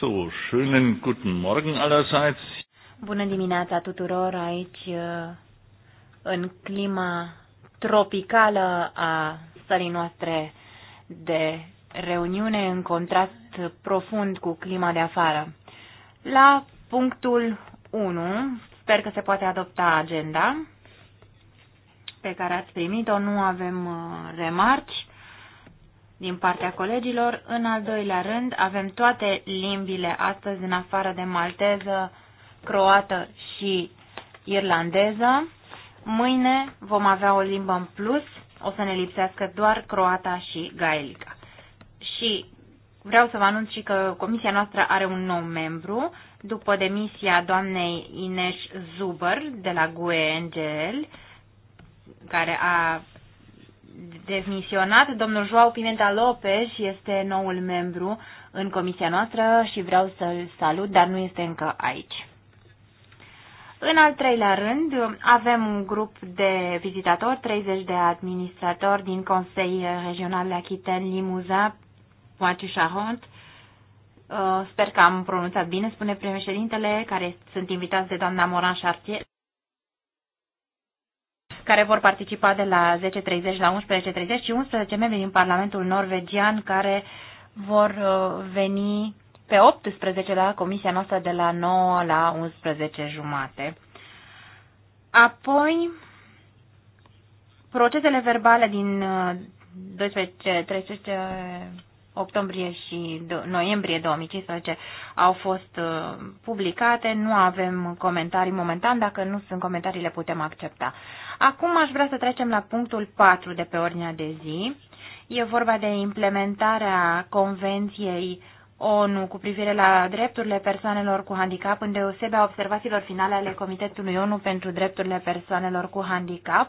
So, schönen guten Morgen allerseits. Bună dimineața tuturor aici uh, în clima tropicală a stării noastre de reuniune în contrast profund cu clima de afară. La punctul 1, sper că se poate adopta agenda pe care ați primit-o, nu avem uh, remarci din partea colegilor. În al doilea rând, avem toate limbile astăzi, în afară de malteză, croată și irlandeză. Mâine vom avea o limbă în plus, o să ne lipsească doar croata și gaelica. Și vreau să vă anunț și că comisia noastră are un nou membru, după demisia doamnei Ines Zuber de la GUE-NGL, care a demisionat. Domnul Joao Pimenta Lopez este noul membru în comisia noastră și vreau să-l salut, dar nu este încă aici. În al treilea rând, avem un grup de vizitatori, 30 de administratori din Consei Regional de Aquitaine, Limousin, Poitou-Charente. Uh, sper că am pronunțat bine, spune președintele, care sunt invitați de doamna Moran Chartier care vor participa de la 10.30 la 11.30 și 11 membri din Parlamentul norvegian care vor uh, veni pe 18 la comisia noastră de la 9 la 11 jumate. Apoi, procesele verbale din 12, uh, 13 octombrie și noiembrie 2015 au fost uh, publicate. Nu avem comentarii momentan. Dacă nu sunt comentarii, le putem accepta. Acum aș vrea să trecem la punctul 4 de pe ordinea de zi. E vorba de implementarea Convenției ONU cu privire la drepturile persoanelor cu handicap, îndeosebe a observațiilor finale ale Comitetului ONU pentru drepturile persoanelor cu handicap,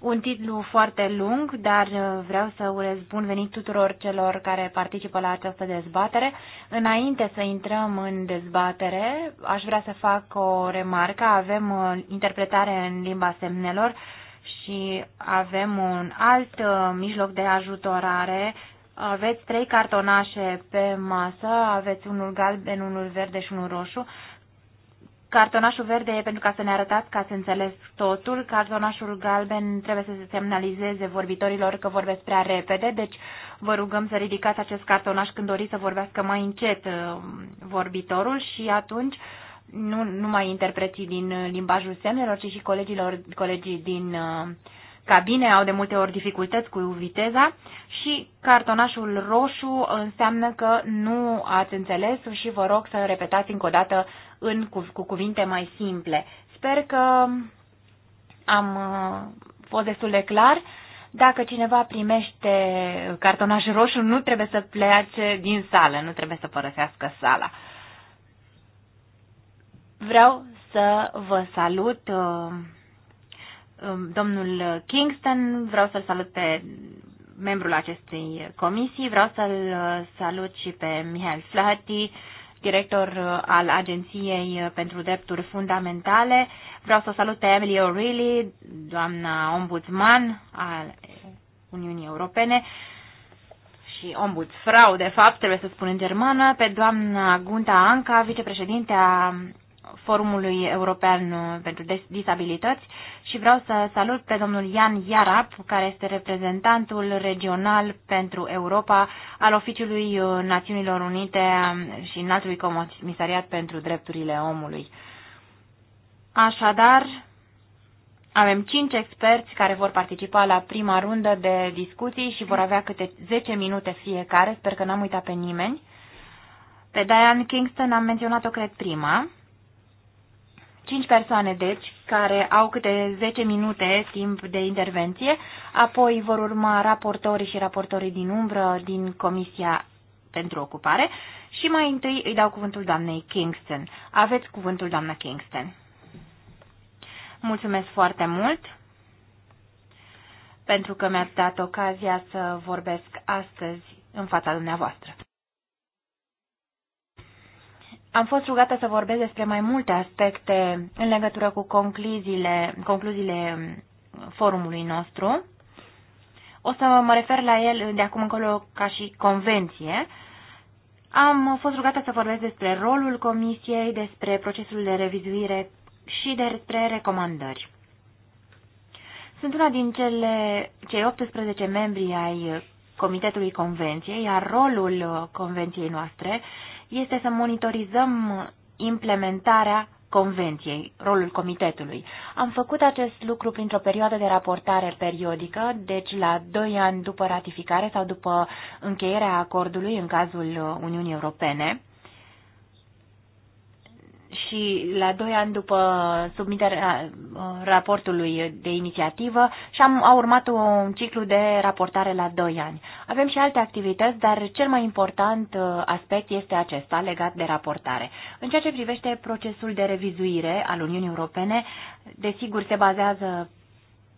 un titlu foarte lung, dar uh, vreau să urez bun venit tuturor celor care participă la această dezbatere. Înainte să intrăm în dezbatere, aș vrea să fac o remarcă. Avem uh, interpretare în limba semnelor și avem un alt uh, mijloc de ajutorare. Aveți trei cartonașe pe masă, aveți unul galben, unul verde și unul roșu. Cartonașul verde e pentru ca să ne arătați că ați înțeles totul. Cartonașul galben trebuie să se semnalizeze vorbitorilor că vorbesc prea repede, deci vă rugăm să ridicați acest cartonaș când doriți să vorbească mai încet uh, vorbitorul și atunci nu numai interpreții din limbajul semnelor, ci și colegilor, colegii din uh, cabine au de multe ori dificultăți cu viteza și cartonașul roșu înseamnă că nu ați înțeles și vă rog să repetați încă o dată în, cu, cu cuvinte mai simple. Sper că am uh, fost destul de clar. Dacă cineva primește cartonaș roșu, nu trebuie să plece din sală, nu trebuie să părăsească sala. Vreau să vă salut uh, Um, domnul Kingston, vreau să-l salut pe membrul acestei comisii, vreau să-l uh, salut și pe Mihail Flaherty, director uh, al Agenției uh, pentru Drepturi Fundamentale. Vreau să salut pe Emily O'Reilly, doamna ombudsman al Uniunii Europene și ombudsfrau, de fapt, trebuie să spun în germană, pe doamna Gunta Anca, vicepreședintea Forumului European uh, pentru Disabilități și vreau să salut pe domnul Ian Iarap, care este reprezentantul regional pentru Europa al Oficiului uh, Națiunilor Unite um, și Înaltului Comisariat pentru Drepturile Omului. Așadar, avem cinci experți care vor participa la prima rundă de discuții și vor avea câte 10 minute fiecare. Sper că n-am uitat pe nimeni. Pe Diane Kingston am menționat-o, cred, prima. Cinci persoane, deci, care au câte 10 minute timp de intervenție, apoi vor urma raportorii și raportorii din umbră din Comisia pentru Ocupare și mai întâi îi dau cuvântul doamnei Kingston. Aveți cuvântul doamna Kingston. Mulțumesc foarte mult pentru că mi-ați dat ocazia să vorbesc astăzi în fața dumneavoastră. Am fost rugată să vorbesc despre mai multe aspecte în legătură cu concluziile, concluziile forumului nostru. O să mă refer la el de acum încolo ca și convenție. Am fost rugată să vorbesc despre rolul comisiei, despre procesul de revizuire și despre recomandări. Sunt una din cele, cei 18 membri ai Comitetului Convenției, iar rolul convenției noastre este să monitorizăm implementarea Convenției, rolul Comitetului. Am făcut acest lucru printr-o perioadă de raportare periodică, deci la 2 ani după ratificare sau după încheierea acordului în cazul Uniunii Europene și la doi ani după submiterea uh, raportului de inițiativă și am, a urmat un ciclu de raportare la doi ani. Avem și alte activități, dar cel mai important uh, aspect este acesta legat de raportare. În ceea ce privește procesul de revizuire al Uniunii Europene, desigur se bazează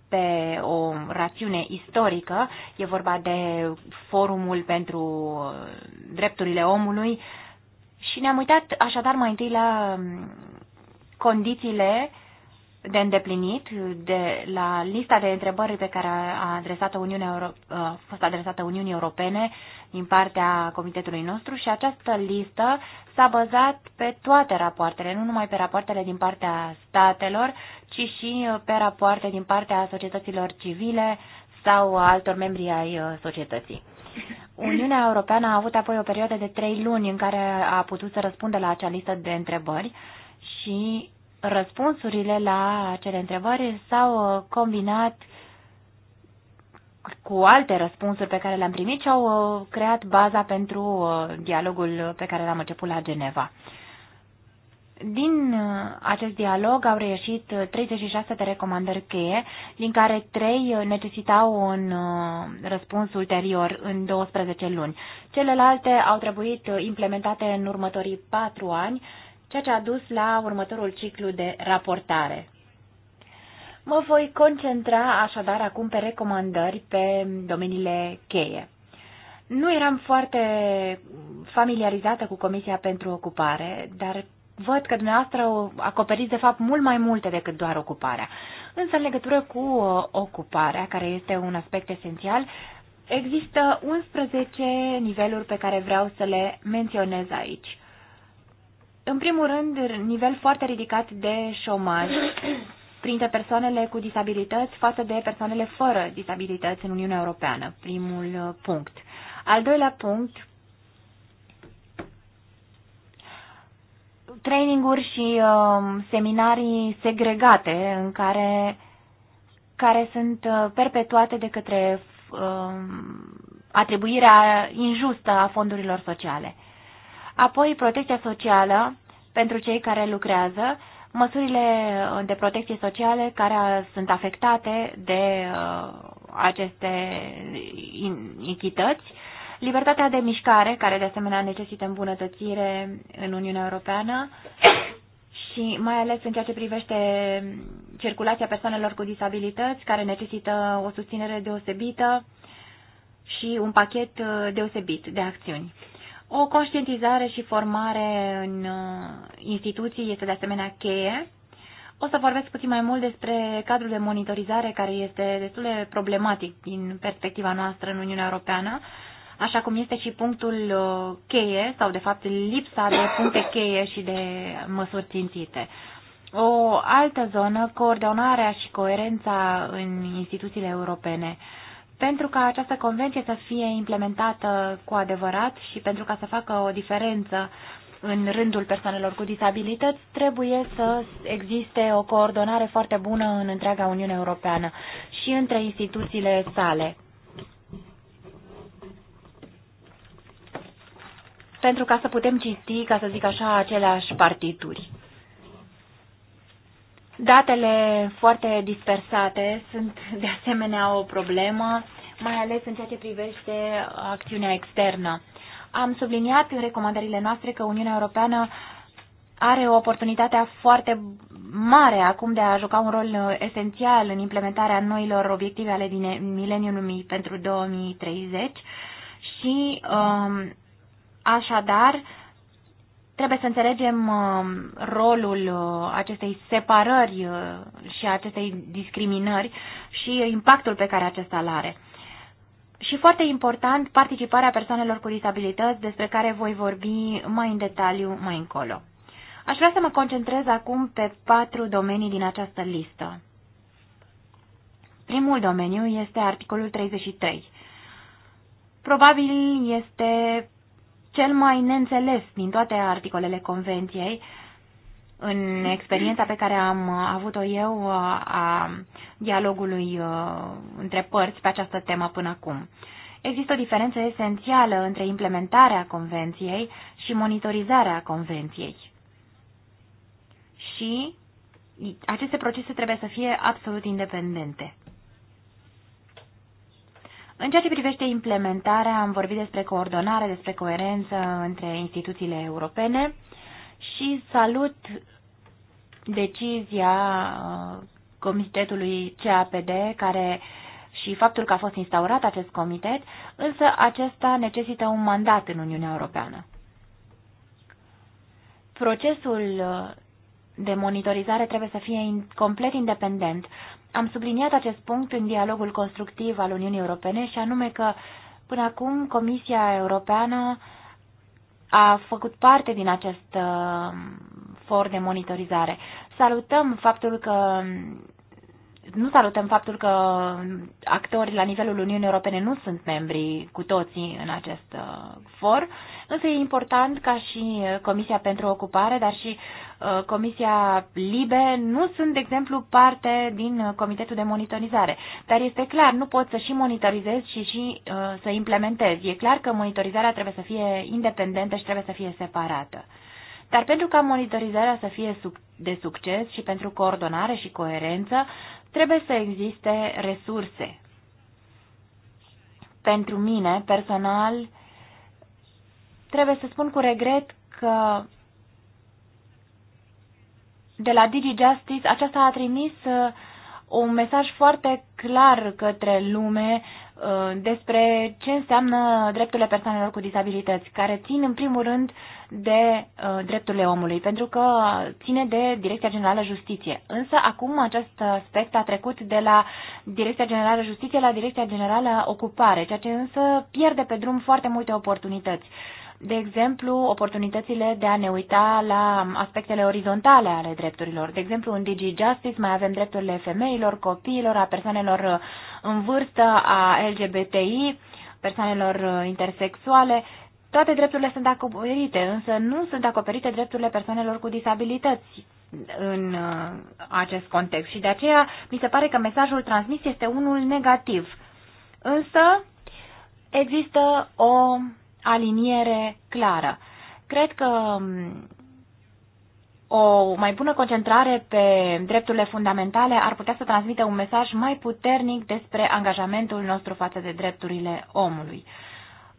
pe o rațiune istorică, e vorba de forumul pentru drepturile omului, uh, și ne-am uitat așadar mai întâi la um, condițiile de îndeplinit de la lista de întrebări pe care a adresat Uniunea Euro- uh, a fost adresată Uniunii Europene din partea comitetului nostru și această listă s-a bazat pe toate rapoartele, nu numai pe rapoartele din partea statelor, ci și pe rapoarte din partea societăților civile sau altor membri ai uh, societății. Uniunea Europeană a avut apoi o perioadă de trei luni în care a putut să răspundă la acea listă de întrebări și răspunsurile la acele întrebări s-au uh, combinat cu alte răspunsuri pe care le-am primit și au uh, creat baza pentru uh, dialogul pe care l-am început la Geneva. Din uh, acest dialog au reieșit 36 uh, de recomandări cheie, din care 3 uh, necesitau un răspuns ulterior în 12 luni. Celelalte au trebuit implementate în următorii 4 ani, ceea ce a dus la următorul ciclu de raportare. Mă voi concentra așadar acum pe recomandări pe domeniile cheie. Nu eram foarte familiarizată cu Comisia pentru Ocupare, dar văd că dumneavoastră acoperiți de fapt mult mai multe decât doar ocuparea. Însă în legătură cu uh, ocuparea, care este un aspect esențial, există 11 niveluri pe care vreau să le menționez aici. În primul rând, nivel foarte ridicat de șomaj printre persoanele cu disabilități față de persoanele fără disabilități în Uniunea Europeană, primul uh, punct. Al doilea punct, traininguri și uh, seminarii segregate în care, care sunt uh, perpetuate de către uh, atribuirea injustă a fondurilor sociale. Apoi, protecția socială pentru cei care lucrează, măsurile uh, de protecție sociale care sunt afectate de uh, aceste inichități Libertatea de mișcare, care de asemenea necesită îmbunătățire în Uniunea Europeană și mai ales în ceea ce privește circulația persoanelor cu disabilități, care necesită o susținere deosebită și un pachet uh, deosebit de acțiuni. O conștientizare și formare în uh, instituții este de asemenea cheie. O să vorbesc puțin mai mult despre cadrul de monitorizare care este destul de problematic din perspectiva noastră în Uniunea Europeană așa cum este și punctul uh, cheie, sau de fapt lipsa de puncte cheie și de măsuri țintite. O altă zonă, coordonarea și coerența în instituțiile europene. Pentru ca această convenție să fie implementată cu adevărat și pentru ca să facă o diferență în rândul persoanelor cu disabilități, trebuie să existe o coordonare foarte bună în întreaga Uniune Europeană și între instituțiile sale. pentru ca să putem citi, ca să zic așa, aceleași partituri. Datele foarte dispersate sunt de asemenea o problemă, mai ales în ceea ce privește acțiunea externă. Am subliniat în recomandările noastre că Uniunea Europeană are o oportunitate foarte mare acum de a juca un rol esențial în implementarea noilor obiective ale din mileniului pentru 2030 și um, Așadar, trebuie să înțelegem uh, rolul uh, acestei separări uh, și acestei discriminări și impactul pe care acesta îl are. Și foarte important, participarea persoanelor cu disabilități, despre care voi vorbi mai în detaliu mai încolo. Aș vrea să mă concentrez acum pe patru domenii din această listă. Primul domeniu este articolul 33. Probabil este cel mai neînțeles din toate articolele convenției, în experiența pe care am avut-o eu uh, a dialogului uh, între părți pe această temă până acum. Există o diferență esențială între implementarea convenției și monitorizarea convenției. Și aceste procese trebuie să fie absolut independente. În ceea ce privește implementarea, am vorbit despre coordonare, despre coerență între instituțiile europene și salut decizia uh, Comitetului CAPD care și faptul că a fost instaurat acest comitet, însă acesta necesită un mandat în Uniunea Europeană. Procesul de monitorizare trebuie să fie complet independent. Am subliniat acest punct în dialogul constructiv al Uniunii Europene și anume că până acum Comisia Europeană a făcut parte din acest uh, for de monitorizare. Salutăm faptul că nu salutăm faptul că actorii la nivelul Uniunii Europene nu sunt membri cu toții în acest uh, for, însă e important ca și uh, Comisia pentru Ocupare, dar și uh, Comisia Libe nu sunt, de exemplu, parte din Comitetul de Monitorizare. Dar este clar, nu pot să și monitorizez și, și să implementez. E clar că monitorizarea trebuie să fie independentă și trebuie să fie separată. Dar pentru ca monitorizarea să fie sub de succes și pentru coordonare și coerență, trebuie să existe resurse. Pentru mine, personal, trebuie să spun cu regret că de la Digi aceasta a trimis uh, un mesaj foarte clar către lume uh, despre ce înseamnă drepturile persoanelor cu dizabilități, care țin în primul rând de uh, drepturile omului, pentru că ține de Direcția Generală Justiție. Însă acum acest aspect a trecut de la Direcția Generală Justiție la Direcția Generală Ocupare, ceea ce însă pierde pe drum foarte multe oportunități de exemplu, oportunitățile de a ne uita la aspectele orizontale ale drepturilor. De exemplu, în Digi Justice mai avem drepturile femeilor, copiilor, a persoanelor uh, în vârstă, a LGBTI, persoanelor uh, intersexuale. Toate drepturile sunt acoperite, însă nu sunt acoperite drepturile persoanelor cu disabilități în uh, acest context. Și de aceea mi se pare că mesajul transmis este unul negativ. Însă există o aliniere clară. Cred că mm, o mai bună concentrare pe drepturile fundamentale ar putea să transmită un mesaj mai puternic despre angajamentul nostru față de drepturile omului.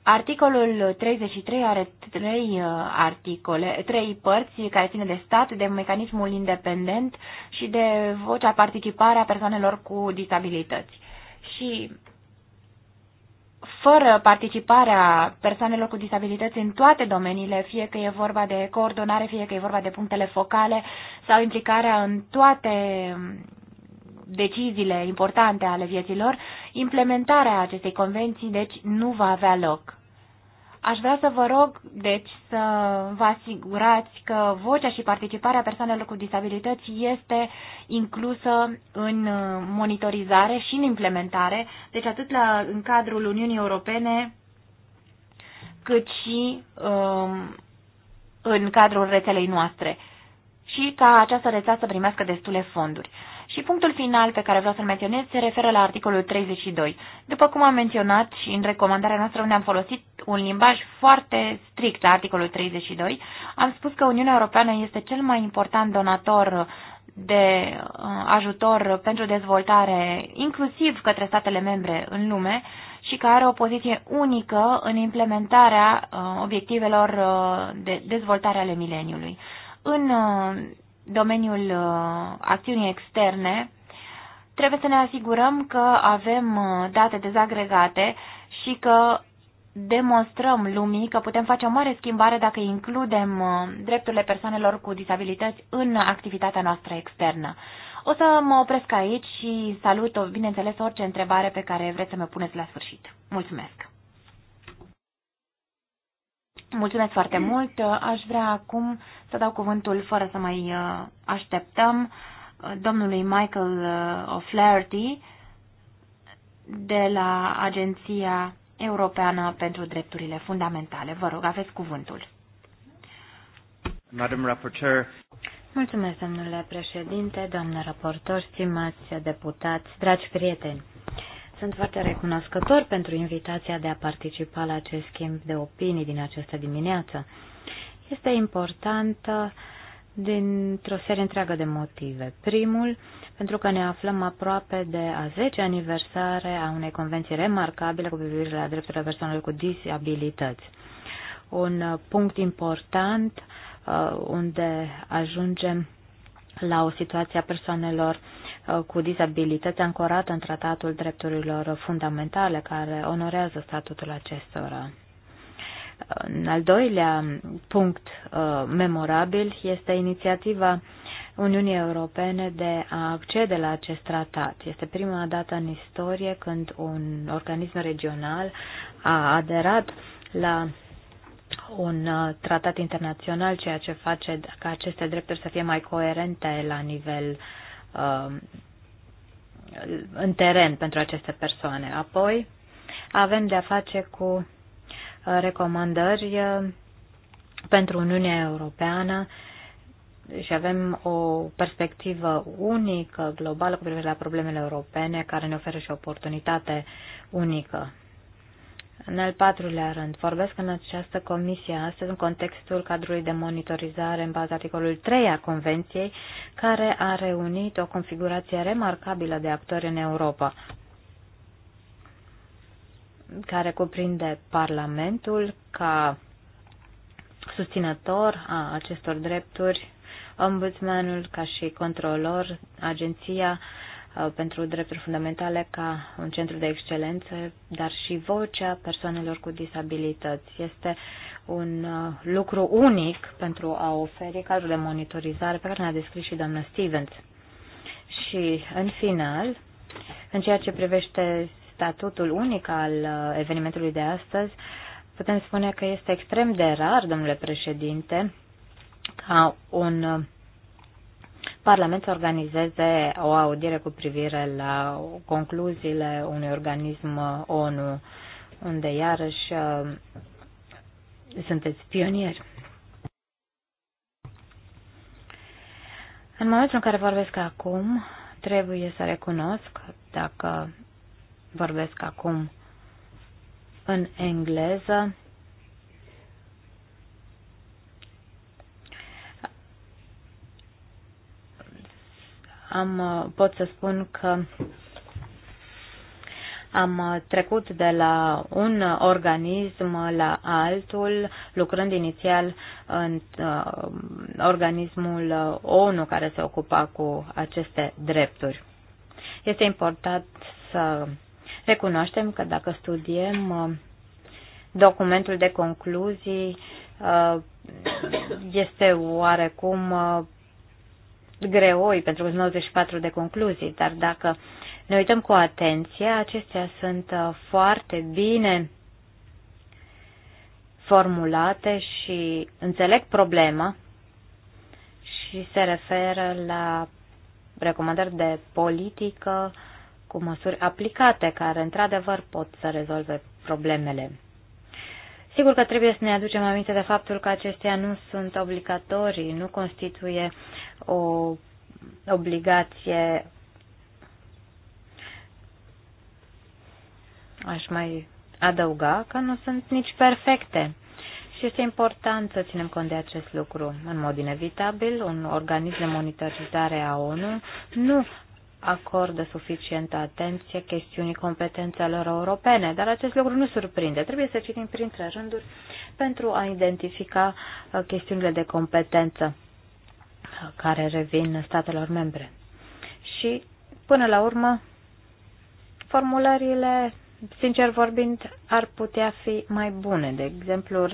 Articolul 33 are trei uh, articole, trei părți care ține de stat, de mecanismul independent și de vocea participare a persoanelor cu disabilități. Și fără participarea persoanelor cu disabilități în toate domeniile, fie că e vorba de coordonare, fie că e vorba de punctele focale sau implicarea în toate mm, deciziile importante ale vieților, implementarea acestei convenții, deci, nu va avea loc. Aș vrea să vă rog, deci, să vă asigurați că vocea și participarea persoanelor cu disabilități este inclusă în monitorizare și în implementare, deci atât la, în cadrul Uniunii Europene, cât și um, în cadrul rețelei noastre și ca această rețea să primească destule fonduri. Și punctul final pe care vreau să-l menționez se referă la articolul 32. După cum am menționat și în recomandarea noastră ne-am folosit un limbaj foarte strict la articolul 32, am spus că Uniunea Europeană este cel mai important donator de uh, ajutor pentru dezvoltare, inclusiv către statele membre în lume, și că are o poziție unică în implementarea uh, obiectivelor uh, de dezvoltare ale mileniului. În domeniul uh, acțiunii externe, trebuie să ne asigurăm că avem uh, date dezagregate și că demonstrăm lumii că putem face o mare schimbare dacă includem uh, drepturile persoanelor cu disabilități în activitatea noastră externă. O să mă opresc aici și salut, bineînțeles, orice întrebare pe care vreți să mă puneți la sfârșit. Mulțumesc! Mulțumesc foarte mult. Aș vrea acum să dau cuvântul, fără să mai uh, așteptăm, uh, domnului Michael uh, O'Flaherty de la Agenția Europeană pentru Drepturile Fundamentale. Vă rog, aveți cuvântul. Mulțumesc, domnule președinte, doamnă raportor, stimați deputați, dragi prieteni. Sunt foarte recunoscător pentru invitația de a participa la acest schimb de opinii din această dimineață. Este importantă dintr-o serie întreagă de motive. Primul, pentru că ne aflăm aproape de a 10 aniversare a unei convenții remarcabile cu privire la drepturile persoanelor cu disabilități. Un punct important uh, unde ajungem la o situație a persoanelor Uh, cu dizabilități ancorată în Tratatul Drepturilor Fundamentale, care onorează statutul acestora. În al doilea punct uh, memorabil este inițiativa Uniunii Europene de a accede la acest tratat. Este prima dată în istorie când un organism regional a aderat la un uh, tratat internațional, ceea ce face ca aceste drepturi să fie mai coerente la nivel Um, în teren pentru aceste persoane. Apoi avem de a face cu uh, recomandări uh, pentru Uniunea Europeană și avem o perspectivă unică, globală, cu privire la problemele europene, care ne oferă și o oportunitate unică. În al patrulea rând, vorbesc în această comisie astăzi în contextul cadrului de monitorizare în baza articolului 3 a Convenției, care a reunit o configurație remarcabilă de actori în Europa, care cuprinde Parlamentul ca susținător a acestor drepturi, ombudsmanul ca și controlor, agenția Uh, pentru drepturi fundamentale ca un centru de excelență, dar și vocea persoanelor cu disabilități. Este un uh, lucru unic pentru a oferi cadrul de monitorizare pe care ne-a descris și doamna Stevens. Și, în final, în ceea ce privește statutul unic al uh, evenimentului de astăzi, putem spune că este extrem de rar, domnule președinte, ca un Parlament să organizeze o audiere cu privire la concluziile unui organism ONU, unde iarăși uh, sunteți pionieri. În momentul în care vorbesc acum, trebuie să recunosc, dacă vorbesc acum în engleză, am, uh, pot să spun că am uh, trecut de la un organism la altul, lucrând inițial în uh, organismul uh, ONU care se ocupa cu aceste drepturi. Este important să recunoaștem că dacă studiem uh, documentul de concluzii, uh, este oarecum greoi pentru 94 de concluzii, dar dacă ne uităm cu atenție, acestea sunt uh, foarte bine formulate și înțeleg problema și se referă la recomandări de politică cu măsuri aplicate care într-adevăr pot să rezolve problemele. Sigur că trebuie să ne aducem aminte de faptul că acestea nu sunt obligatorii, nu constituie o obligație, aș mai adăuga, că nu sunt nici perfecte. Și este important să ținem cont de acest lucru. În mod inevitabil, un organism de monitorizare a ONU nu acordă suficientă atenție chestiunii competențelor europene, dar acest lucru nu surprinde. Trebuie să citim printre rânduri pentru a identifica uh, chestiunile de competență uh, care revin statelor membre. Și, până la urmă, formulările, sincer vorbind, ar putea fi mai bune. De exemplu,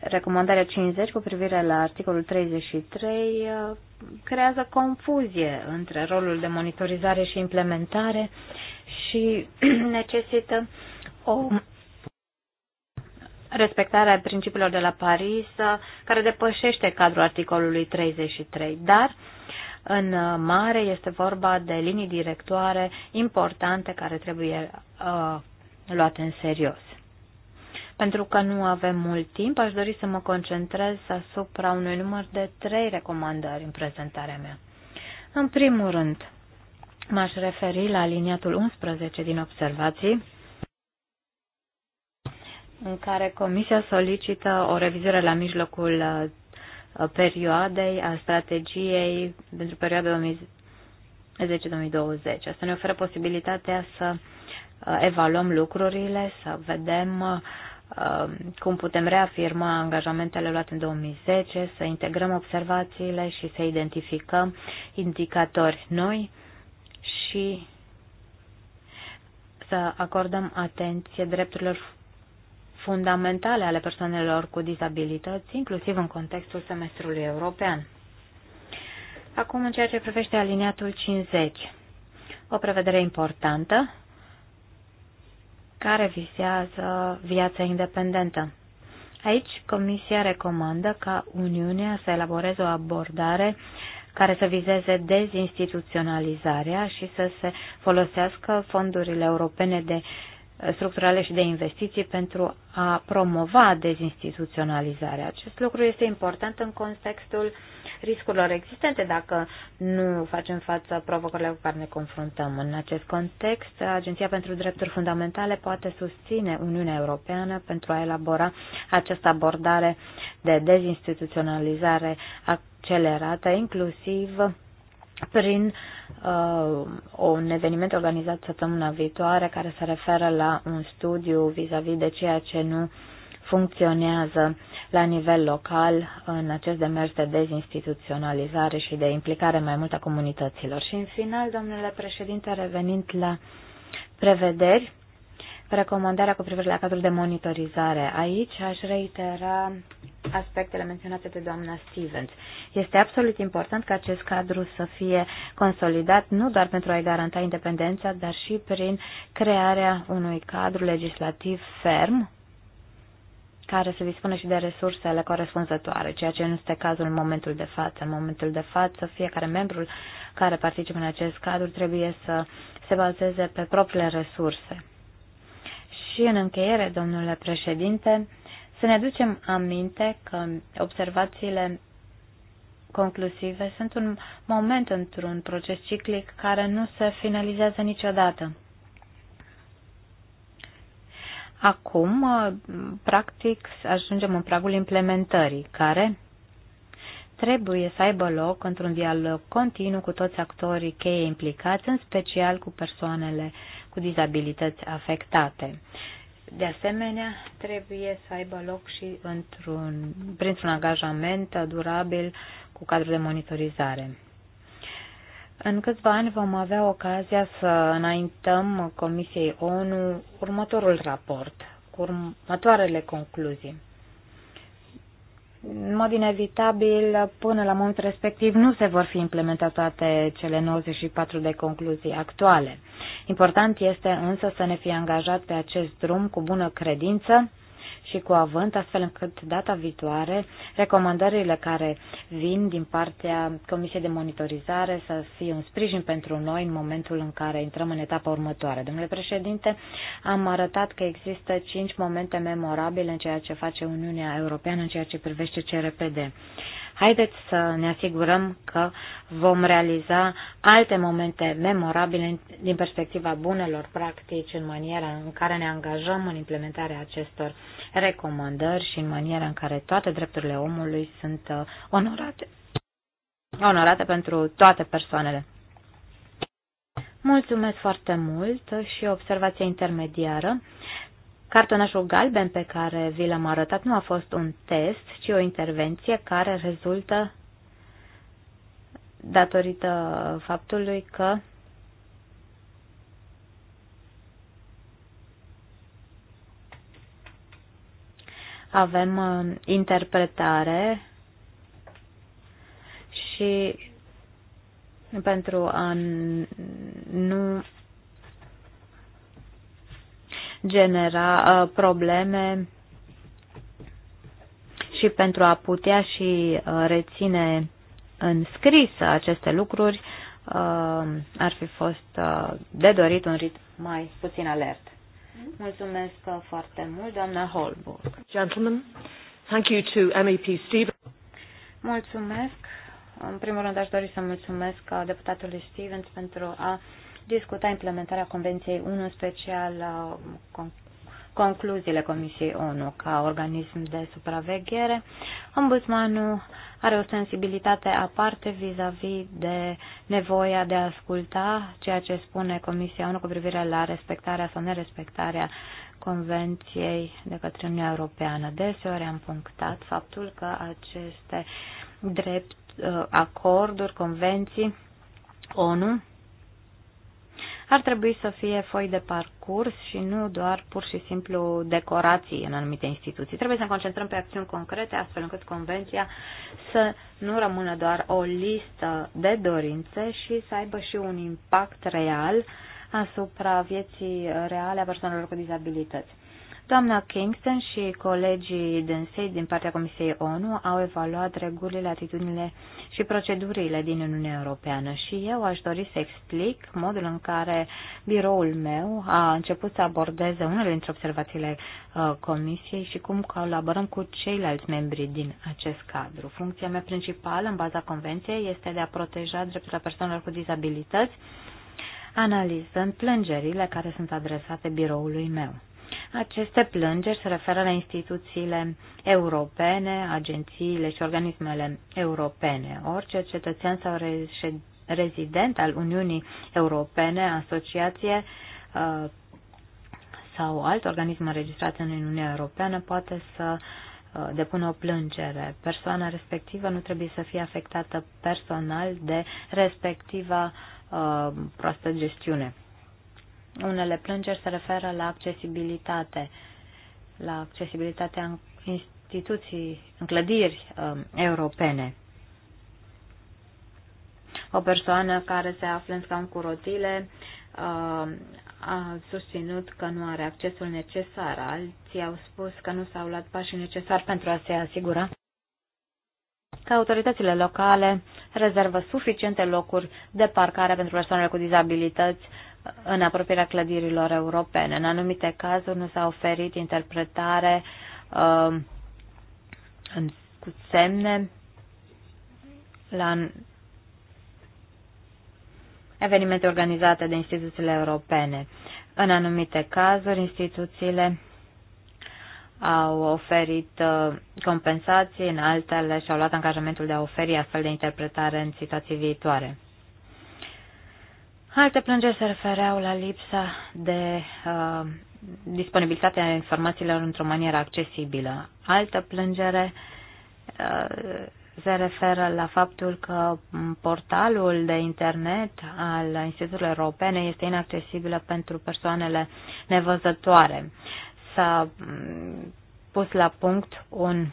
recomandarea 50 cu privire la articolul 33 creează confuzie între rolul de monitorizare și implementare și necesită o respectare a principiilor de la Paris care depășește cadrul articolului 33, dar în mare este vorba de linii directoare importante care trebuie uh, luate în serios. Pentru că nu avem mult timp, aș dori să mă concentrez asupra unui număr de trei recomandări în prezentarea mea. În primul rând, m-aș referi la aliniatul 11 din observații, în care Comisia solicită o revizuire la mijlocul uh, perioadei a strategiei pentru perioada 2010-2020. Asta ne oferă posibilitatea să uh, evaluăm lucrurile, să vedem uh, Um, cum putem reafirma angajamentele luate în 2010, să integrăm observațiile și să identificăm indicatori noi și să acordăm atenție drepturilor fundamentale ale persoanelor cu dizabilități, inclusiv în contextul semestrului european. Acum, în ceea ce privește aliniatul 50, o prevedere importantă care visează viața independentă. Aici, Comisia recomandă ca Uniunea să elaboreze o abordare care să vizeze dezinstituționalizarea și să se folosească fondurile europene de structurale și de investiții pentru a promova dezinstituționalizarea. Acest lucru este important în contextul uh, riscurilor existente dacă nu facem față provocărilor cu care ne confruntăm. În acest context, Agenția pentru Drepturi Fundamentale poate susține Uniunea Europeană pentru a elabora această abordare de dezinstituționalizare accelerată, inclusiv prin uh, un eveniment organizat săptămâna viitoare care se referă la un studiu vis-a-vis -vis de ceea ce nu uh, funcționează la nivel local în acest demers de dezinstituționalizare și de implicare mai mult a comunităților. Și în final, domnule președinte, revenind la prevederi, recomandarea cu privire la cadrul de monitorizare. Aici aș reitera aspectele menționate de doamna Stevens. Este absolut important ca acest cadru să fie consolidat nu doar pentru a-i garanta independența, dar și prin crearea unui cadru legislativ ferm care să dispună și de resursele corespunzătoare, ceea ce nu este cazul în momentul de față. În momentul de față, fiecare membru care participă în acest cadru trebuie să se bazeze pe propriile resurse. Și în încheiere, domnule președinte, să ne aducem aminte că observațiile conclusive sunt un moment într-un proces ciclic care nu se finalizează niciodată. Acum, uh, practic, ajungem în pragul implementării, care trebuie să aibă loc într-un dialog continuu cu toți actorii cheie implicați, în special cu persoanele cu dizabilități afectate. De asemenea, trebuie să aibă loc și într-un, printr-un angajament durabil cu cadrul de monitorizare. În câțiva ani vom avea ocazia să înaintăm Comisiei ONU următorul raport cu următoarele concluzii. În mod inevitabil, până la momentul respectiv, nu se vor fi implementate toate cele 94 de concluzii actuale. Important este însă să ne fie angajat pe acest drum cu bună credință, și cu avânt, astfel încât data viitoare recomandările care vin din partea Comisiei de Monitorizare să fie un sprijin pentru noi în momentul în care intrăm în etapa următoare. Domnule președinte, am arătat că există cinci momente memorabile în ceea ce face Uniunea Europeană în ceea ce privește CRPD. Haideți să ne asigurăm că vom realiza alte momente memorabile din perspectiva bunelor practici, în maniera în care ne angajăm în implementarea acestor recomandări și în maniera în care toate drepturile omului sunt uh, onorate. Onorate pentru toate persoanele. Mulțumesc foarte mult și observația intermediară. Cartonașul galben pe care vi l-am arătat nu a fost un test, ci o intervenție care rezultă datorită faptului că avem uh, interpretare și pentru a nu genera uh, probleme și pentru a putea și uh, reține în scris aceste lucruri, uh, ar fi fost de dorit un ritm mai puțin alert. Mulțumesc foarte mult, doamna Holburg. Gentlemen, thank you to MEP Steven. Mulțumesc. În primul rând aș dori să mulțumesc deputatului Stevens pentru a discuta implementarea Convenției 1, în special uh, concluziile Comisiei ONU ca organism de supraveghere. Ombudsmanul are o sensibilitate aparte vis-a-vis -vis de nevoia de a asculta ceea ce spune Comisia ONU cu privire la respectarea sau nerespectarea Convenției de către Uniunea Europeană. Deseori am punctat faptul că aceste drept uh, acorduri, convenții ONU ar trebui să fie foi de parcurs și nu doar pur și simplu decorații în anumite instituții. Trebuie să ne concentrăm pe acțiuni concrete, astfel încât convenția să nu rămână doar o listă de dorințe și să aibă și un impact real asupra vieții reale a persoanelor cu dizabilități. Doamna Kingston și colegii SEI din partea Comisiei ONU au evaluat regulile, atitudinile și procedurile din Uniunea Europeană și eu aș dori să explic modul în care biroul meu a început să abordeze unele dintre observațiile uh, Comisiei și cum colaborăm cu ceilalți membri din acest cadru. Funcția mea principală în baza Convenției este de a proteja drepturile persoanelor cu dizabilități, analizând plângerile care sunt adresate biroului meu. Aceste plângeri se referă la instituțiile europene, agențiile și organismele europene. Orice cetățean sau rezident al Uniunii Europene, asociație uh, sau alt organism înregistrat în Uniunea Europeană poate să uh, depună o plângere. Persoana respectivă nu trebuie să fie afectată personal de respectiva uh, proastă gestiune. Unele plângeri se referă la accesibilitate, la accesibilitatea în instituții, în clădiri uh, europene. O persoană care se află în scaun cu rotile uh, a susținut că nu are accesul necesar. Alții au spus că nu s-au luat pașii necesari pentru a se asigura că autoritățile locale rezervă suficiente locuri de parcare pentru persoanele cu dizabilități în apropierea clădirilor europene. În anumite cazuri nu s-a oferit interpretare uh, în, cu semne la evenimente organizate de instituțiile europene. În anumite cazuri, instituțiile au oferit uh, compensații, în altele și-au luat angajamentul de a oferi astfel de interpretare în situații viitoare. Alte plângeri se refereau la lipsa de uh, disponibilitatea informațiilor într-o manieră accesibilă. Altă plângere uh, se referă la faptul că portalul de internet al instituțiilor europene este inaccesibil pentru persoanele nevăzătoare. S-a mm, pus la punct un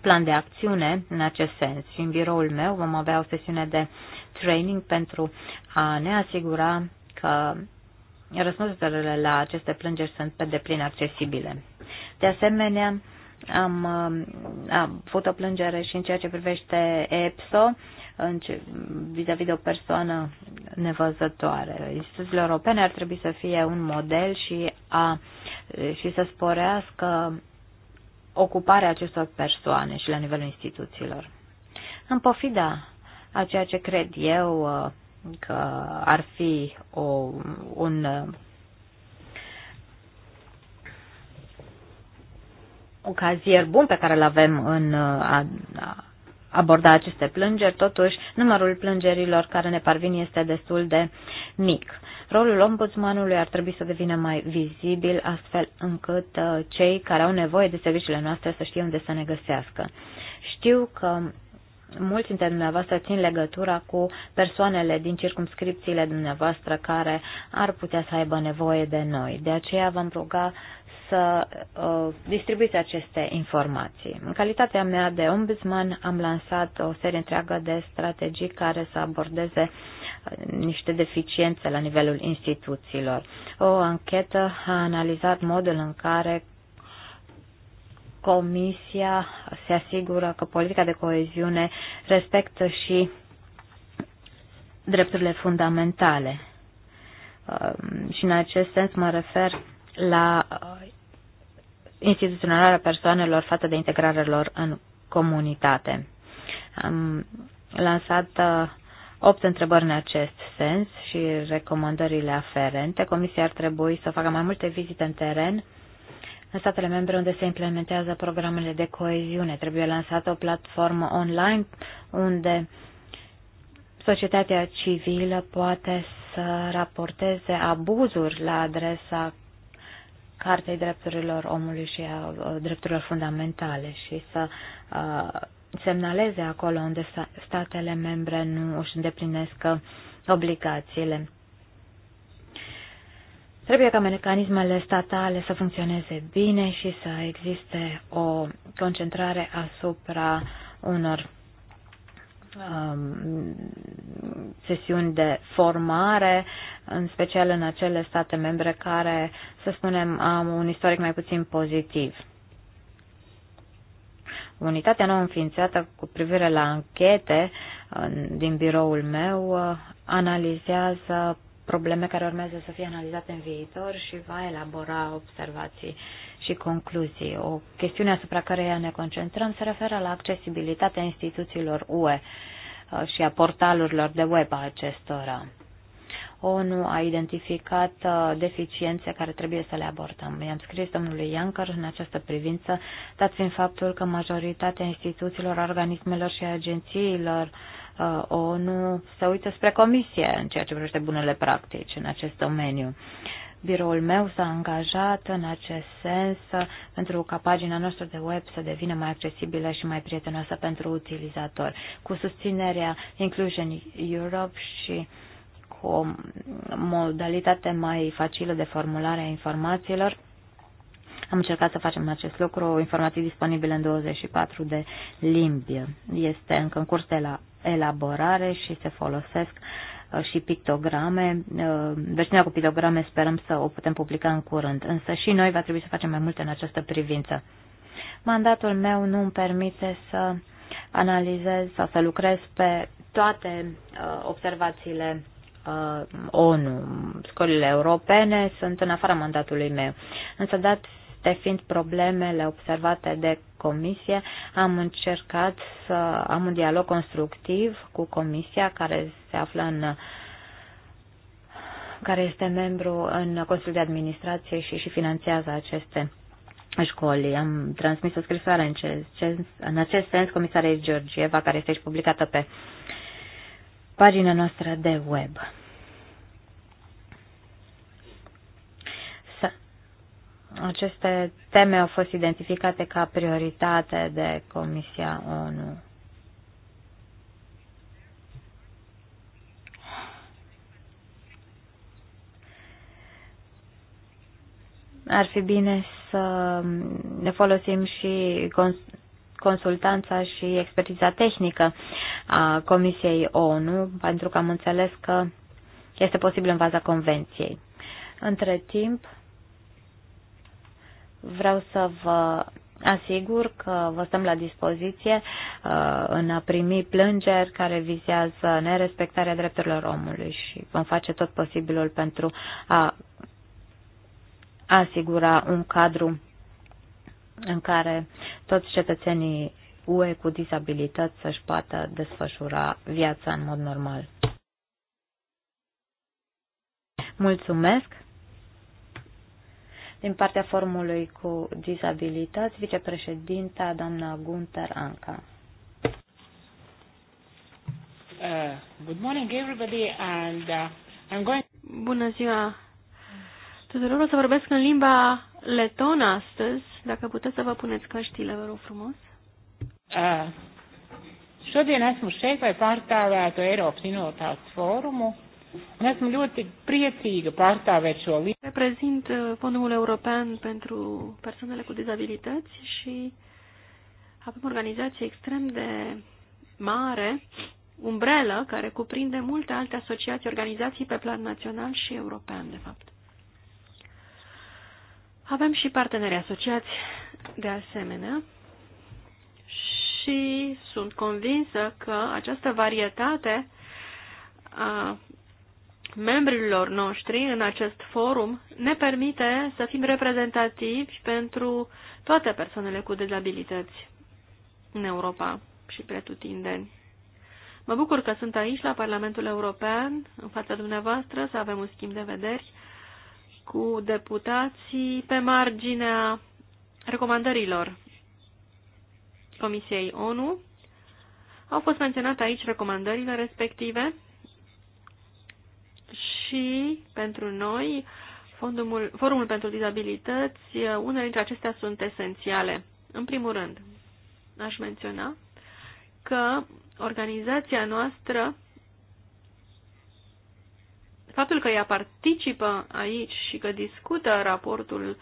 plan de acțiune în acest sens și în biroul meu vom avea o sesiune de training pentru a ne asigura că răspunsurile la aceste plângeri sunt pe deplin accesibile. De asemenea, am, am avut o plângere și în ceea ce privește EPSO vis-a-vis -vis de o persoană nevăzătoare. Instituțiile europene ar trebui să fie un model și, a, și să sporească ocuparea acestor persoane și la nivelul instituțiilor. În pofida a ceea ce cred eu uh, că ar fi o, un uh, un cazier bun pe care îl avem în uh, a, a aborda aceste plângeri, totuși numărul plângerilor care ne parvin este destul de mic. Rolul ombudsmanului ar trebui să devină mai vizibil, astfel încât cei care au nevoie de serviciile noastre să știe unde să ne găsească. Știu că mulți dintre dumneavoastră țin legătura cu persoanele din circumscripțiile dumneavoastră care ar putea să aibă nevoie de noi. De aceea v-am ruga să uh, distribuiți aceste informații. În calitatea mea de ombudsman am lansat o serie întreagă de strategii care să abordeze uh, niște deficiențe la nivelul instituțiilor. O anchetă a analizat modul în care Comisia se asigură că politica de coeziune respectă și drepturile fundamentale. Um, și în acest sens mă refer la instituționalarea persoanelor față de integrarea lor în comunitate. Am lansat uh, opt întrebări în acest sens și recomandările aferente. Comisia ar trebui să facă mai multe vizite în teren în statele membre unde se implementează programele de coeziune trebuie lansată o platformă online unde societatea civilă poate să raporteze abuzuri la adresa Cartei Drepturilor Omului și a Drepturilor Fundamentale și să uh, semnaleze acolo unde statele membre nu își îndeplinesc obligațiile. Trebuie ca mecanismele statale să funcționeze bine și să existe o concentrare asupra unor um, sesiuni de formare, în special în acele state membre care, să spunem, au un istoric mai puțin pozitiv. Unitatea nouă înființată cu privire la anchete din biroul meu uh, analizează probleme care urmează să fie analizate în viitor și va elabora observații și concluzii. O chestiune asupra care ne concentrăm se referă la accesibilitatea instituțiilor UE uh, și a portalurilor de web a acestora. ONU a identificat uh, deficiențe care trebuie să le abordăm. I-am scris domnului Iancăr în această privință, dat fiind faptul că majoritatea instituțiilor, organismelor și agențiilor uh, Uh, ONU să uită spre Comisie în ceea ce privește bunele practici în acest domeniu. Biroul meu s-a angajat în acest sens pentru ca pagina noastră de web să devină mai accesibilă și mai prietenoasă pentru utilizator, cu susținerea Inclusion Europe și cu o modalitate mai facilă de formulare a informațiilor. Am încercat să facem acest lucru, informații disponibile în 24 de limbi. Este încă în curs de la elaborare și se folosesc uh, și pictograme. Uh, versiunea cu pictograme sperăm să o putem publica în curând, însă și noi va trebui să facem mai multe în această privință. Mandatul meu nu îmi permite să analizez sau să lucrez pe toate uh, observațiile ONU. Școlile europene sunt în afara mandatului meu. Însă, dat Date fiind problemele observate de comisie, am încercat să am un dialog constructiv cu comisia care se află în care este membru în Consiliul de Administrație și, și finanțează aceste școli. Am transmis o scrisoare în, ce, în acest sens comisarei Georgieva, care este și publicată pe pagina noastră de web. Aceste teme au fost identificate ca prioritate de Comisia ONU. Ar fi bine să ne folosim și consultanța și expertiza tehnică a Comisiei ONU, pentru că am înțeles că este posibil în baza convenției. Între timp, vreau să vă asigur că vă stăm la dispoziție uh, în a primi plângeri care vizează nerespectarea drepturilor omului și vom face tot posibilul pentru a asigura un cadru în care toți cetățenii UE cu disabilități să-și poată desfășura viața în mod normal. Mulțumesc! din partea formului cu dizabilități, vicepreședinta doamna Gunther Anca. Uh, uh, Bună ziua tuturor, o să vorbesc în limba letonă astăzi, dacă puteți să vă puneți căștile, vă rog frumos. Uh, Studien esmu šeit, lai pārstāvētu Eiropas inovatāts fórumu, un esmu ļoti priecīga pārstāvēt šo līniju. Reprezint uh, Fondul European pentru persoanele cu dizabilități și avem organizație extrem de mare, umbrelă, care cuprinde multe alte asociații, organizații pe plan național și european, de fapt. Avem și parteneri asociați de asemenea și sunt convinsă că această varietate a membrilor noștri în acest forum ne permite să fim reprezentativi pentru toate persoanele cu dezabilități în Europa și pretutindeni. Mă bucur că sunt aici, la Parlamentul European, în fața dumneavoastră, să avem un schimb de vederi cu deputații pe marginea recomandărilor Comisiei ONU. Au fost menționate aici recomandările respective și pentru noi, fondumul, Forumul pentru Dizabilități, unele dintre acestea sunt esențiale. În primul rând, aș menționa că organizația noastră, faptul că ea participă aici și că discută raportul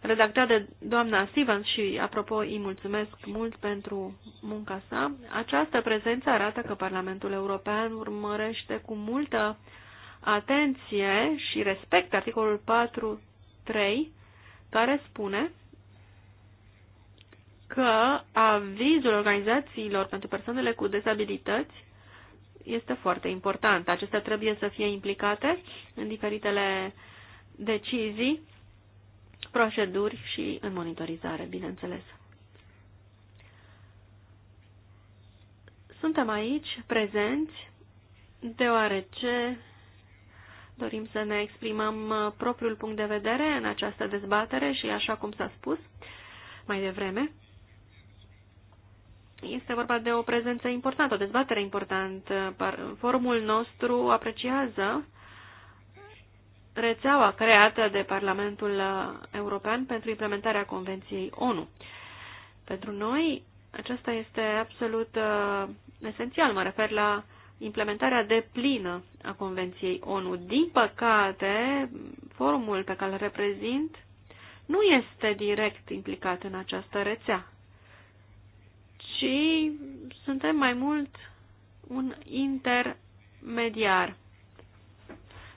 redactat de doamna Stevens și, apropo, îi mulțumesc mult pentru munca sa, această prezență arată că Parlamentul European urmărește cu multă uh, atenție și respect articolul 4.3 care spune că avizul organizațiilor pentru persoanele cu dezabilități este foarte important. Acestea trebuie să fie implicate în diferitele decizii, proceduri și în monitorizare, bineînțeles. Suntem aici prezenți deoarece Dorim să ne exprimăm uh, propriul punct de vedere în această dezbatere și așa cum s-a spus mai devreme. Este vorba de o prezență importantă, o dezbatere importantă. Forumul nostru apreciază rețeaua creată de Parlamentul uh, European pentru implementarea Convenției ONU. Pentru noi, aceasta este absolut uh, esențial. Mă refer la uh, implementarea plină a Convenției ONU. Din păcate, forumul pe care îl reprezint nu este direct implicat în această rețea, ci suntem mai mult un intermediar.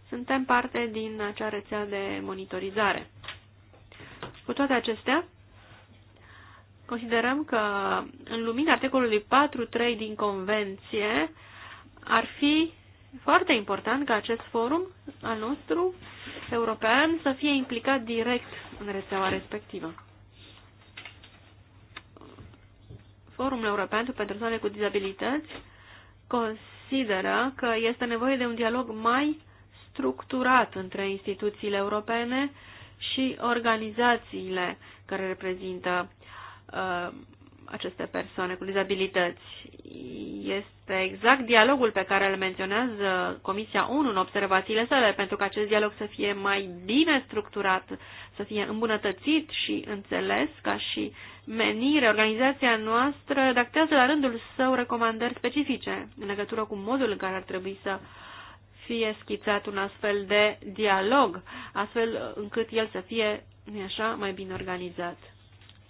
Suntem parte din acea rețea de monitorizare. Cu toate acestea, considerăm că, în lumina articolului 4.3 din Convenție, ar fi foarte important ca acest forum al nostru european să fie implicat direct în rețeaua respectivă. Forumul European pentru Persoane cu Dizabilități consideră că este nevoie de un dialog mai structurat între instituțiile europene și organizațiile care reprezintă uh, aceste persoane cu dizabilități. Este exact dialogul pe care îl menționează Comisia 1 în observațiile sale, pentru că acest dialog să fie mai bine structurat, să fie îmbunătățit și înțeles ca și menire. Organizația noastră dactează la rândul său recomandări specifice în legătură cu modul în care ar trebui să fie schițat un astfel de dialog, astfel încât el să fie, așa, mai bine organizat.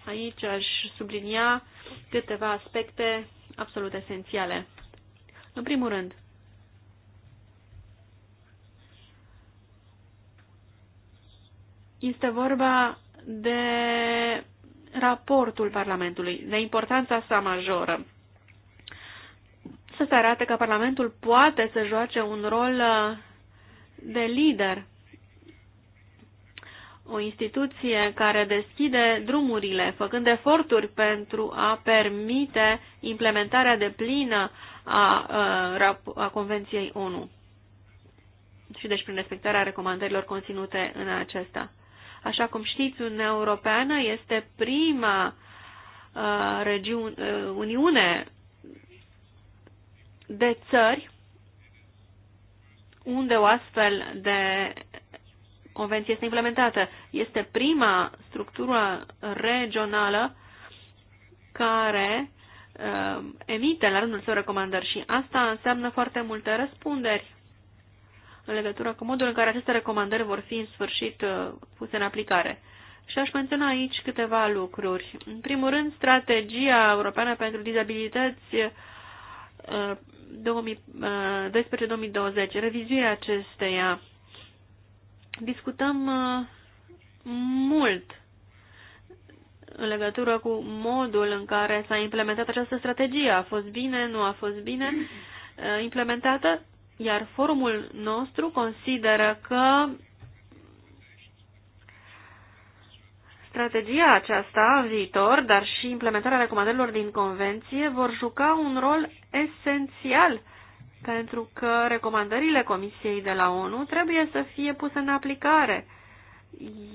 Aici aș sublinia câteva aspecte absolut esențiale. În primul rând, este vorba de raportul Parlamentului, de importanța sa majoră. Să se arate că Parlamentul poate să joace un rol de lider o instituție care deschide drumurile, făcând eforturi pentru a permite implementarea de plină a, a, a Convenției ONU și deci prin respectarea recomandărilor conținute în acesta. Așa cum știți, Uniunea Europeană este prima a, regiun, a, Uniune de țări unde o astfel de convenție este implementată. Este prima structură regională care uh, emite la rândul său recomandări și asta înseamnă foarte multe răspunderi în legătură cu modul în care aceste recomandări vor fi în sfârșit uh, puse în aplicare. Și aș menționa aici câteva lucruri. În primul rând, strategia europeană pentru dizabilități uh, 2012-2020, uh, revizuirea acesteia discutăm uh, mult în legătură cu modul în care s-a implementat această strategie. A fost bine, nu a fost bine uh, implementată, iar forumul nostru consideră că strategia aceasta în viitor, dar și implementarea recomandărilor din convenție vor juca un rol esențial pentru că recomandările Comisiei de la ONU trebuie să fie puse în aplicare,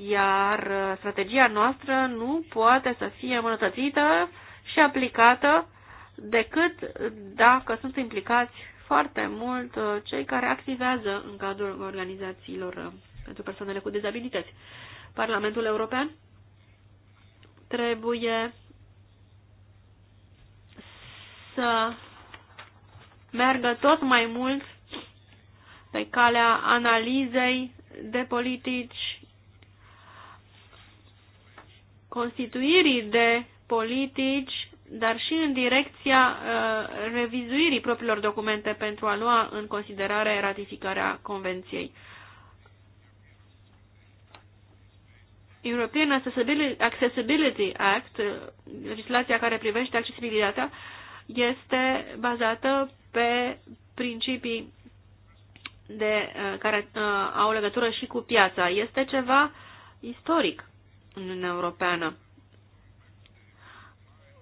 iar strategia noastră nu poate să fie îmbunătățită și aplicată decât dacă sunt implicați foarte mult uh, cei care activează în cadrul organizațiilor uh, pentru persoanele cu dizabilități. Parlamentul European trebuie să meargă tot mai mult pe calea analizei de politici, constituirii de politici, dar și în direcția uh, revizuirii propriilor documente pentru a lua în considerare ratificarea Convenției. European Accessibility Act, uh, legislația care privește accesibilitatea, este bazată pe principii de, uh, care uh, au legătură și cu piața. Este ceva istoric în Uniunea Europeană.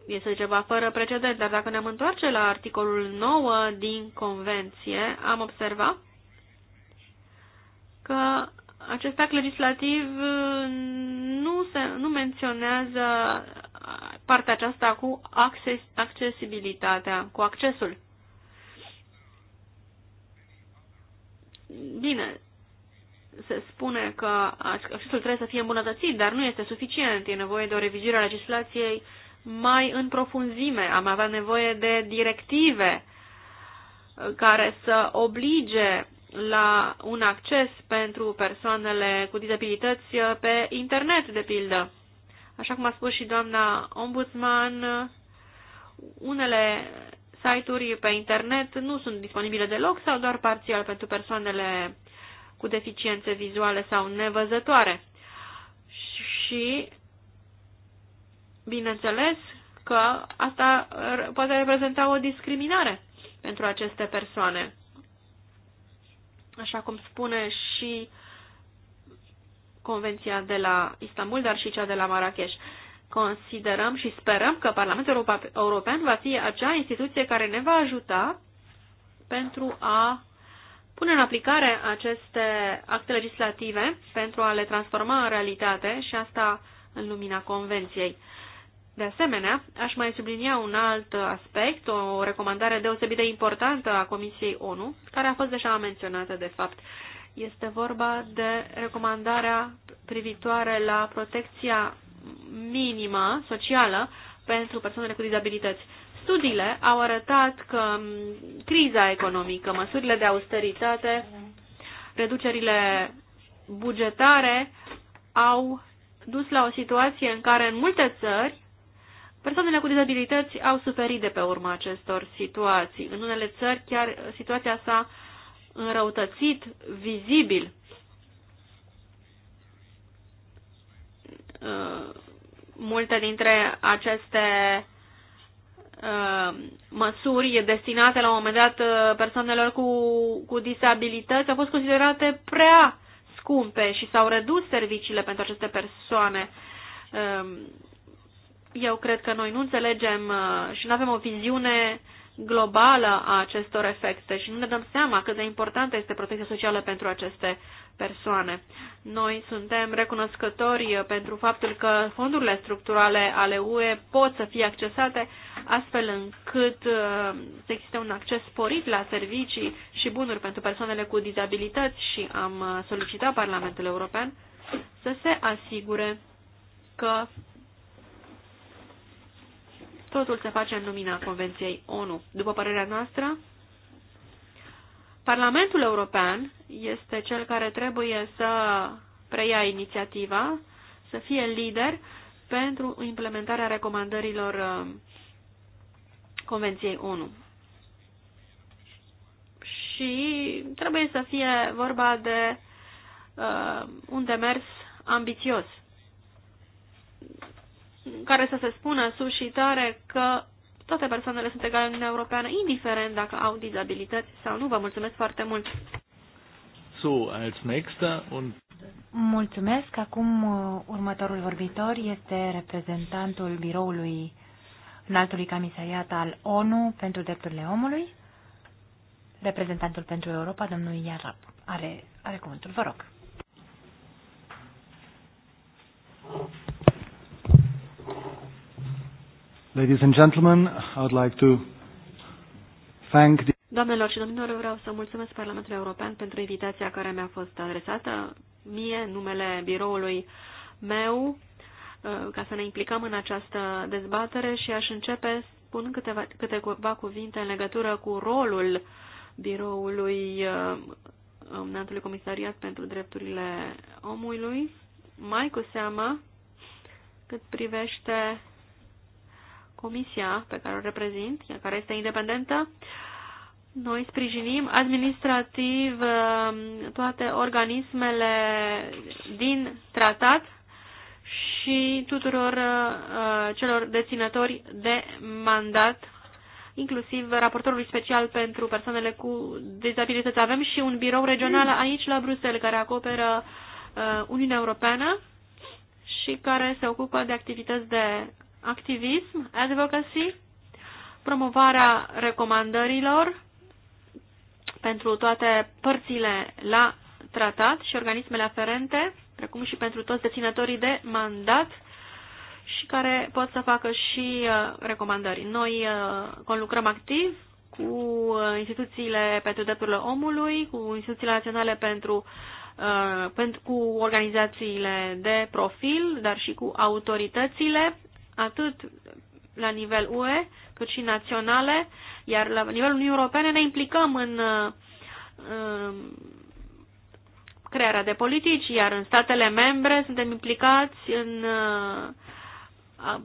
Este ceva fără precedent, dar dacă ne-am întoarce la articolul 9 din Convenție, am observat că acest act legislativ uh, nu, se, nu menționează partea aceasta cu accesibilitatea, cu accesul. Bine, se spune că accesul trebuie să fie îmbunătățit, dar nu este suficient. E nevoie de o revizuire a legislației mai în profunzime. Am avea nevoie de directive care să oblige la un acces pentru persoanele cu dizabilități pe internet, de pildă. Așa cum a spus și doamna ombudsman, unele site-uri pe internet nu sunt disponibile deloc sau doar parțial pentru persoanele cu deficiențe vizuale sau nevăzătoare. Și, bineînțeles, că asta poate reprezenta o discriminare pentru aceste persoane. Așa cum spune și Convenția de la Istanbul, dar și cea de la Marrakesh. Considerăm și sperăm că Parlamentul European va fi acea instituție care ne va ajuta pentru a pune în aplicare aceste acte legislative, pentru a le transforma în realitate și asta în lumina Convenției. De asemenea, aș mai sublinia un alt aspect, o recomandare deosebit de importantă a Comisiei ONU, care a fost deja menționată de fapt. Este vorba de recomandarea privitoare la protecția minimă socială pentru persoanele cu dizabilități. Studiile au arătat că criza economică, măsurile de austeritate, reducerile bugetare au dus la o situație în care în multe țări persoanele cu dizabilități au suferit de pe urma acestor situații. În unele țări chiar situația s-a înrăutățit vizibil Uh, multe dintre aceste uh, măsuri destinate la un moment dat uh, persoanelor cu, cu disabilități au fost considerate prea scumpe și s-au redus serviciile pentru aceste persoane. Um, eu cred că noi nu înțelegem și nu avem o viziune globală a acestor efecte și nu ne dăm seama cât de importantă este protecția socială pentru aceste persoane. Noi suntem recunoscători pentru faptul că fondurile structurale ale UE pot să fie accesate astfel încât uh, să existe un acces sporit la servicii și bunuri pentru persoanele cu dizabilități și am solicitat Parlamentul European să se asigure că Totul se face în lumina Convenției ONU. După părerea noastră, Parlamentul European este cel care trebuie să preia inițiativa, să fie lider pentru implementarea recomandărilor uh, Convenției ONU. Și trebuie să fie vorba de uh, un demers ambițios care să se spună sus și tare că toate persoanele sunt egale în Uniunea Europeană, indiferent dacă au dizabilități sau nu. Vă mulțumesc foarte mult! So, als nächster und Mulțumesc. Acum uh, următorul vorbitor este reprezentantul biroului înaltului camisariat al ONU pentru drepturile omului, reprezentantul pentru Europa, domnul Iarab. Are, are cuvântul, vă rog. Ladies and gentlemen, I would like to thank the Doamnelor și domnilor, vreau să mulțumesc Parlamentului European pentru invitația care mi-a fost adresată mie, numele biroului meu, uh, ca să ne implicăm în această dezbatere și aș începe spun câteva, câteva cuvinte în legătură cu rolul biroului uh, Înaltului Comisariat pentru Drepturile Omului, mai cu seamă cât privește comisia pe care o reprezint, care este independentă, noi sprijinim administrativ um, toate organismele din tratat și tuturor uh, celor deținători de mandat, inclusiv raportorului special pentru persoanele cu dizabilități. Avem și un birou regional aici la Bruxelles care acoperă uh, Uniunea Europeană și care se ocupă de activități de activism, advocacy, promovarea recomandărilor pentru toate părțile la tratat și organismele aferente, precum și pentru toți deținătorii de mandat și care pot să facă și uh, recomandări. Noi uh, conlucrăm activ cu uh, instituțiile pentru drepturile omului, cu instituțiile naționale pentru, pentru cu organizațiile de profil, dar și cu autoritățile atât la nivel UE, cât și naționale, iar la nivelul Uniunii Europene ne implicăm în uh, um, crearea de politici, iar în statele membre suntem implicați în uh,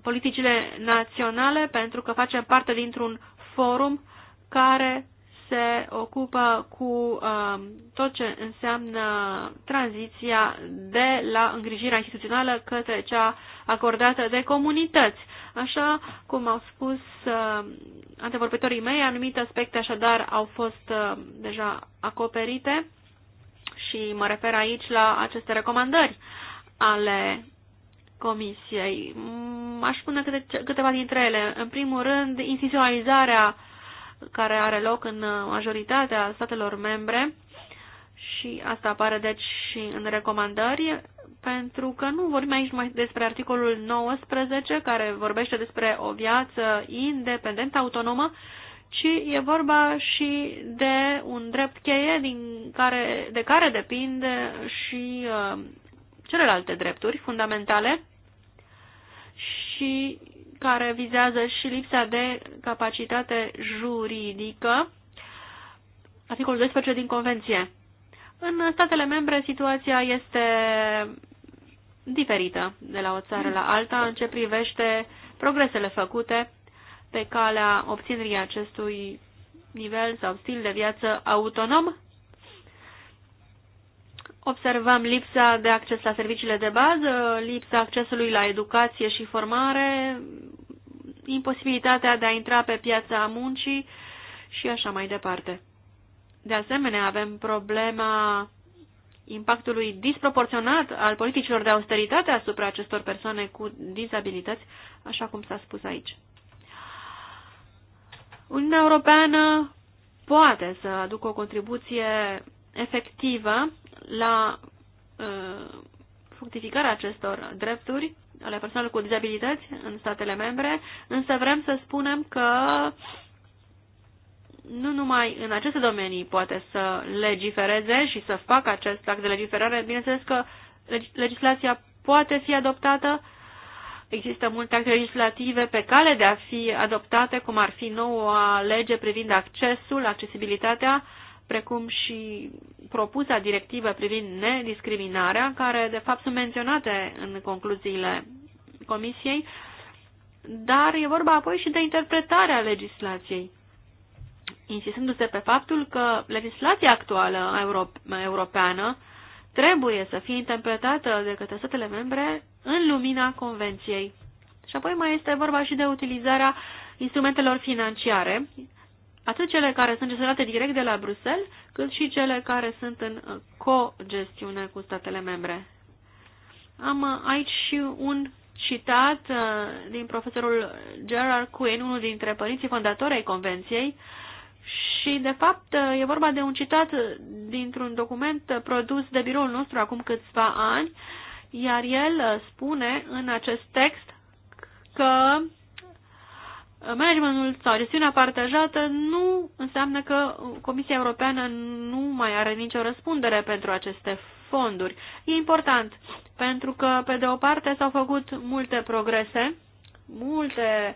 politicile naționale pentru că facem parte dintr-un forum care se ocupă cu uh, tot ce înseamnă tranziția de la îngrijirea instituțională către cea acordată de comunități. Așa cum au spus uh, antevorbitorii mei, anumite aspecte așadar au fost uh, deja acoperite și mă refer aici la aceste recomandări ale Comisiei. M Aș spune câte, câteva dintre ele. În primul rând, instituționalizarea uh, care are loc în uh, majoritatea statelor membre și asta apare deci și în recomandări, pentru că nu vorbim aici mai despre articolul 19 care vorbește despre o viață independentă, autonomă, ci e vorba și de un drept cheie din care, de care depinde și uh, celelalte drepturi fundamentale și care vizează și lipsa de capacitate juridică, articolul 12 din Convenție. În statele membre situația este diferită de la o țară la alta în ce privește progresele făcute pe calea obținerii acestui nivel sau stil de viață autonom Observăm lipsa de acces la serviciile de bază, lipsa accesului la educație și formare, imposibilitatea de a intra pe piața muncii și așa mai departe. De asemenea, avem problema impactului disproporționat al politicilor de austeritate asupra acestor persoane cu dizabilități, așa cum s-a spus aici. Uniunea Europeană poate să aducă o contribuție efectivă la uh, fructificarea acestor drepturi ale persoanelor cu dizabilități în statele membre, însă vrem să spunem că nu numai în aceste domenii poate să legifereze și să facă acest act de legiferare, bineînțeles că legislația poate fi adoptată, există multe acte legislative pe cale de a fi adoptate, cum ar fi noua lege privind accesul, accesibilitatea, precum și propusa directivă privind nediscriminarea, care de fapt sunt menționate în concluziile Comisiei, dar e vorba apoi și de interpretarea legislației, insistându-se pe faptul că legislația actuală europe europeană trebuie să fie interpretată de către statele membre în lumina Convenției. Și apoi mai este vorba și de utilizarea instrumentelor financiare, atât cele care sunt gestionate direct de la Bruxelles, cât și cele care sunt în uh, co-gestiune cu statele membre. Am uh, aici și un citat uh, din profesorul Gerard Quinn, unul dintre părinții fondatori ai Convenției, și, de fapt, e vorba de un citat dintr-un document produs de biroul nostru acum câțiva ani, iar el spune în acest text că managementul sau gestiunea partajată nu înseamnă că Comisia Europeană nu mai are nicio răspundere pentru aceste fonduri. E important pentru că, pe de o parte, s-au făcut multe progrese, multe uh,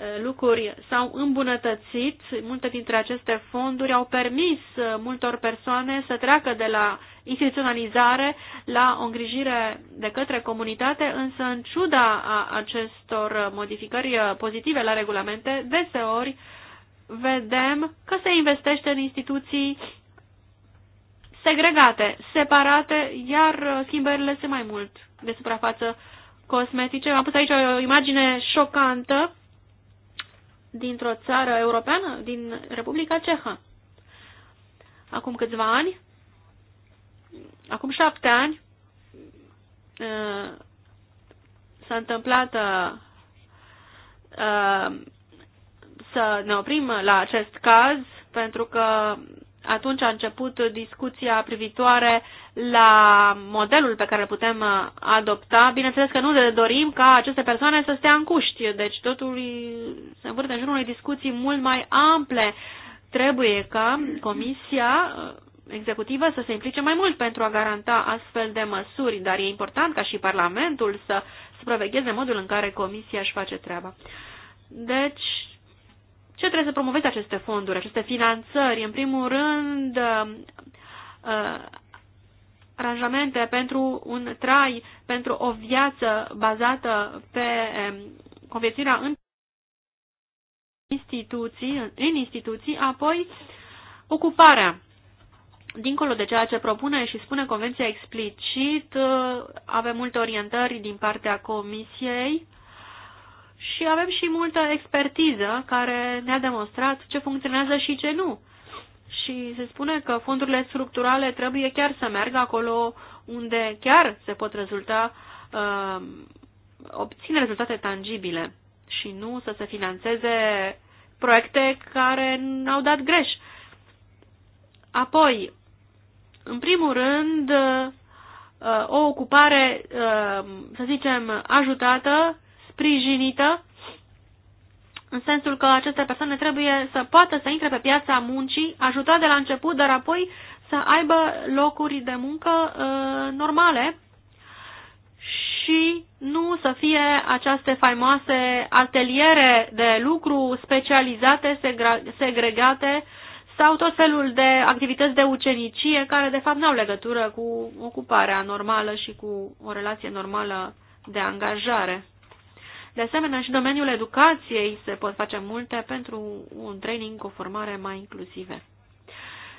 Uh, lucruri s-au îmbunătățit. Multe dintre aceste fonduri au permis uh, multor persoane să treacă de la instituționalizare la o îngrijire de către comunitate, însă în ciuda acestor modificări pozitive la regulamente, deseori vedem că se investește în instituții segregate, separate, iar schimbările sunt mai mult de suprafață cosmetice. Am pus aici o imagine șocantă dintr-o țară europeană, din Republica Cehă. Acum câțiva ani, acum șapte ani, ă, s-a întâmplat ă, ă, să ne oprim la acest caz, pentru că atunci a început discuția privitoare la modelul pe care îl putem uh, adopta. Bineînțeles că nu ne dorim ca aceste persoane să stea în cuști, deci totul se învârte în jurul unei discuții mult mai ample. Trebuie ca Comisia uh, executivă să se implice mai mult pentru a garanta astfel de măsuri, dar e important ca și Parlamentul să supravegheze modul în care Comisia își face treaba. Deci, ce trebuie să promoveze aceste fonduri, aceste finanțări? În primul rând, uh, uh, aranjamente pentru un trai, pentru o viață bazată pe um, convertirea în instituții, în instituții, apoi ocuparea. Dincolo de ceea ce propune și spune Convenția explicit, uh, avem multe orientări din partea Comisiei și avem și multă expertiză care ne-a demonstrat ce funcționează și ce nu. Și se spune că fondurile structurale trebuie chiar să meargă acolo unde chiar se pot rezulta, uh, obține rezultate tangibile și nu să se financeze proiecte care n-au dat greș. Apoi, în primul rând, uh, o ocupare, uh, să zicem, ajutată sprijinită în sensul că aceste persoane trebuie să poată să intre pe piața muncii, ajuta de la început, dar apoi să aibă locuri de muncă uh, normale și nu să fie aceste faimoase ateliere de lucru specializate, segregate sau tot felul de activități de ucenicie care de fapt nu au legătură cu ocuparea normală și cu o relație normală de angajare. De asemenea, și în domeniul educației se pot face multe pentru un training cu formare mai inclusive.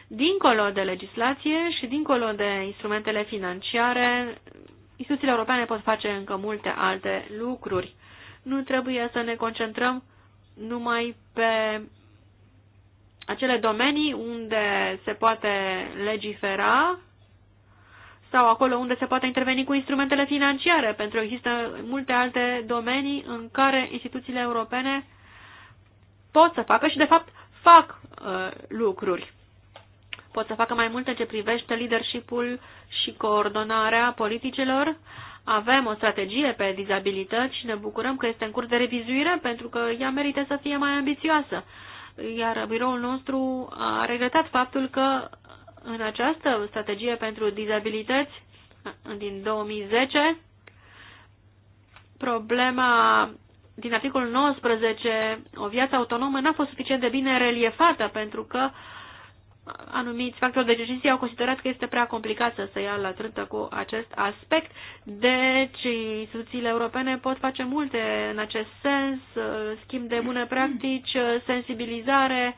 Dincolo de legislație și dincolo de instrumentele financiare, instituțiile europene pot face încă multe alte lucruri. Nu trebuie să ne concentrăm numai pe acele domenii unde se poate legifera sau acolo unde se poate interveni cu instrumentele financiare, pentru că există multe alte domenii în care instituțiile europene pot să facă și, de fapt, fac uh, lucruri. Pot să facă mai multe ce privește leadership-ul și coordonarea politicilor. Avem o strategie pe dizabilități și ne bucurăm că este în curs de revizuire pentru că ea merită să fie mai ambițioasă. Iar biroul nostru a regretat faptul că în această strategie pentru dizabilități din 2010, problema din articolul 19, o viață autonomă, n-a fost suficient de bine reliefată pentru că anumiți factori de decizie au considerat că este prea complicat să se ia la trântă cu acest aspect. Deci, instituțiile europene pot face multe în acest sens, schimb de bune practici, sensibilizare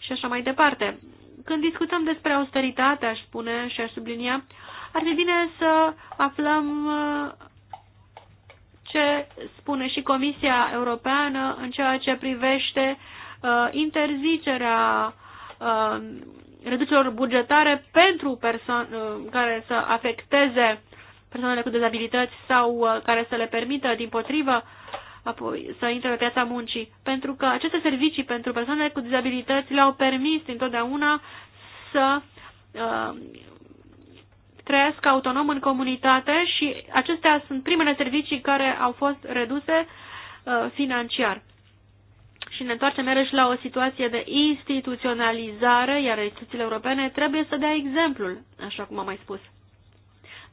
și așa mai departe. Când discutăm despre austeritate, aș spune și aș sublinia, ar fi bine să aflăm uh, ce spune și Comisia Europeană în ceea ce privește uh, interzicerea uh, reducerilor bugetare pentru persoane uh, care să afecteze persoanele cu dezabilități sau uh, care să le permită, din potrivă, uh, apoi să intre pe piața muncii, pentru că aceste servicii pentru persoanele cu dizabilități le-au permis întotdeauna să uh, trăiască autonom în comunitate și acestea sunt primele servicii care au fost reduse uh, financiar. Și ne întoarcem iarăși la o situație de instituționalizare, iar instituțiile europene trebuie să dea exemplul, așa cum am mai spus.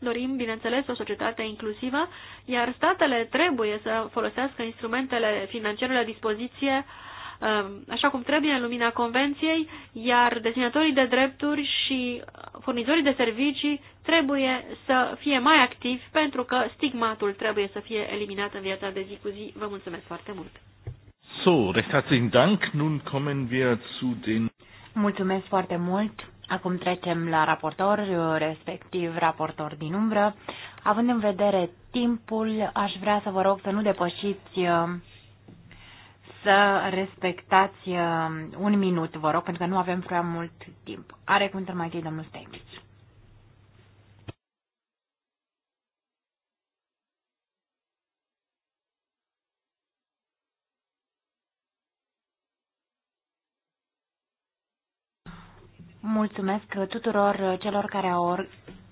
Dorim, bineînțeles, o societate inclusivă, iar statele trebuie să folosească instrumentele financiare la dispoziție um, așa cum trebuie în lumina convenției, iar deținătorii de drepturi și furnizorii de servicii trebuie să fie mai activi pentru că stigmatul trebuie să fie eliminat în viața de zi cu zi. Vă mulțumesc foarte mult! So, recht herzlichen Dank. Nun kommen wir zu den Mulțumesc foarte mult. Acum trecem la raportor, respectiv raportor din umbră. Având în vedere timpul, aș vrea să vă rog să nu depășiți, uh, să respectați uh, un minut, vă rog, pentru că nu avem prea mult timp. Are cuvântul mai întâi domnul Steglitz. Mulțumesc tuturor celor care au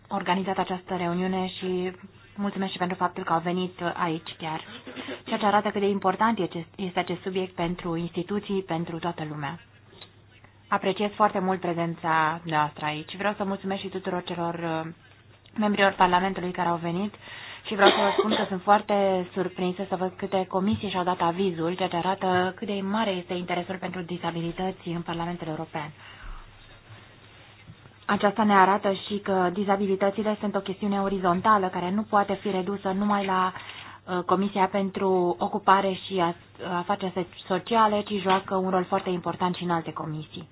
organizat această reuniune și mulțumesc și pentru faptul că au venit aici chiar, ceea ce arată cât de important este acest subiect pentru instituții, pentru toată lumea. Apreciez foarte mult prezența noastră aici. Vreau să mulțumesc și tuturor celor uh, membrilor Parlamentului care au venit și vreau să vă spun că sunt foarte surprinsă să văd câte comisii și-au dat avizul, ceea ce arată cât de mare este interesul pentru disabilități în Parlamentul European. Aceasta ne arată și că dizabilitățile sunt o chestiune orizontală care nu poate fi redusă numai la uh, Comisia pentru Ocupare și Afaceri Sociale, ci joacă un rol foarte important și în alte comisii.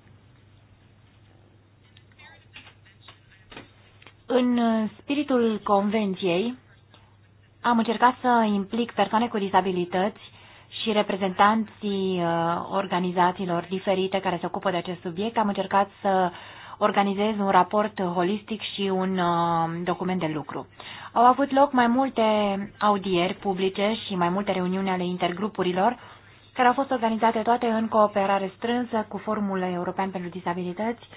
În spiritul convenției am încercat să implic persoane cu dizabilități și reprezentanții uh, organizațiilor diferite care se ocupă de acest subiect. Am încercat să organizez un raport holistic și un um, document de lucru. Au avut loc mai multe audieri publice și mai multe reuniuni ale intergrupurilor, care au fost organizate toate în cooperare strânsă cu Forumul European pentru Disabilități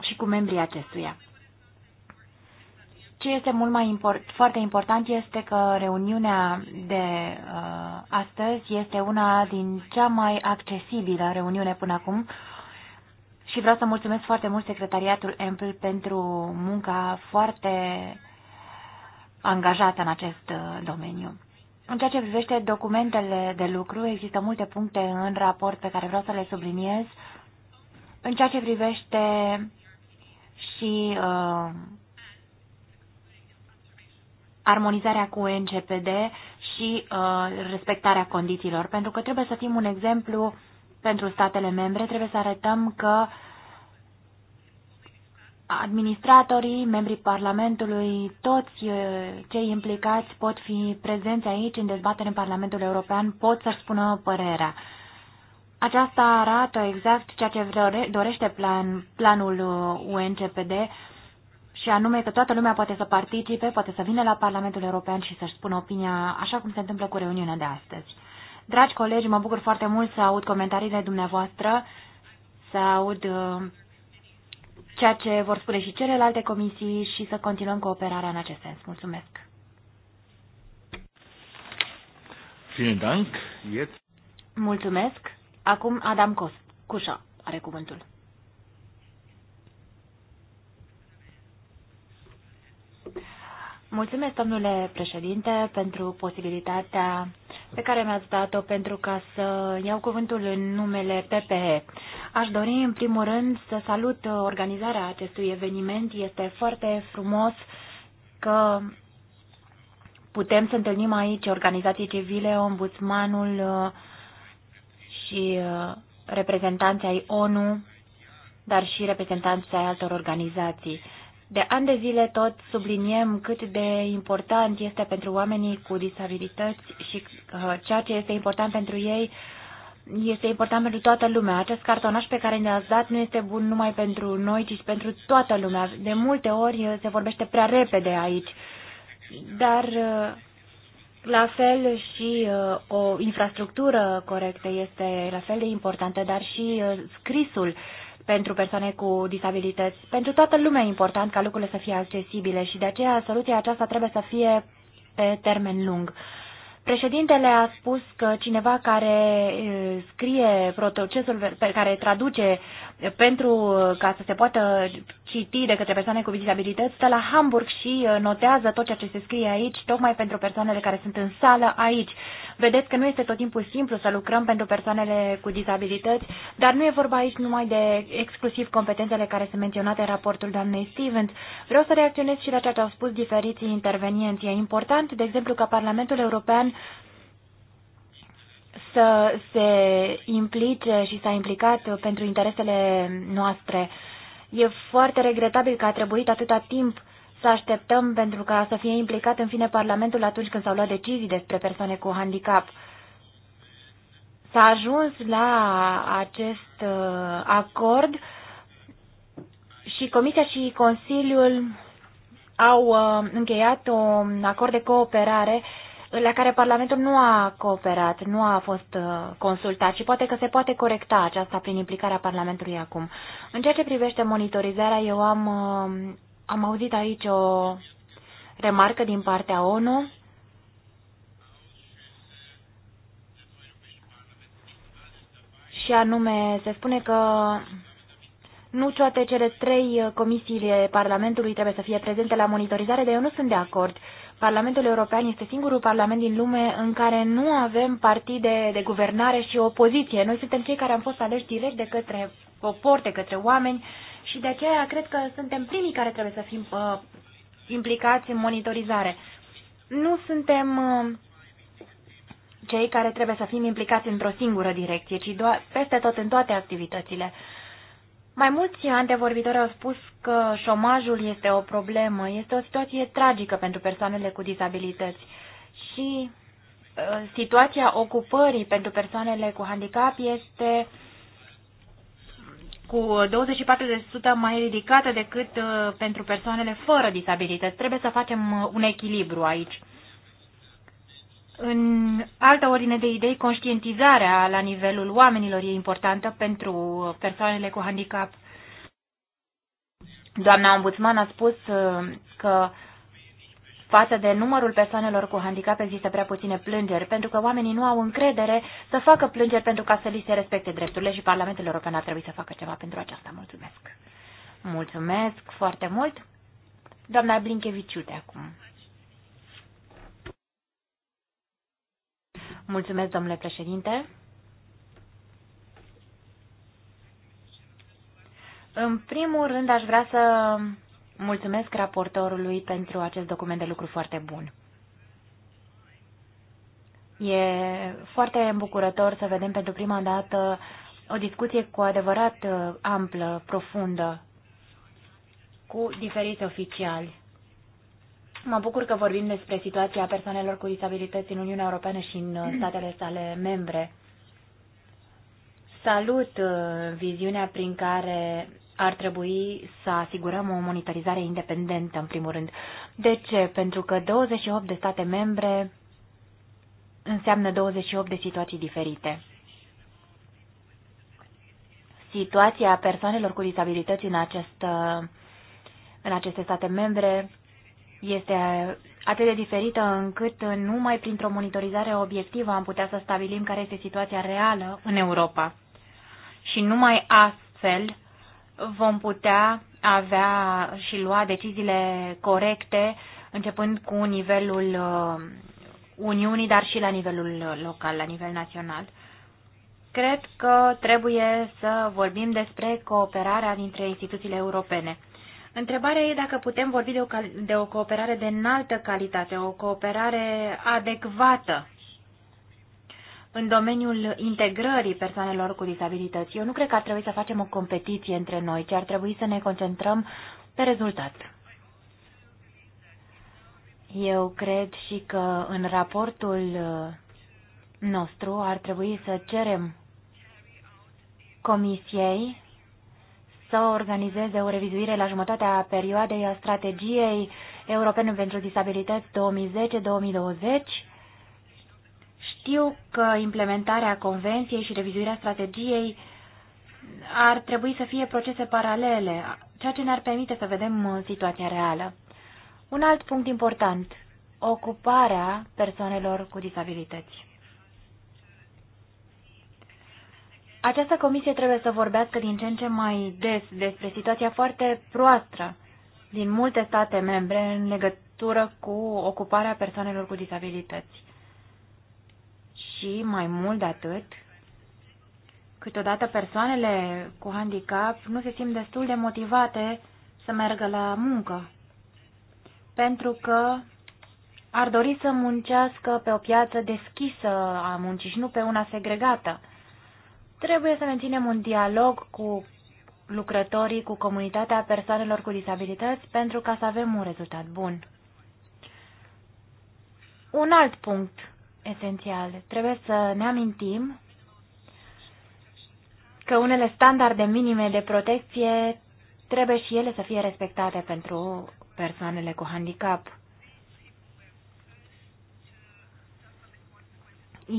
și cu membrii acestuia. Ce este mult mai import, foarte important este că reuniunea de uh, astăzi este una din cea mai accesibilă reuniune până acum uh, și vreau să mulțumesc foarte mult secretariatul Ample pentru munca foarte angajată în acest uh, domeniu. În ceea ce privește documentele de lucru, există multe puncte în raport pe care vreau să le subliniez. În ceea ce privește și uh, armonizarea cu NCPD și uh, respectarea condițiilor, pentru că trebuie să fim un exemplu uh, pentru statele membre, trebuie să arătăm că administratorii, membrii Parlamentului, toți eh, cei implicați pot fi prezenți aici în dezbatere în Parlamentul European, pot să-și spună părerea. Aceasta arată exact ceea ce dorește plan, planul eh, UNCPD și anume că toată lumea poate să participe, poate să vină la Parlamentul European și să-și spună opinia așa cum se întâmplă cu reuniunea de astăzi. Dragi colegi, mă bucur foarte mult să aud comentariile dumneavoastră, să aud uh, ceea ce vor spune și celelalte comisii și să continuăm cooperarea în acest sens. Mulțumesc! Mulțumesc! Acum Adam Cos, Cușa, are cuvântul. Mulțumesc, domnule președinte, pentru posibilitatea pe care mi-ați dat-o pentru ca să iau cuvântul în numele PPE. Aș dori, în primul rând, să salut organizarea acestui eveniment. Este foarte frumos că putem să întâlnim aici organizații civile, ombudsmanul uh, și uh, reprezentanții ai ONU, dar și reprezentanții ai altor organizații. De ani de zile tot subliniem cât de important este pentru oamenii cu disabilități și uh, ceea ce este important pentru ei este important pentru toată lumea. Acest cartonaș pe care ne-ați dat nu este bun numai pentru noi, ci și pentru toată lumea. De multe ori uh, se vorbește prea repede aici, dar uh, la fel și o infrastructură corectă este la fel de importantă, dar și scrisul pentru persoane cu disabilități. Pentru toată lumea e important ca lucrurile să fie accesibile și de aceea soluția aceasta trebuie să fie pe termen lung. Președintele a spus că cineva care scrie procesul, care traduce pentru ca să se poată citi de către persoane cu dizabilități, stă la Hamburg și uh, notează tot ceea ce se scrie aici, tocmai pentru persoanele care sunt în sală aici. Vedeți că nu este tot timpul simplu să lucrăm pentru persoanele cu dizabilități, dar nu e vorba aici numai de exclusiv competențele care sunt menționate în raportul doamnei Stevens. Vreau să reacționez și la ceea ce au spus diferiții intervenienți. E important, de exemplu, ca Parlamentul European să se implice și s-a implicat pentru interesele noastre E foarte regretabil că a trebuit atâta timp să așteptăm pentru ca să fie implicat în fine Parlamentul atunci când s-au luat decizii despre persoane cu handicap. S-a ajuns la acest uh, acord și Comisia și Consiliul au uh, încheiat un acord de cooperare uh, la care Parlamentul nu a cooperat, nu a fost uh, consultat și poate că se poate corecta aceasta prin implicarea Parlamentului acum. În ceea ce privește monitorizarea, eu am, uh, am auzit aici o remarcă din partea ONU și anume se spune că nu toate cele trei comisiile Parlamentului trebuie să fie prezente la monitorizare, dar eu nu sunt de acord. Uh, Parlamentul European este singurul parlament din lume în care nu avem partide de guvernare și opoziție. Noi suntem cei care am fost aleși direct de către popor, de către oameni și de aceea cred că suntem primii care trebuie să fim uh, implicați în monitorizare. Nu suntem uh, cei care trebuie să fim implicați într-o singură direcție, ci doar peste tot în toate activitățile. Uh, mai mulți antevorbitori au spus că șomajul este o problemă, este o situație tragică pentru persoanele cu dizabilități și ă, situația ocupării pentru persoanele cu handicap este cu 24% mai ridicată decât ă, pentru persoanele fără disabilități. Trebuie să facem ă, un echilibru aici. În altă ordine de idei, conștientizarea la nivelul oamenilor e importantă pentru persoanele cu handicap. Doamna ombudsman a spus uh, că față de numărul persoanelor cu handicap există prea puține plângeri, pentru că oamenii nu au încredere să facă plângeri pentru ca să li se respecte drepturile și Parlamentul European ar trebui să facă ceva pentru aceasta. Mulțumesc! Mulțumesc foarte mult! Doamna Blinkeviciu de acum. Mulțumesc, domnule președinte. În primul rând, aș vrea să mulțumesc raportorului pentru acest document de lucru foarte bun. E foarte îmbucurător să vedem pentru prima dată o discuție cu adevărat uh, amplă, profundă, cu diferiți oficiali. Mă bucur că vorbim despre situația persoanelor cu disabilități în Uniunea Europeană și în uh, statele sale membre. Salut uh, viziunea prin care ar trebui să asigurăm o monitorizare independentă, în primul rând. De ce? Pentru că 28 de state membre înseamnă 28 de situații diferite. Situația persoanelor cu disabilități în, acest, în aceste state membre este atât de diferită încât numai printr-o monitorizare obiectivă am putea să stabilim care este situația reală în Europa. Și numai astfel vom putea avea și lua deciziile corecte, începând cu nivelul uh, Uniunii, dar și la nivelul local, la nivel național. Cred că trebuie să vorbim despre cooperarea dintre instituțiile europene. Întrebarea e dacă putem vorbi de o, de o cooperare de înaltă calitate, o cooperare adecvată în domeniul integrării persoanelor cu disabilități. Eu nu cred că ar trebui să facem o competiție între noi, ci ar trebui să ne concentrăm pe rezultat. Eu cred și că în raportul nostru ar trebui să cerem Comisiei să organizeze o revizuire la jumătatea perioadei a strategiei europene pentru disabilități 2010-2020. Știu că implementarea convenției și revizuirea strategiei ar trebui să fie procese paralele, ceea ce ne-ar permite să vedem uh, situația reală. Un alt punct important, ocuparea persoanelor cu disabilități. Această comisie trebuie să vorbească din ce în ce mai des despre situația foarte proastră din multe state membre în legătură cu ocuparea persoanelor cu dizabilități. Și mai mult de atât, câteodată persoanele cu handicap nu se simt destul de motivate să meargă la muncă, pentru că ar dori să muncească pe o piață deschisă a muncii și nu pe una segregată. Trebuie să menținem un dialog cu lucrătorii, cu comunitatea persoanelor cu disabilități pentru ca să avem un rezultat bun. Un alt punct esențial. Trebuie să ne amintim că unele standarde minime de protecție trebuie și ele să fie respectate pentru persoanele cu handicap.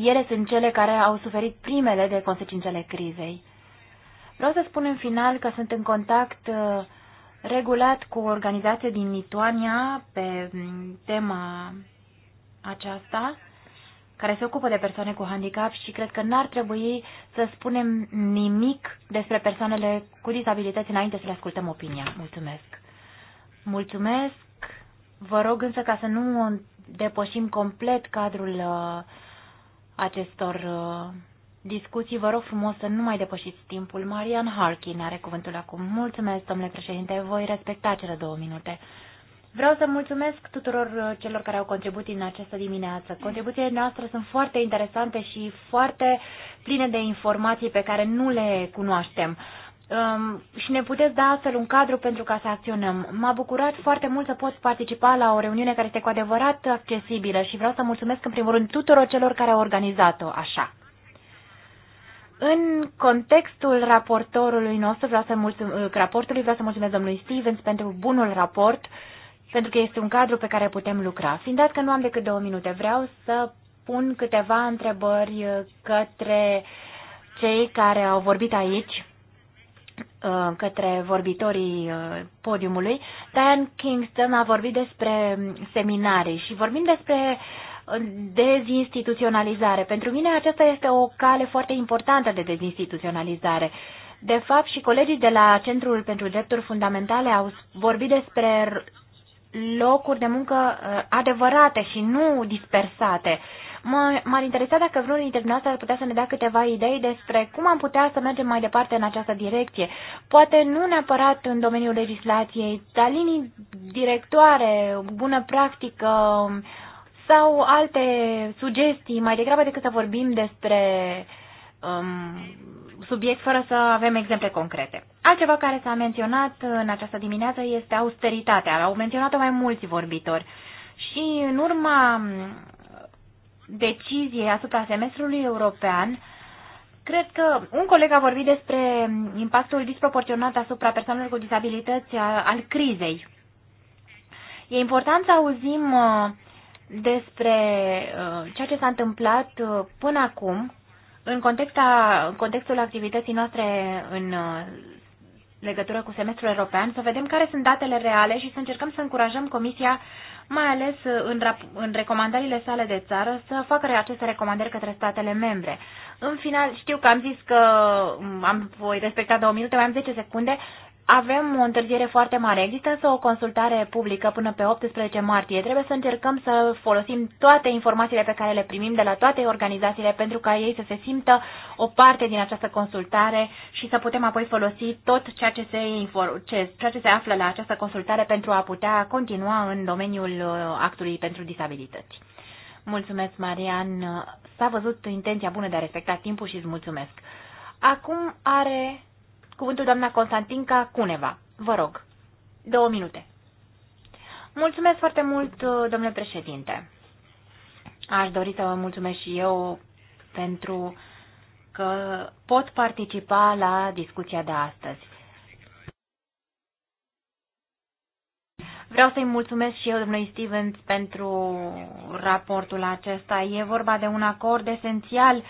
ele sunt cele care au suferit primele de consecințele crizei. Vreau să spun în final că sunt în contact uh, regulat cu o organizație din Lituania pe mm, tema aceasta, care se ocupă de persoane cu handicap și cred că n-ar trebui să spunem nimic despre persoanele cu disabilități înainte să le ascultăm opinia. Mulțumesc! Mulțumesc! Vă rog însă ca să nu depășim complet cadrul uh, acestor uh, discuții. Vă rog frumos să nu mai depășiți timpul. Marian Harkin are cuvântul acum. Mulțumesc, domnule președinte, voi respecta cele două minute. Vreau să mulțumesc tuturor uh, celor care au contribuit în această dimineață. Contribuțiile noastre sunt foarte interesante și foarte pline de informații pe care nu le cunoaștem um, și ne puteți da astfel un cadru pentru ca să acționăm. M-a bucurat foarte mult să pot participa la o reuniune care este cu adevărat accesibilă și vreau să mulțumesc în primul rând tuturor celor care au organizat-o așa. În contextul raportorului nostru, vreau să mulțumesc, uh, raportului, vreau să mulțumesc domnului Stevens pentru bunul raport, pentru că este un cadru pe care putem lucra. Fiind dat că nu am decât două minute, vreau să pun câteva întrebări uh, către cei care au vorbit aici Uh, către vorbitorii uh, podiumului, Diane Kingston a vorbit despre seminarii și vorbim despre uh, dezinstituționalizare. Pentru mine aceasta este o cale foarte importantă de dezinstituționalizare. De fapt, și colegii de la Centrul pentru Drepturi Fundamentale au vorbit despre locuri de muncă adevărate și nu dispersate. M-ar interesa dacă vreunul dintre dumneavoastră ar putea să ne dea câteva idei despre cum am putea să mergem mai departe în această direcție. Poate nu neapărat în domeniul legislației, dar linii directoare, bună practică sau alte sugestii, mai degrabă decât să vorbim despre um, subiect fără să avem exemple concrete. Altceva care s-a menționat în această dimineață este austeritatea. Au menționat-o mai mulți vorbitori. Și în urma decizie asupra semestrului european, cred că un coleg a vorbit despre impactul disproporționat asupra persoanelor cu dizabilități al crizei. E important să auzim uh, despre uh, ceea ce s-a întâmplat uh, până acum în, în contextul activității noastre în legătură cu semestrul european, să vedem care sunt datele reale și să încercăm să încurajăm Comisia mai ales uh, în, în recomandările sale de țară, să facă aceste recomandări către statele membre. În final, știu că am zis că mm, am voi respecta două minute, mai am 10 secunde avem o întârziere foarte mare. Există însă o consultare publică până pe 18 martie. Trebuie să încercăm să folosim toate informațiile pe care le primim de la toate organizațiile pentru ca ei să se simtă o parte din această consultare și să putem apoi folosi tot ceea ce se, ce, ceea ce se află la această consultare pentru a putea continua în domeniul uh, actului pentru disabilități. Mulțumesc, Marian. S-a văzut intenția bună de a respecta timpul și îți mulțumesc. Acum are cuvântul doamna Constantinca Cuneva. Vă rog, două minute. Mulțumesc foarte mult, uh, domnule președinte. Aș dori să vă mulțumesc și eu pentru că pot participa la discuția de astăzi. Vreau să-i mulțumesc și eu, domnului Stevens, pentru raportul acesta. E vorba de un acord esențial uh,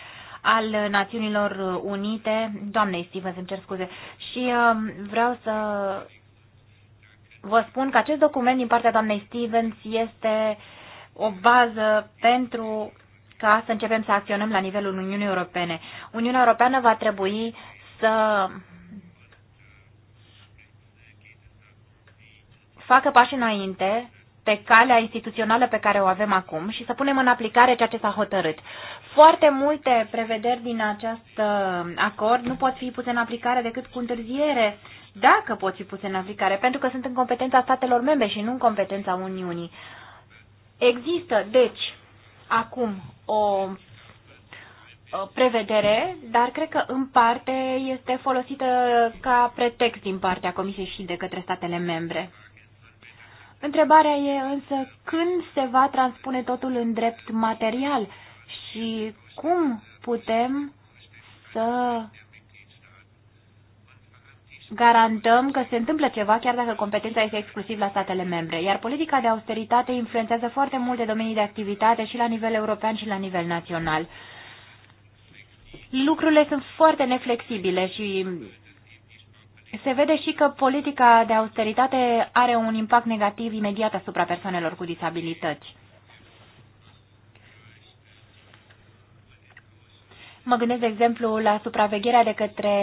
al Națiunilor Unite, doamnei Stevens, îmi cer scuze, și um, vreau să vă spun că acest document din partea doamnei Stevens este o bază pentru ca să începem să acționăm la nivelul Uniunii Europene. Uniunea Europeană va trebui să facă pași înainte pe calea instituțională pe care o avem acum și să punem în aplicare ceea ce s-a hotărât. Foarte multe prevederi din acest uh, acord nu pot fi puse în aplicare decât cu întârziere, dacă pot fi puse în aplicare, pentru că sunt în competența statelor membre și nu în competența Uniunii. Există, deci, acum o prevedere, dar cred că în parte este folosită ca pretext din partea Comisiei și de către statele membre. Întrebarea e însă când se va transpune totul în drept material și cum putem să garantăm că se întâmplă ceva chiar dacă competența este exclusiv la statele membre, iar politica de austeritate influențează foarte multe domenii de activitate și la nivel european și la nivel național. Lucrurile sunt foarte neflexibile și se vede și că politica de austeritate are un impact negativ imediat asupra persoanelor cu disabilități. Mă gândesc, de exemplu, la supravegherea de către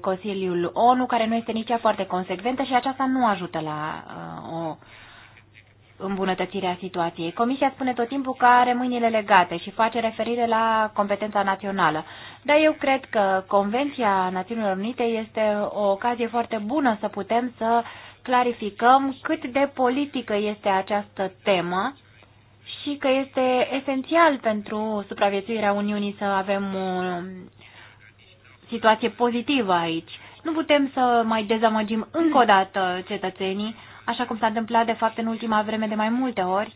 Consiliul ONU, care nu este nici ea foarte consecventă și aceasta nu ajută la uh, o îmbunătățirea situației. Comisia spune tot timpul că are mâinile legate și face referire la competența națională. Dar eu cred că Convenția Națiunilor Unite este o ocazie foarte bună să putem să clarificăm cât de politică este această temă și că este esențial pentru supraviețuirea Uniunii să avem o situație pozitivă aici. Nu putem să mai dezamăgim încă o dată cetățenii așa cum s-a întâmplat de fapt în ultima vreme de mai multe ori.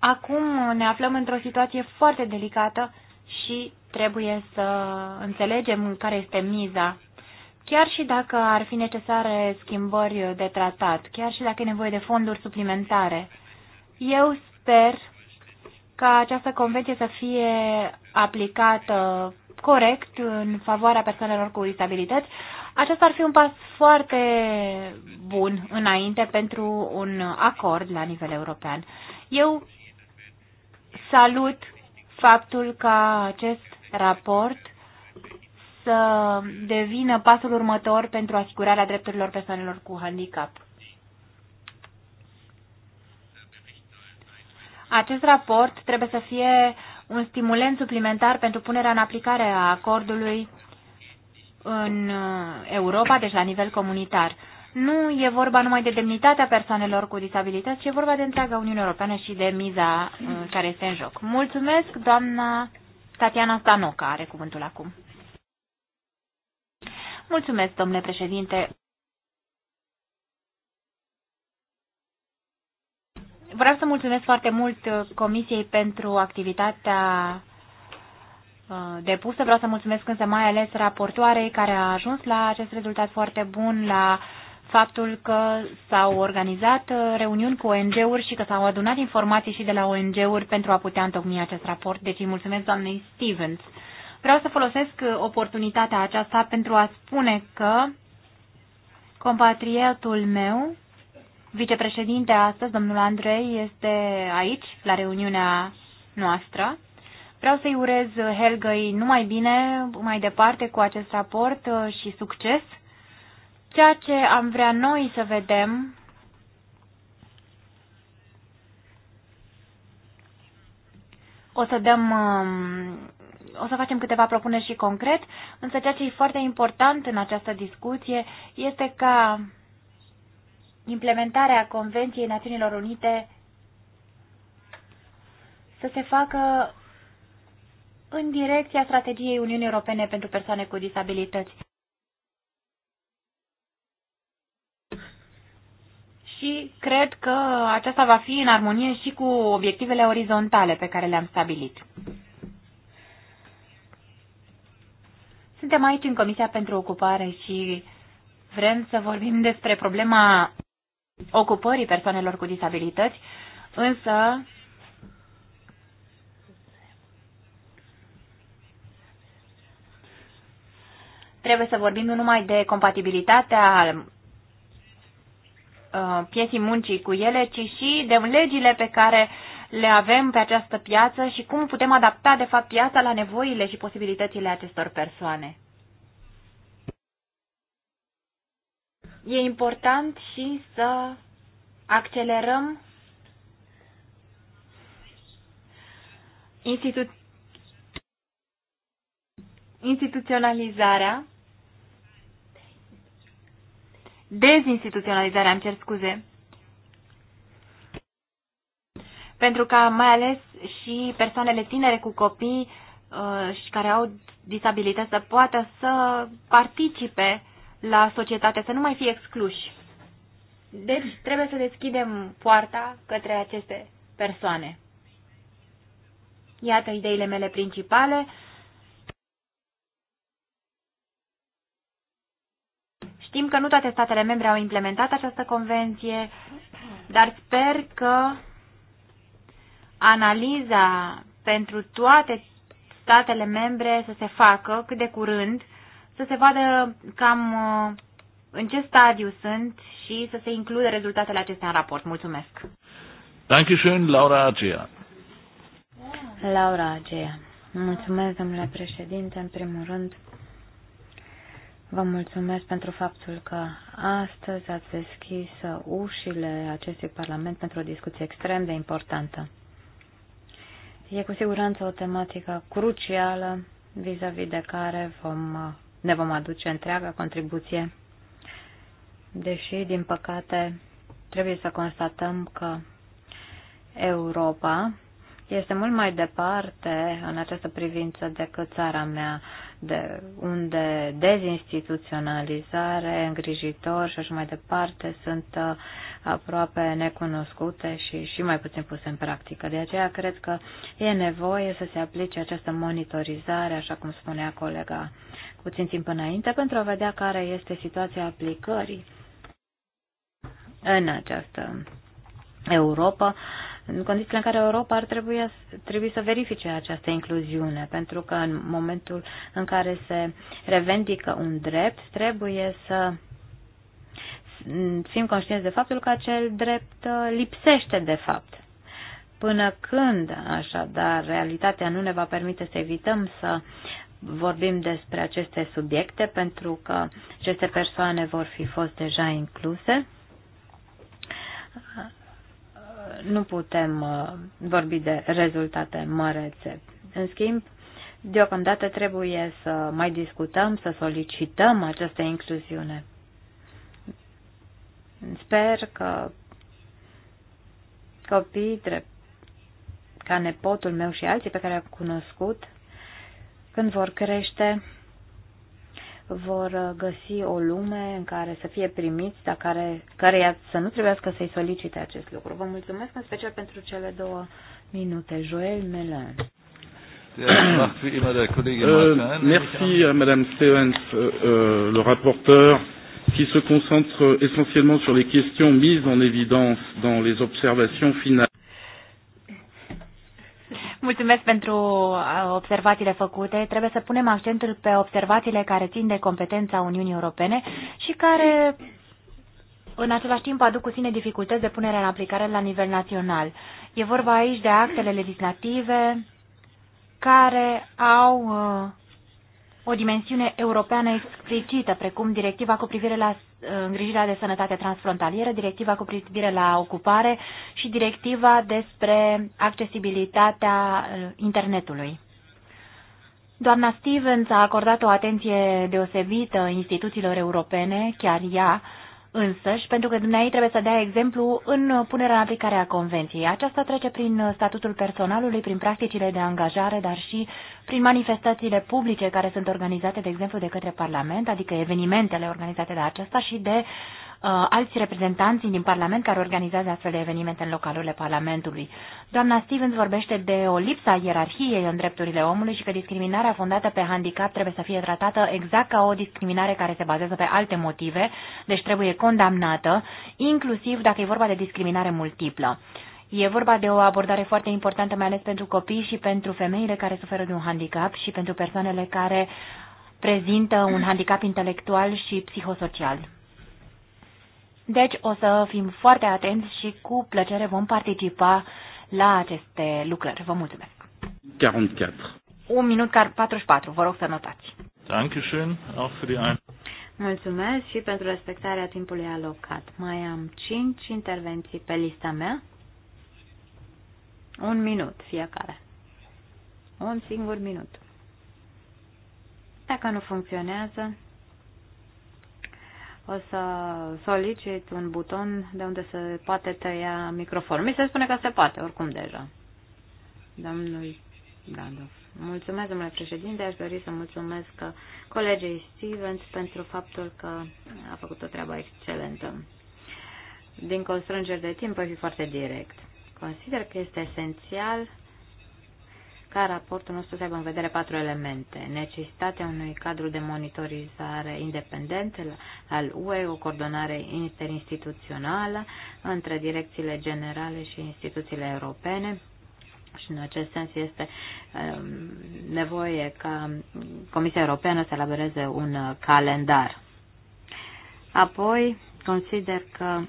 Acum ne aflăm într-o situație foarte delicată și trebuie să înțelegem care este miza. Chiar și dacă ar fi necesare schimbări de tratat, chiar și dacă e nevoie de fonduri suplimentare, eu sper ca această convenție să fie aplicată corect în favoarea persoanelor cu disabilități, acesta ar fi un pas foarte bun înainte pentru un acord la nivel european. Eu salut faptul că acest raport să devină pasul următor pentru asigurarea drepturilor persoanelor cu handicap. Acest raport trebuie să fie un stimulent suplimentar pentru punerea în aplicare a acordului în uh, Europa, deci la nivel comunitar. Nu e vorba numai de demnitatea persoanelor cu disabilități, ci e vorba de întreaga Uniune Europeană și de miza uh, care este în joc. Mulțumesc, doamna Tatiana Stanoca are cuvântul acum. Mulțumesc, domnule președinte. Vreau să mulțumesc foarte mult uh, Comisiei pentru activitatea Uh, depusă. Vreau să mulțumesc însă mai ales raportoarei care a ajuns la acest rezultat foarte bun, la faptul că s-au organizat uh, reuniuni cu ONG-uri și că s-au adunat informații și de la ONG-uri pentru a putea întocmi acest raport. Deci îi mulțumesc doamnei Stevens. Vreau să folosesc uh, oportunitatea aceasta pentru a spune că compatriotul meu, vicepreședinte astăzi, domnul Andrei, este aici la reuniunea noastră Vreau să-i urez Helgăi numai bine, mai departe cu acest raport uh, și succes. Ceea ce am vrea noi să vedem o să dăm um, o să facem câteva propuneri și concret, însă ceea ce e foarte important în această discuție este ca implementarea Convenției Națiunilor Unite să se facă în direcția strategiei Uniunii Europene pentru persoane cu disabilități. Și cred că aceasta va fi în armonie și cu obiectivele orizontale pe care le-am stabilit. Suntem aici în Comisia pentru Ocupare și vrem să vorbim despre problema ocupării persoanelor cu disabilități, însă Trebuie să vorbim nu numai de compatibilitatea uh, pieții muncii cu ele, ci și de legile pe care le avem pe această piață și cum putem adapta, de fapt, piața la nevoile și posibilitățile acestor persoane. E important și să accelerăm institu- instituționalizarea dezinstituționalizarea, am cer scuze, pentru ca mai ales și persoanele tinere cu copii uh, și care au disabilități să poată să participe la societate, să nu mai fie excluși. Deci trebuie să deschidem poarta către aceste persoane. Iată ideile mele principale. Știm că nu toate statele membre au implementat această convenție, dar sper că analiza pentru toate statele membre să se facă cât de curând, să se vadă cam uh, în ce stadiu sunt și să se includă rezultatele acestea în raport. Mulțumesc! Dankeschön, Laura Agea. Laura Agea. Mulțumesc, domnule președinte, în primul rând. Vă mulțumesc pentru faptul că astăzi ați deschis ușile acestui Parlament pentru o discuție extrem de importantă. E cu siguranță o tematică crucială vis-a-vis -vis de care vom, ne vom aduce întreaga contribuție, deși, din păcate, trebuie să constatăm că Europa este mult mai departe în această privință decât țara mea de, unde dezinstituționalizare, îngrijitor și așa mai departe sunt uh, aproape necunoscute și, și mai puțin puse în practică. De aceea cred că e nevoie să se aplice această monitorizare, așa cum spunea colega puțin timp înainte, pentru a vedea care este situația aplicării în această Europa în condițiile în care Europa ar trebui, trebui să verifice această incluziune, pentru că în momentul în care se revendică un drept, trebuie să fim conștienți de faptul că acel drept uh, lipsește de fapt. Până când, așadar, realitatea nu ne va permite să evităm să vorbim despre aceste subiecte, pentru că aceste persoane vor fi fost deja incluse, nu putem uh, vorbi de rezultate mărețe. În schimb, deocamdată trebuie să mai discutăm, să solicităm această incluziune. Sper că copiii, drept ca nepotul meu și alții pe care am cunoscut, când vor crește, vor uh, găsi o lume în care să fie primiți, dar care, care să nu trebuiască să-i solicite acest lucru. Vă mulțumesc în special pentru cele două minute. Joel Melan. Euh, merci à Madame Stevens, euh, euh, le rapporteur, qui se concentre essentiellement sur les questions mises en évidence dans les observations finales. Mulțumesc pentru uh, observațiile făcute. Trebuie să punem accentul pe observațiile care țin de competența Uniunii Europene și care în același timp aduc cu sine dificultăți de punere în aplicare la nivel național. E vorba aici de actele legislative care au uh, o dimensiune europeană explicită, precum directiva cu privire la îngrijirea de sănătate transfrontalieră, directiva cu privire la ocupare și directiva despre accesibilitatea uh, internetului. Doamna Stevens a acordat o atenție deosebită instituțiilor europene, chiar ea însăși, pentru că dumneai trebuie să dea exemplu în punerea în aplicare a convenției. Aceasta trece prin uh, statutul personalului, prin practicile de angajare, dar și prin manifestațiile publice care sunt organizate, de exemplu, de către Parlament, adică evenimentele organizate de acesta și de uh, Uh, alți reprezentanți din Parlament care organizează astfel de evenimente în localurile Parlamentului. Doamna Stevens vorbește de o lipsă a ierarhiei în drepturile omului și că discriminarea fondată pe handicap trebuie să fie tratată exact ca o discriminare care se bazează pe alte motive, deci trebuie condamnată, inclusiv dacă e vorba de discriminare multiplă. E vorba de o abordare foarte importantă, mai ales pentru copii și pentru femeile care suferă de un handicap și pentru persoanele care prezintă un handicap intelectual și psihosocial. Deci o să fim foarte atenți și cu plăcere vom participa la aceste lucrări. Vă mulțumesc. 44. Un minut 44, vă rog să notați. Dankeschön, auch für die Mulțumesc și pentru respectarea timpului alocat. Mai am 5 intervenții pe lista mea. Un minut fiecare. Un singur minut. Dacă nu funcționează, o să solicit un buton de unde se poate tăia microfonul. Mi se spune că se poate, oricum deja. Domnul Brandov. Mulțumesc, domnule președinte. Aș dori să mulțumesc colegei Stevens pentru faptul că a făcut o treabă excelentă. Din constrângeri de timp, voi fi foarte direct. Consider că este esențial ca raportul nostru să aibă în vedere patru elemente. Necesitatea unui cadru de monitorizare independent al UE, o coordonare interinstituțională între direcțiile generale și instituțiile europene, și în acest sens este um, nevoie ca Comisia Europeană să elaboreze un calendar. Apoi, consider că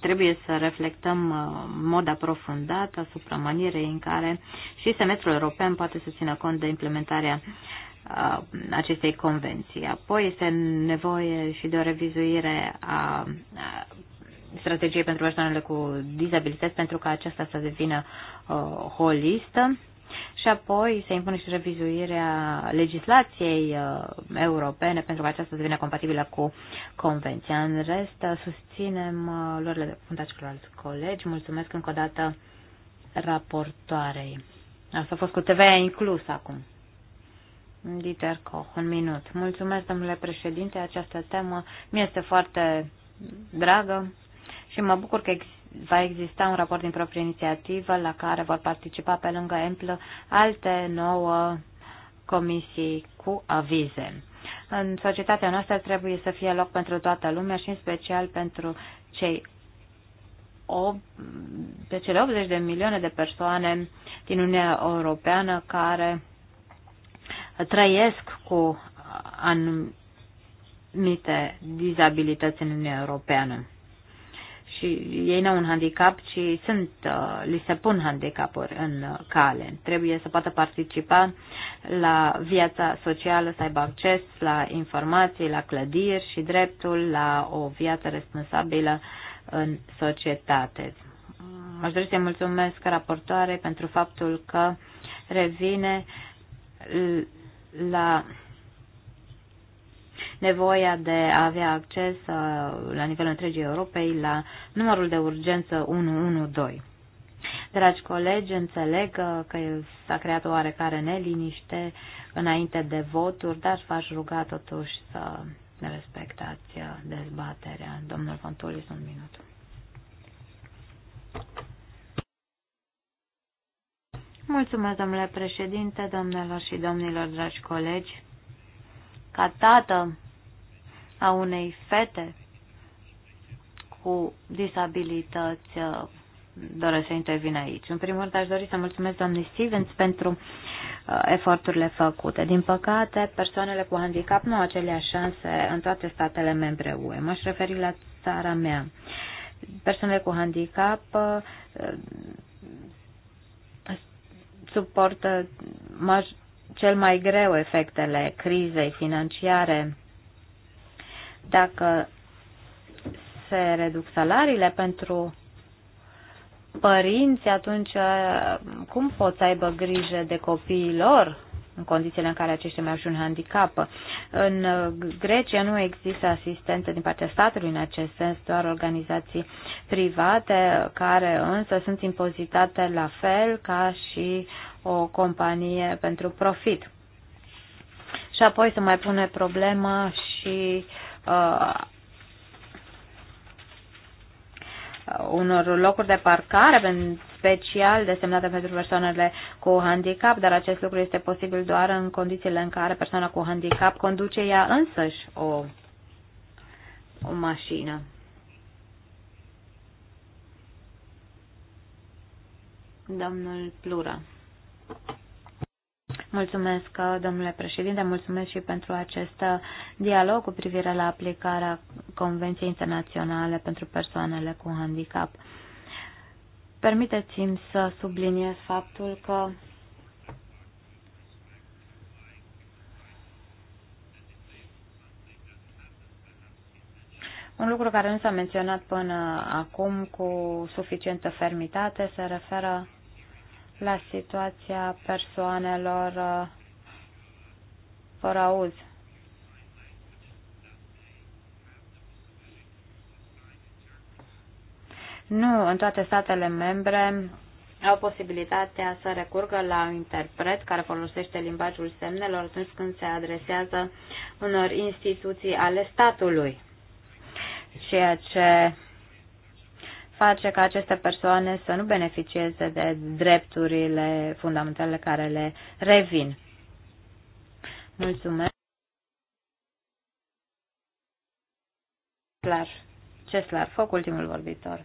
trebuie să reflectăm uh, în mod aprofundat asupra manierei în care și semestrul european poate să țină cont de implementarea uh, acestei convenții. Apoi este nevoie și de o revizuire a strategiei pentru persoanele cu dizabilități pentru ca aceasta să devină uh, holistă și apoi se impune și revizuirea legislației uh, europene pentru că aceasta să devină compatibilă cu convenția. În rest, uh, susținem uh, luările de puntaci cu alți colegi. Mulțumesc încă o dată raportoarei. Asta a fost cu TVA inclus acum. Dieter Koch, un minut. Mulțumesc, domnule președinte, această temă mi este foarte dragă și mă bucur că există va exista un raport din proprie inițiativă la care vor participa pe lângă EMPLă alte nouă comisii cu avize. În societatea noastră trebuie să fie loc pentru toată lumea și în special pentru cei de cele 80 de milioane de persoane din Uniunea Europeană care trăiesc cu anumite dizabilități în Uniunea Europeană și ei nu au un handicap, ci sunt, uh, li se pun handicapuri în uh, cale. Trebuie să poată participa la viața socială, să aibă acces la informații, la clădiri și dreptul la o viață responsabilă în societate. Uh, aș dori să-i mulțumesc raportoare pentru faptul că revine la nevoia de a avea acces uh, la nivelul întregii Europei la numărul de urgență 112. Dragi colegi, înțeleg uh, că s-a creat o oarecare neliniște înainte de voturi, dar v-aș ruga totuși să respectați uh, dezbaterea. Domnul Fontulis, un minut. Mulțumesc, domnule președinte, domnilor și domnilor, dragi colegi. Ca tată a unei fete cu disabilități uh, doresc să intervin aici. În primul rând aș dori să mulțumesc doamnei Stevens pentru uh, eforturile făcute. Din păcate, persoanele cu handicap nu au aceleași șanse în toate statele membre UE. M-aș referi la țara mea. Persoanele cu handicap uh, uh suportă cel mai greu efectele crizei financiare dacă se reduc salariile pentru părinți, atunci cum pot să aibă grijă de copiii lor în condițiile în care aceștia mai ajung handicapă? În Grecia nu există asistență din partea statului în acest sens, doar organizații private care însă sunt impozitate la fel ca și o companie pentru profit. Și apoi se mai pune problema și uh, Uh, unor locuri de parcare special desemnate pentru persoanele cu handicap, dar acest lucru este posibil doar în condițiile în care persoana cu handicap conduce ea însăși o, o mașină. Domnul Plura. Mulțumesc, domnule președinte, mulțumesc și pentru acest dialog cu privire la aplicarea Convenției Internaționale pentru persoanele cu handicap. Permiteți-mi să subliniez faptul că Un lucru care nu s-a menționat până acum cu suficientă fermitate se referă la situația persoanelor uh, fără auz. Nu în toate statele membre au posibilitatea să recurgă la un interpret care folosește limbajul semnelor atunci când se adresează unor instituții ale statului, ceea ce face ca aceste persoane să nu beneficieze de drepturile fundamentale care le revin. Mulțumesc. Clar. Ceslar Foc, ultimul vorbitor.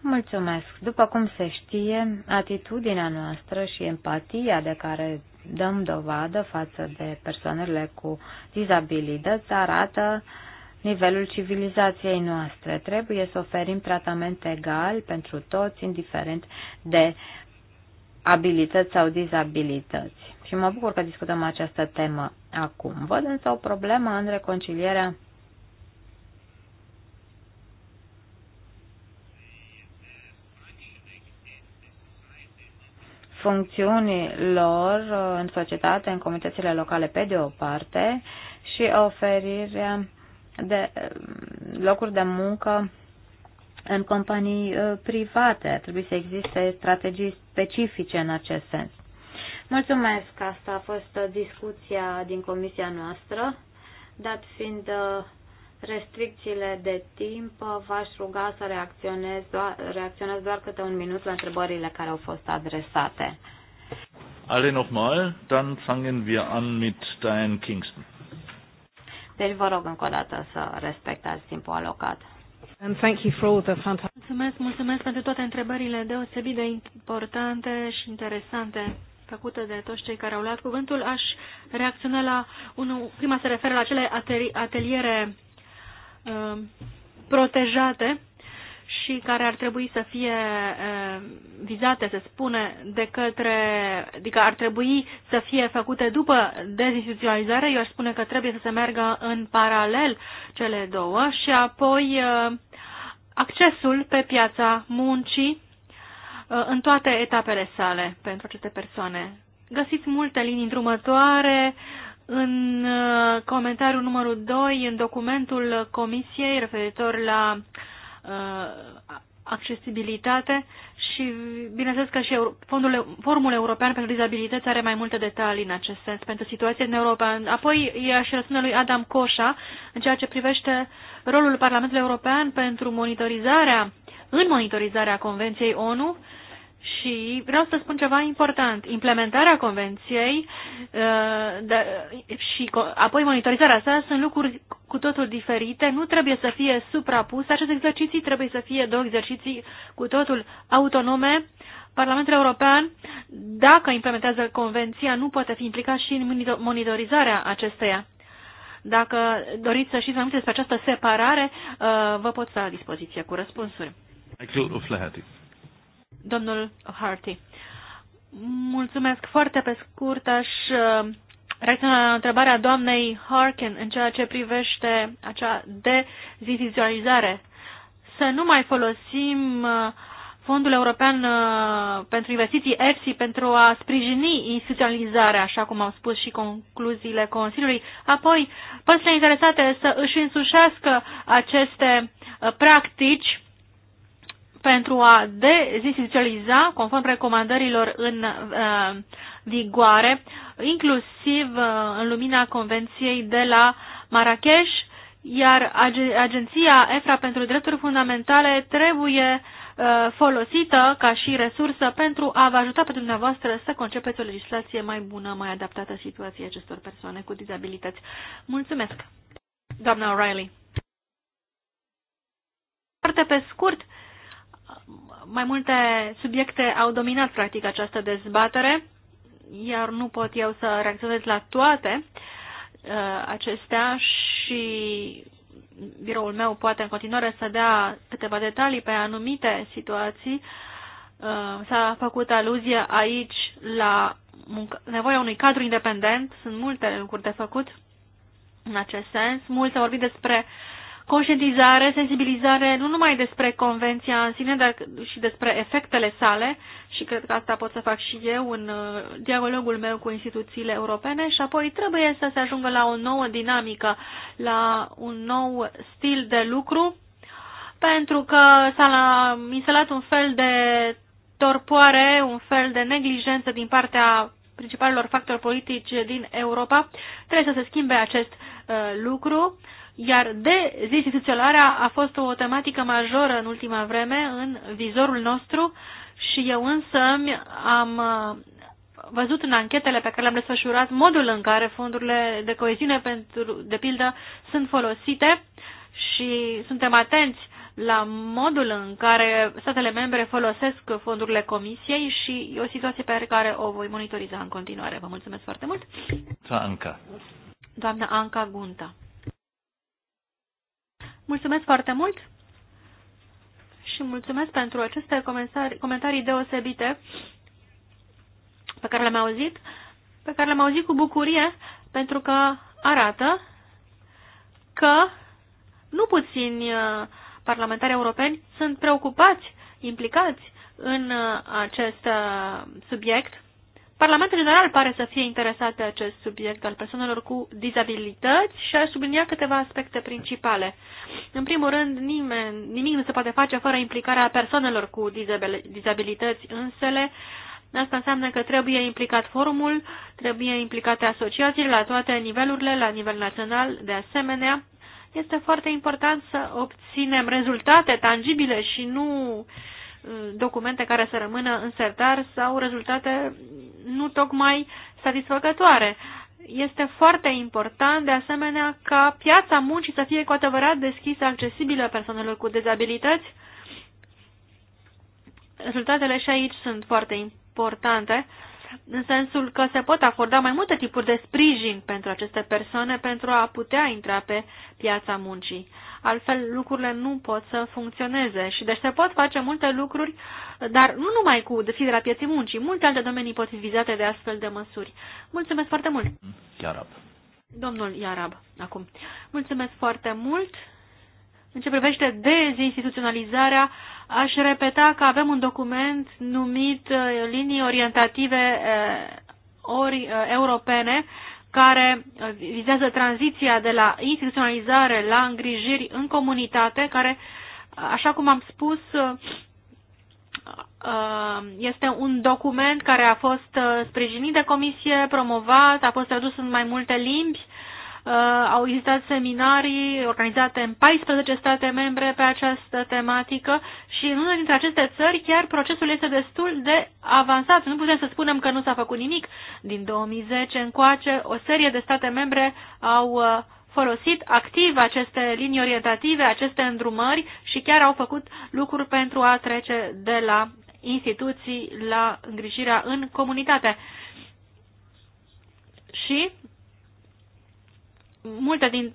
Mulțumesc. După cum se știe, atitudinea noastră și empatia de care dăm dovadă față de persoanele cu dizabilități arată nivelul civilizației noastre. Trebuie să oferim tratament egal pentru toți, indiferent de abilități sau dizabilități. Și mă bucur că discutăm această temă acum. Văd însă o problemă în reconcilierea funcțiunilor lor uh, în societate, în comunitățile locale, pe de o parte, și oferirea de uh, locuri de muncă în companii uh, private. trebuie să existe strategii specifice în acest sens. Mulțumesc, asta a fost discuția din comisia noastră, dat fiind restricțiile de timp, v-aș ruga să reacționez doar, reacționez doar câte un minut la întrebările care au fost adresate. Alle nochmal, dann fangen wir an mit Diane Kingston. Deci vă rog încă o dată să respectați timpul alocat. And thank you for all the fantastic... Mulțumesc, mulțumesc pentru toate întrebările deosebit de importante și interesante făcute de toți cei care au luat cuvântul. Aș reacționa la unul, prima se referă la cele ateliere Uh, protejate și care ar trebui să fie uh, vizate, se spune, de către, adică ar trebui să fie făcute după dezinstituționalizare, eu aș spune că trebuie să se meargă în paralel cele două și apoi uh, accesul pe piața muncii în toate etapele sale pentru aceste persoane. Găsiți multe linii îndrumătoare, uh, în uh, comentariul numărul 2, în documentul Comisiei referitor la uh, accesibilitate și, bineînțeles că și fondul, Formul European pentru Dizabilități are mai multe detalii în acest sens pentru situația din Europa. Apoi e și răspunde lui Adam Coșa în ceea ce privește rolul Parlamentului European pentru monitorizarea, în monitorizarea Convenției ONU uh, și vreau să spun ceva important. Implementarea convenției uh, da, și apoi monitorizarea sa sunt lucruri cu totul diferite, nu trebuie să fie suprapuse. Aceste exerciții trebuie să fie două exerciții cu totul autonome. Parlamentul European, dacă implementează convenția, nu poate fi implicat și în monitorizarea acesteia. Dacă doriți să știți mai multe despre această separare, uh, vă pot sta la dispoziție cu răspunsuri. Excellent domnul Harty. Mulțumesc foarte pe scurt. Aș uh, reacționa la întrebarea doamnei Harkin în ceea ce privește acea dezivizualizare. Să nu mai folosim uh, Fondul European uh, pentru Investiții EFSI pentru a sprijini instituționalizarea, așa cum au spus și concluziile Consiliului. Apoi, părțile interesate să își însușească aceste practici pentru a dezinstitucionaliza, conform recomandărilor în uh, vigoare, inclusiv uh, în lumina Convenției de la Marrakesh, iar Agenția EFRA pentru Drepturi Fundamentale trebuie uh, folosită ca și resursă pentru a vă ajuta pe dumneavoastră să concepeți o legislație mai bună, mai adaptată situației acestor persoane cu dizabilități. Mulțumesc, doamna O'Reilly. Foarte pe scurt, uh, mai multe subiecte au dominat practic această dezbatere, iar nu pot eu să reacționez la toate uh, acestea și biroul meu poate în continuare să dea câteva detalii pe anumite situații. Uh, s-a făcut aluzie aici la nevoia unui cadru independent. Sunt multe lucruri de făcut în acest sens. Mulți au vorbit despre uh, conștientizare, sensibilizare, nu numai despre convenția în sine, dar și despre efectele sale și cred că asta pot să fac și eu în uh, dialogul meu cu instituțiile europene și apoi trebuie să se ajungă la o nouă dinamică, la un nou stil de lucru, pentru că s-a instalat un fel de torpoare, un fel de neglijență din partea principalilor factori politici din Europa. Trebuie să se schimbe acest uh, lucru. Uh, iar dezinstituționarea a fost o tematică majoră în ultima vreme în vizorul nostru și eu însă am uh, văzut în anchetele pe care le-am desfășurat modul în care fondurile de coeziune, pentru, de pildă, sunt folosite și suntem atenți la modul în care statele membre folosesc fondurile Comisiei și e o situație pe care o voi monitoriza în continuare. Vă mulțumesc foarte mult. Anca. Doamna Anca Gunta. Mulțumesc foarte mult și mulțumesc pentru aceste comentarii deosebite pe care le-am auzit, pe care le-am auzit cu bucurie, pentru că arată că nu puțini uh, parlamentari europeni sunt preocupați, implicați în uh, acest uh, subiect Parlamentul General pare să fie interesat de acest subiect al persoanelor cu dizabilități și aș sublinia câteva aspecte principale. În primul rând, nimeni, nimic nu se poate face fără implicarea persoanelor cu dizabilități însele. Asta înseamnă că trebuie implicat forumul, trebuie implicate asociațiile la toate nivelurile, la nivel național, de asemenea. Este foarte important să obținem rezultate tangibile și nu uh, documente care să rămână în sertar sau rezultate nu tocmai satisfăcătoare. Este foarte important, de asemenea, ca piața muncii să fie cu adevărat deschisă, accesibilă persoanelor cu dezabilități. Rezultatele și aici sunt foarte importante, în sensul că se pot acorda mai multe tipuri de sprijin pentru aceste persoane pentru a putea intra pe piața muncii altfel lucrurile nu pot să funcționeze. Și deci se pot face multe lucruri, dar nu numai cu deschiderea pieții muncii, multe alte domenii pot fi vizate de astfel de măsuri. Mulțumesc foarte mult! Iarab. Domnul Iarab, acum. Mulțumesc foarte mult! În ce privește dezinstituționalizarea, aș repeta că avem un document numit uh, linii orientative uh, ori uh, europene care uh, vizează tranziția de la instituționalizare la îngrijiri în comunitate, care, uh, așa cum am spus, uh, este un document care a fost sprijinit de comisie, promovat, a fost tradus în mai multe limbi Uh, au existat seminarii organizate în 14 state membre pe această tematică și în una dintre aceste țări chiar procesul este destul de avansat. Nu putem să spunem că nu s-a făcut nimic. Din 2010 încoace, o serie de state membre au uh, folosit activ aceste linii orientative, aceste îndrumări și chiar au făcut lucruri pentru a trece de la instituții la îngrijirea în comunitate. Și multe din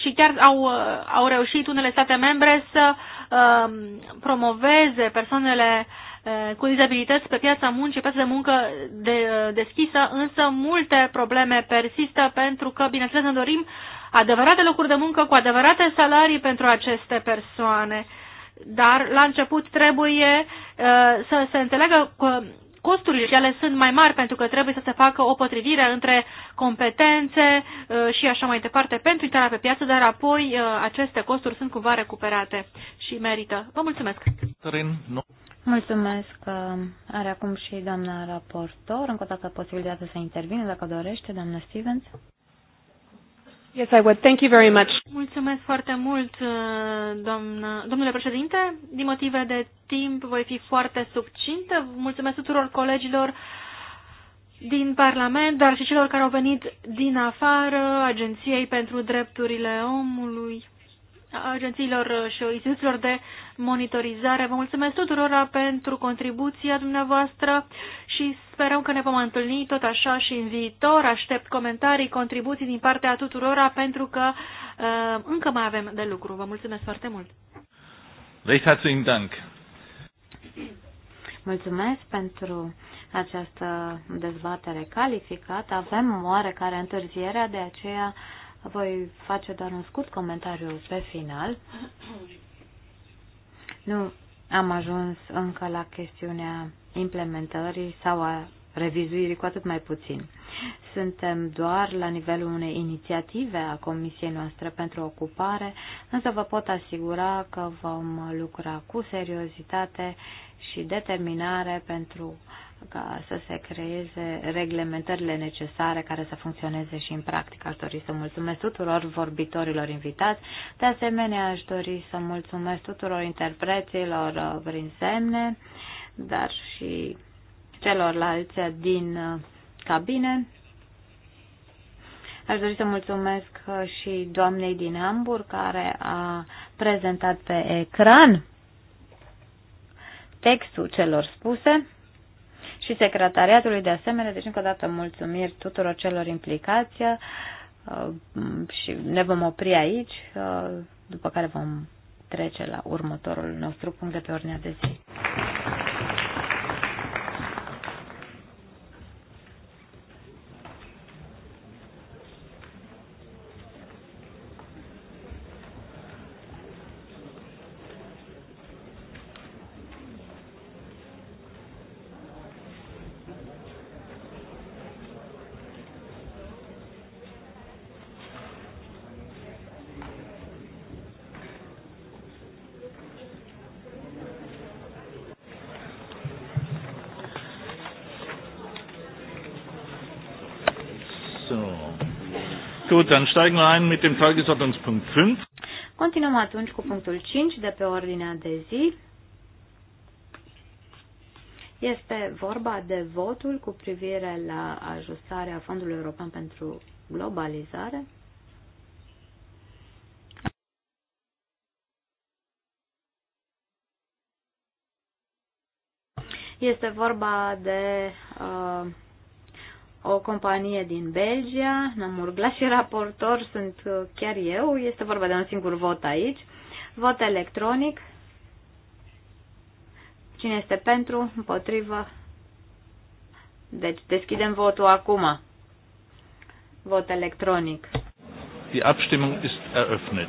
și chiar au, uh, au reușit unele state membre să uh, promoveze persoanele uh, cu dizabilități pe piața muncii, piața de muncă de, uh, deschisă, însă multe probleme persistă pentru că, bineînțeles, ne dorim adevărate locuri de muncă cu adevărate salarii pentru aceste persoane. Dar la început trebuie uh, să se înțeleagă cu costurile ele sunt mai mari pentru că trebuie să se facă o potrivire între competențe uh, și așa mai departe pentru intrarea pe piață, dar apoi uh, aceste costuri sunt cumva recuperate și merită. Vă mulțumesc! Mulțumesc! Uh, are acum și doamna raportor, încă o dată posibilitatea să intervine dacă dorește, doamna Stevens. Yes, I would. Thank you very much. Mulțumesc foarte mult, uh, doamnă, domnule președinte. Din motive de timp voi fi foarte subcintă. Mulțumesc tuturor colegilor din Parlament, dar și celor care au venit din afară, Agenției pentru Drepturile Omului agențiilor și instituțiilor de monitorizare. Vă mulțumesc tuturora pentru contribuția dumneavoastră și sperăm că ne vom întâlni tot așa și în viitor. Aștept comentarii, contribuții din partea tuturora pentru că uh, încă mai avem de lucru. Vă mulțumesc foarte mult! Mulțumesc pentru această dezbatere calificată. Avem oarecare întârziere, de aceea voi face doar un scurt comentariu pe final. Nu am ajuns încă la chestiunea implementării sau a revizuirii, cu atât mai puțin. Suntem doar la nivelul unei inițiative a Comisiei noastre pentru ocupare, însă vă pot asigura că vom lucra cu seriozitate și determinare pentru ca să se creeze reglementările necesare care să funcționeze și în practică. Aș dori să mulțumesc tuturor vorbitorilor invitați. De asemenea, aș dori să mulțumesc tuturor interpreților uh, prin semne, dar și celorlalți din uh, cabine. Aș dori să mulțumesc uh, și doamnei din Hamburg care a prezentat pe ecran textul celor spuse și secretariatului de asemenea. Deci încă o dată mulțumiri tuturor celor implicați uh, și ne vom opri aici, uh, după care vom trece la următorul nostru punct de pe ordinea de zi. Gut, dann steigen wir ein mit dem Tagesordnungspunkt 5. Continuăm atunci cu punctul 5 de pe ordinea de zi. Este vorba de votul cu privire la ajustarea Fondului European pentru Globalizare. Este vorba de uh, o companie din Belgia, ne-am urglat și raportor, sunt uh, chiar eu, este vorba de un singur vot aici, vot electronic, cine este pentru, împotrivă, deci deschidem votul acum, vot electronic. Die Abstimmung ist eröffnet.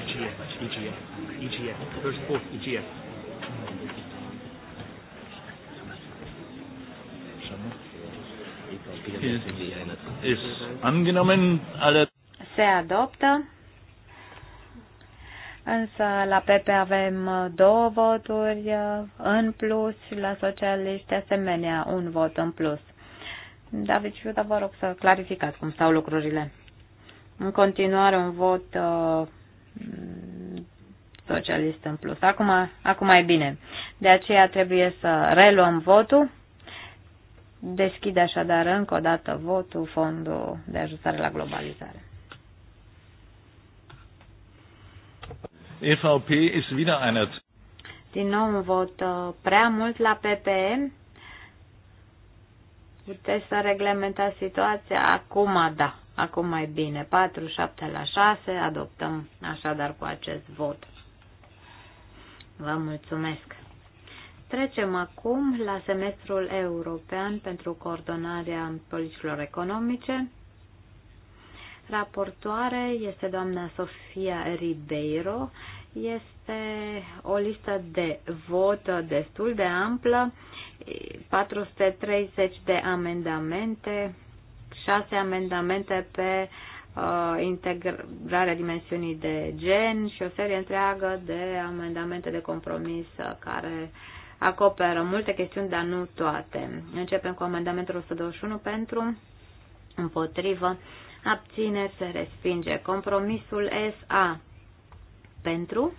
EGF, EGF, EGF, first EGF. Se adoptă. Însă la PP avem două voturi uh, în plus și la socialiști asemenea un vot în plus. David Șuda, vă rog să clarificați cum stau lucrurile. În continuare un vot uh, socialist în plus. Acum, acum e bine. De aceea trebuie să reluăm votul. Deschide așadar încă o dată votul Fondul de Ajustare la Globalizare. EVP ist wieder eine... Din nou un vot uh, prea mult la PPE. Puteți să reglementați situația? Acum da, acum mai bine. 4, 7 la 6, adoptăm așadar cu acest vot. Vă mulțumesc! Trecem acum la semestrul european pentru coordonarea politicilor economice. Raportoare este doamna Sofia Ribeiro. Este o listă de vot destul de amplă, 430 de amendamente, 6 amendamente pe uh, integrarea dimensiunii de gen și o serie întreagă de amendamente de compromis uh, care uh, acoperă multe chestiuni, dar nu toate. Începem cu amendamentul 121 pentru, împotrivă, abține, se respinge. Compromisul SA pentru,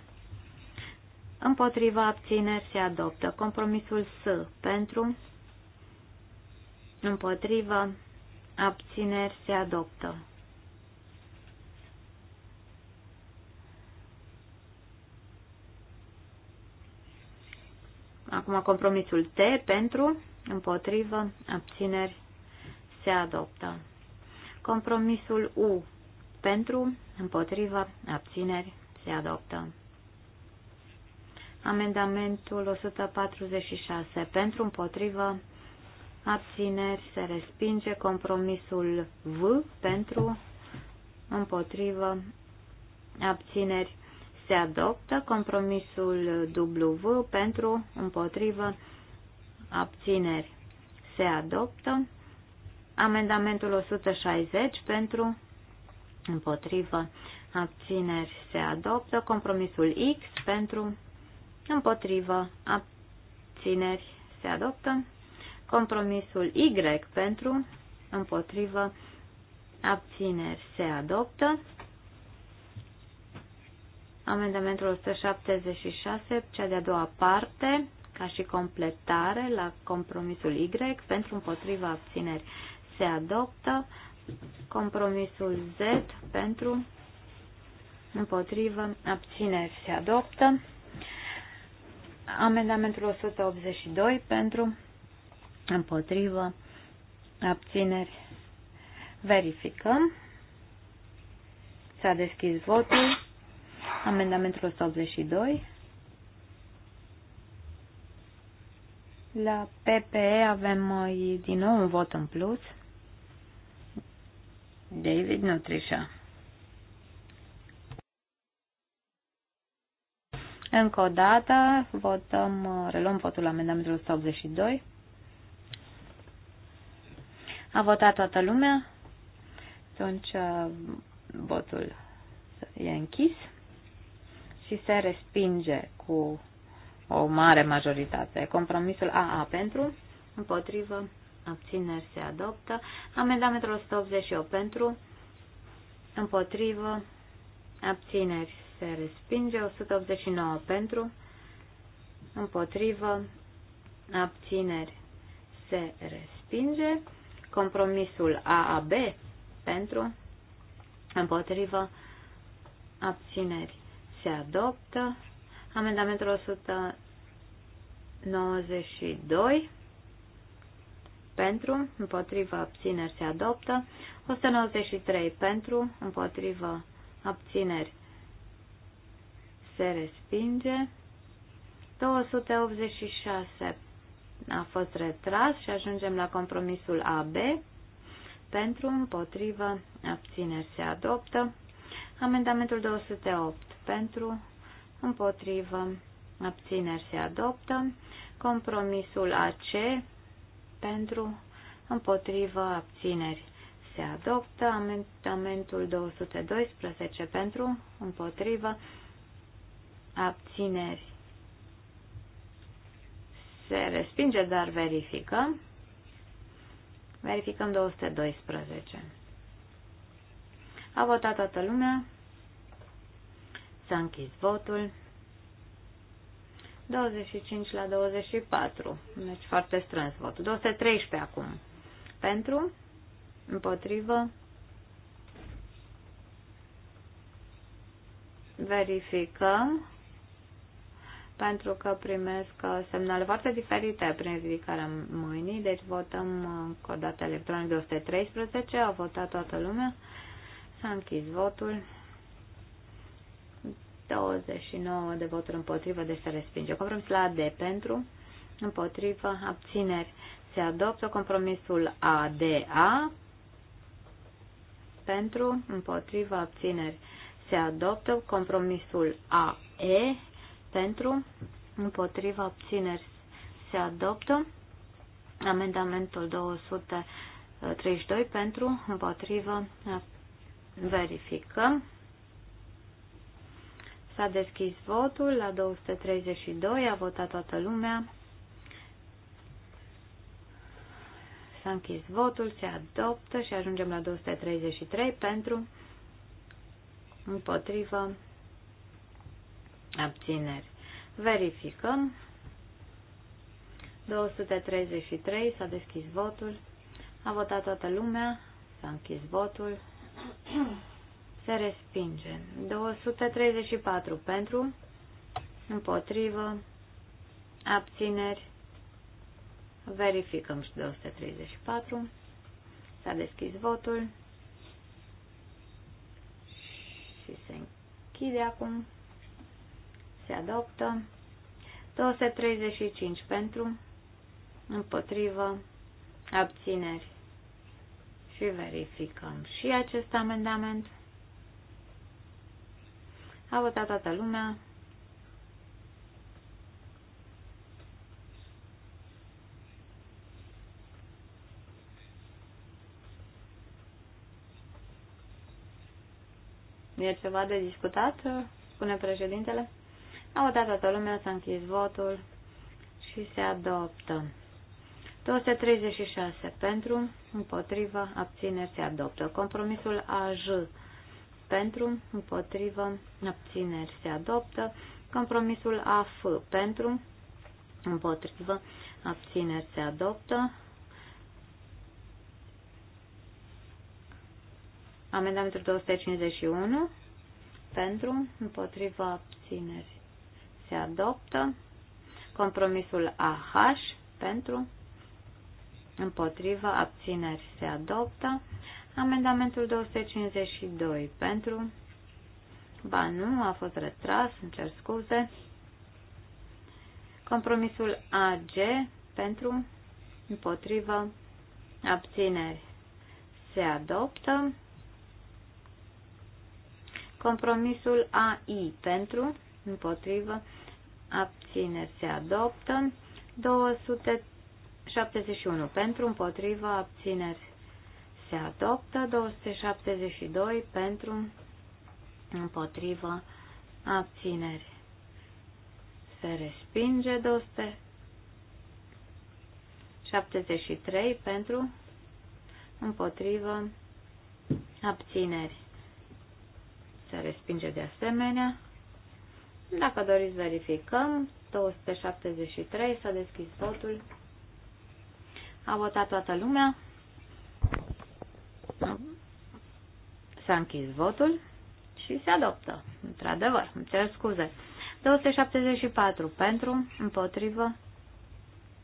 împotriva, abțineri, se adoptă. Compromisul S pentru, împotriva, abțineri, se adoptă. Acum compromisul T pentru, împotrivă, abțineri se adoptă. Compromisul U pentru, împotrivă, abțineri se adoptă. Amendamentul 146 pentru, împotrivă, abțineri se respinge. Compromisul V pentru, împotrivă, abțineri se adoptă compromisul W pentru împotrivă abțineri. Se adoptă amendamentul 160 pentru împotrivă abțineri. Se adoptă compromisul X pentru împotrivă abțineri. Se adoptă compromisul Y pentru împotrivă abțineri. Se adoptă Amendamentul 176, cea de-a doua parte, ca și completare la compromisul Y, pentru împotriva abțineri se adoptă. Compromisul Z pentru împotriva abțineri se adoptă. Amendamentul 182 pentru împotriva abțineri verificăm. S-a deschis votul. Amendamentul 182. La PPE avem uh, din nou un vot în plus. David Nutrișa. Încă o dată votăm, uh, reluăm votul amendamentul 182. A votat toată lumea. Atunci uh, votul e închis și se respinge cu o mare majoritate. Compromisul AA pentru, împotrivă, abțineri se adoptă. Amendamentul 188 pentru, împotrivă, abțineri se respinge. 189 pentru, împotrivă, abțineri se respinge. Compromisul AAB pentru, împotrivă, abțineri se adoptă. Amendamentul 192 pentru, împotrivă, abțineri se adoptă. 193 pentru, împotrivă, abțineri se respinge. 286 a fost retras și ajungem la compromisul AB. Pentru, împotrivă, abțineri se adoptă. Amendamentul 208 pentru, împotrivă, abțineri se adoptă. Compromisul AC pentru, împotrivă, abțineri se adoptă. Amendamentul 212 pentru, împotrivă, abțineri se respinge, dar verificăm. Verificăm 212. A votat toată lumea. S-a închis votul. 25 la 24. Deci foarte strâns votul. 213 acum. Pentru? Împotrivă? Verificăm. Pentru că primesc semnale foarte diferite prin ridicarea mâinii. Deci votăm încă o dată electronic 213. A votat toată lumea. S-a închis votul. 29 de voturi împotrivă, deci se respinge. Compromisul D pentru, împotrivă, abțineri. Se adoptă compromisul ADA pentru, împotrivă, abțineri. Se adoptă compromisul AE pentru, împotrivă, abțineri. Se adoptă amendamentul 232 pentru, împotrivă, verificăm. S-a deschis votul la 232, a votat toată lumea. S-a închis votul, se adoptă și ajungem la 233 pentru, împotrivă, abțineri. Verificăm. 233 s-a deschis votul, a votat toată lumea, s-a închis votul se respinge. 234 pentru, împotrivă, abțineri, verificăm și 234, s-a deschis votul și se închide acum, se adoptă, 235 pentru, împotrivă, abțineri și verificăm și acest amendament. A votat toată lumea. E ceva de discutat? Spune președintele. A votat toată lumea, s-a închis votul și se adoptă. 236 pentru, împotrivă, abțineri, se adoptă. Compromisul AJ pentru, împotrivă, abțineri se adoptă. Compromisul AF pentru, împotrivă, abțineri se adoptă. Amendamentul 251 pentru, împotrivă, abțineri se adoptă. Compromisul AH pentru, împotrivă, abțineri se adoptă. Amendamentul 252 pentru. Ba nu, a fost retras, îmi cer scuze. Compromisul AG pentru, împotrivă, abțineri se adoptă. Compromisul AI pentru, împotrivă, abțineri se adoptă. 271 pentru, împotrivă, abțineri se adoptă, 272 pentru, împotrivă, abțineri. Se respinge 273 pentru, împotrivă, abțineri. Se respinge de asemenea. Dacă doriți verificăm, 273 s-a deschis votul. A votat toată lumea. S-a închis votul și se adoptă. Într-adevăr, îmi cer scuze. 274 pentru, împotrivă,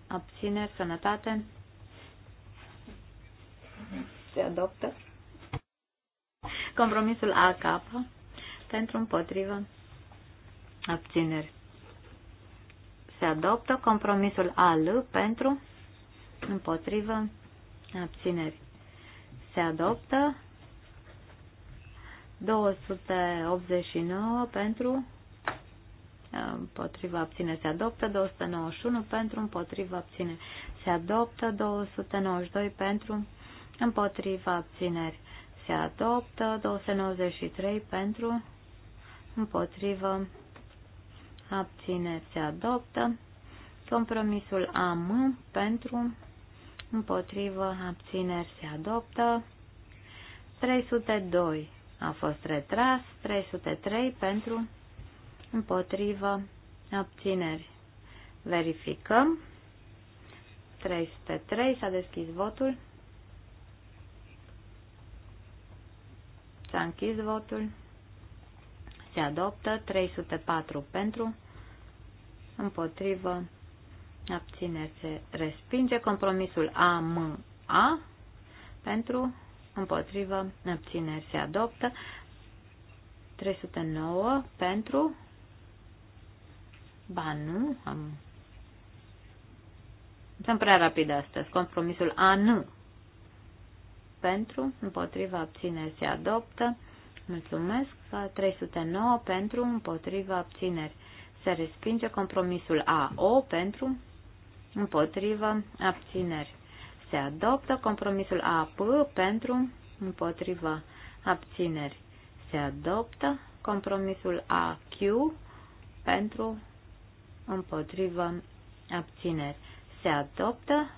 abțineri, sănătate. Se adoptă. Compromisul AK pentru împotrivă abțineri. Se adoptă compromisul AL pentru împotrivă abțineri se adoptă. 289 pentru, împotriva abține se adoptă, 291 pentru, împotriva abține se adoptă, 292 pentru, împotriva abțineri se adoptă, 293 pentru, împotriva abține se adoptă, compromisul AM pentru, împotrivă, abțineri se adoptă. 302 a fost retras, 303 pentru, împotrivă, abțineri. Verificăm. 303 s-a deschis votul. S-a închis votul. Se adoptă 304 pentru, împotrivă, abțineri se respinge. Compromisul a a pentru, împotrivă, abțineri se adoptă. 309 pentru, ba nu, am... Sunt prea rapid astăzi. Compromisul a nu pentru, împotriva abțineri se adoptă. Mulțumesc. 309 pentru, împotriva abțineri. Se respinge compromisul a o pentru, împotrivă, abțineri. Se adoptă compromisul AP pentru, împotrivă, abțineri. Se adoptă compromisul AQ pentru, împotrivă, abțineri. Se adoptă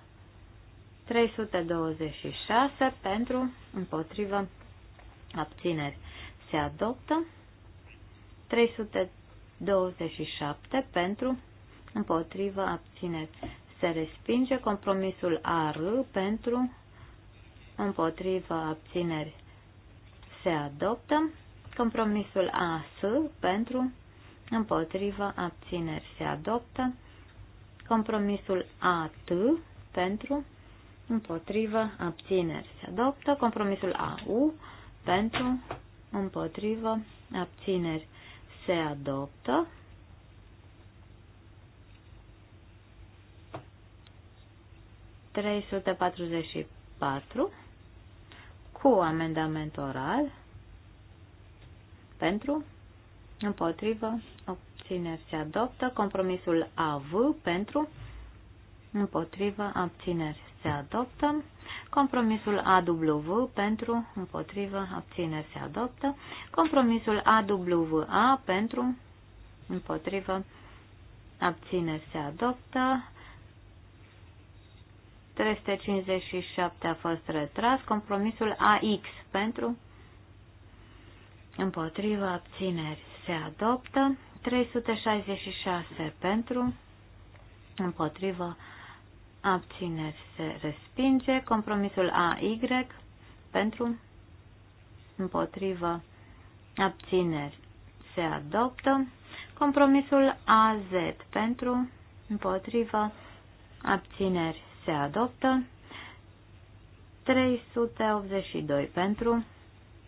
326 pentru, împotrivă, abțineri. Se adoptă 327 pentru, împotrivă, abțineri se respinge compromisul AR pentru împotriva abțineri se adoptă compromisul AS pentru împotriva abțineri se adoptă compromisul AT pentru împotriva abțineri se adoptă compromisul AU pentru împotriva abțineri se adoptă 344 cu amendament oral pentru, împotrivă, obțineri se adoptă, compromisul AV pentru, împotrivă, obțineri se adoptă, compromisul AW pentru, împotrivă, obțineri se adoptă, compromisul AWA pentru, împotrivă, abțineri se adoptă, 357 a fost retras. Compromisul AX pentru împotriva abțineri se adoptă. 366 pentru împotriva abțineri se respinge. Compromisul AY pentru împotriva abțineri se adoptă. Compromisul AZ pentru împotriva abțineri se adoptă. 382 pentru,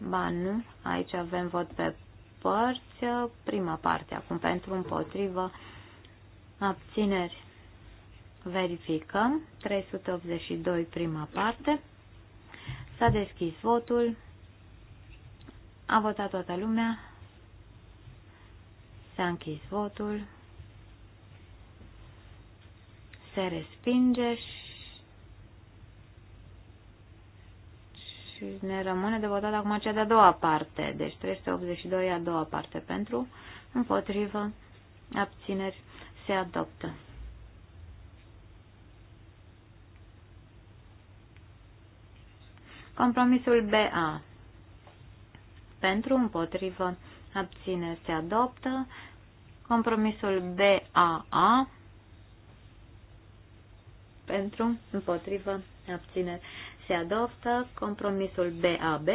ba nu, aici avem vot pe părți, prima parte, acum pentru împotrivă, abțineri, verificăm, 382 prima parte, s-a deschis votul, a votat toată lumea, s-a închis votul, se respinge și Și ne rămâne de votat acum cea de-a doua parte. Deci 382 a doua parte pentru, împotrivă, abțineri, se adoptă. Compromisul BA. Pentru, împotrivă, abține, se adoptă. Compromisul BAA. Pentru, împotrivă, abține se adoptă. Compromisul BAB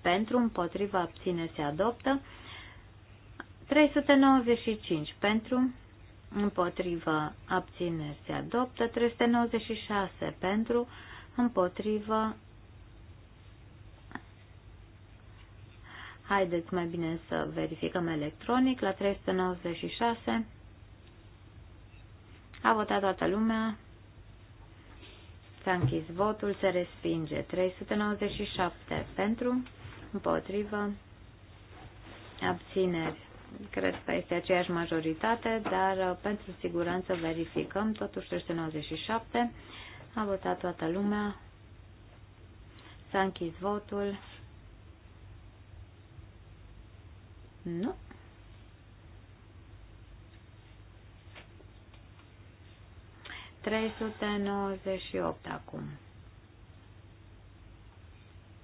pentru, împotriva, abține, se adoptă. 395 pentru, împotriva, abține, se adoptă. 396 pentru, împotriva, Haideți mai bine să verificăm electronic la 396. A votat toată lumea. S-a închis votul, se respinge. 397 pentru, împotrivă, abțineri. Cred că este aceeași majoritate, dar uh, pentru siguranță verificăm. Totuși 397 a votat toată lumea. S-a închis votul. Nu. 398 acum.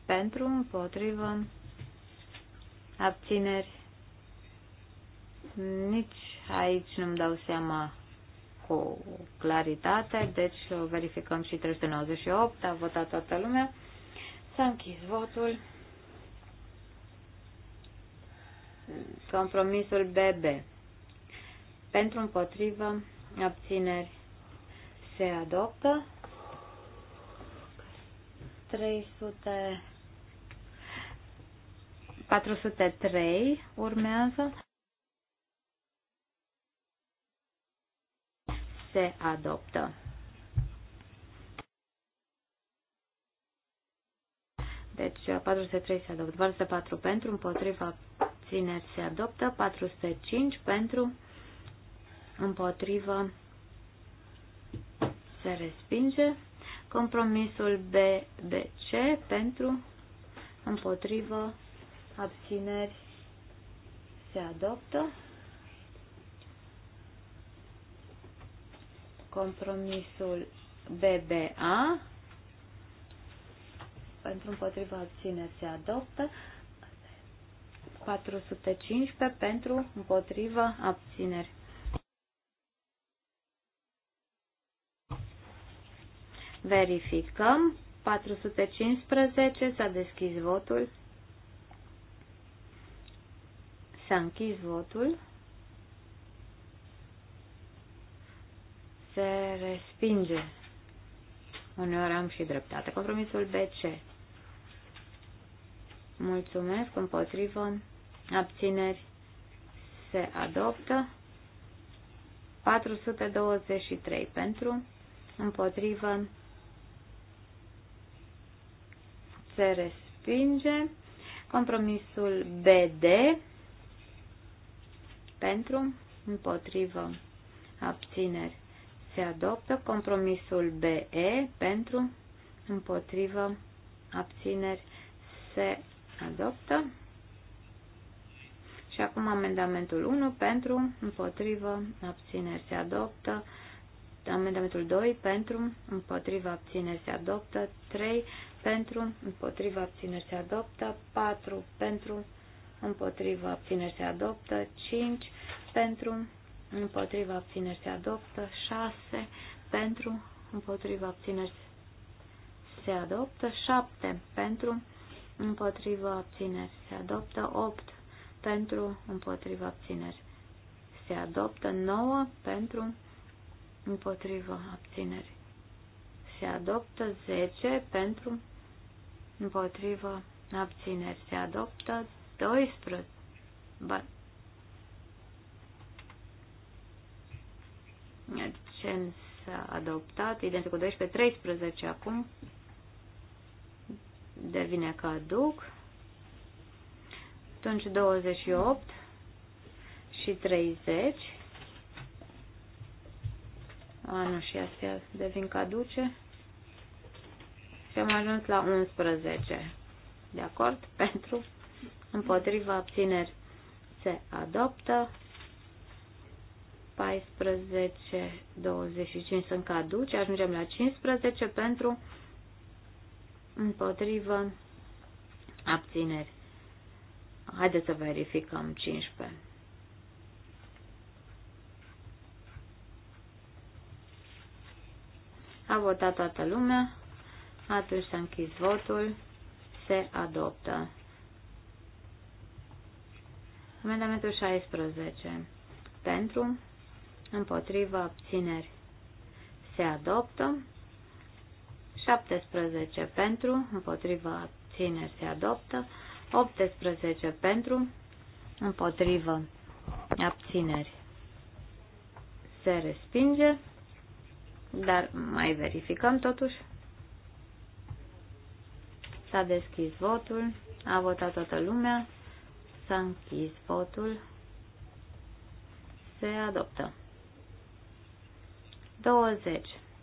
Pentru, împotrivă, abțineri. Nici aici nu-mi dau seama cu claritate, deci o verificăm și 398, a votat toată lumea. S-a închis votul. Compromisul BB. Pentru împotrivă, abțineri se adoptă. 300 403 urmează. Se adoptă. Deci 403 se adoptă. 404 pentru, împotriva țineri se adoptă. 405 pentru, împotriva se respinge. Compromisul BBC pentru, împotrivă, abțineri se adoptă. Compromisul BBA pentru împotriva abțineri se adoptă. 415 pentru împotriva abțineri Verificăm. 415 s-a deschis votul. S-a închis votul. Se respinge. Uneori am și dreptate. Compromisul BC. Mulțumesc, împotrivă, abțineri, se adoptă. 423 pentru, împotrivă, se respinge. Compromisul BD pentru, împotrivă, abțineri se adoptă. Compromisul BE pentru, împotrivă, abțineri se adoptă. Și acum amendamentul 1 pentru, împotrivă, abțineri se adoptă. Amendamentul 2 pentru, împotrivă, abțineri se adoptă. 3 pentru, împotriva abțineri se adoptă, 4 pentru, împotriva abțineri se adoptă, 5 pentru, împotriva abțineri se adoptă, 6 pentru, împotriva abțineri se adoptă, 7 pentru, împotriva abțineri se adoptă, 8 pentru, împotriva abțineri se adoptă, 9 pentru, împotriva abțineri se adoptă, 10 pentru, împotrivă, abțineri se adoptă, 12, ba, s-a adoptat, identic cu 12, 13 acum, devine caduc, atunci 28 și 30, a, nu, și astea devin caduce, și am ajuns la 11. De acord? Pentru, împotriva, abțineri se adoptă. 14, 25 sunt caduci. Ajungem la 15 pentru, împotrivă, abțineri. Haideți să verificăm 15. A votat toată lumea. Atunci s-a închis votul. Se adoptă. Amendamentul 16. Pentru, împotrivă, abțineri. Se adoptă. 17 pentru, împotrivă, abțineri. Se adoptă. 18 pentru, împotrivă, abțineri. Se respinge, dar mai verificăm totuși. S-a deschis votul. A votat toată lumea. S-a închis votul. Se adoptă. 20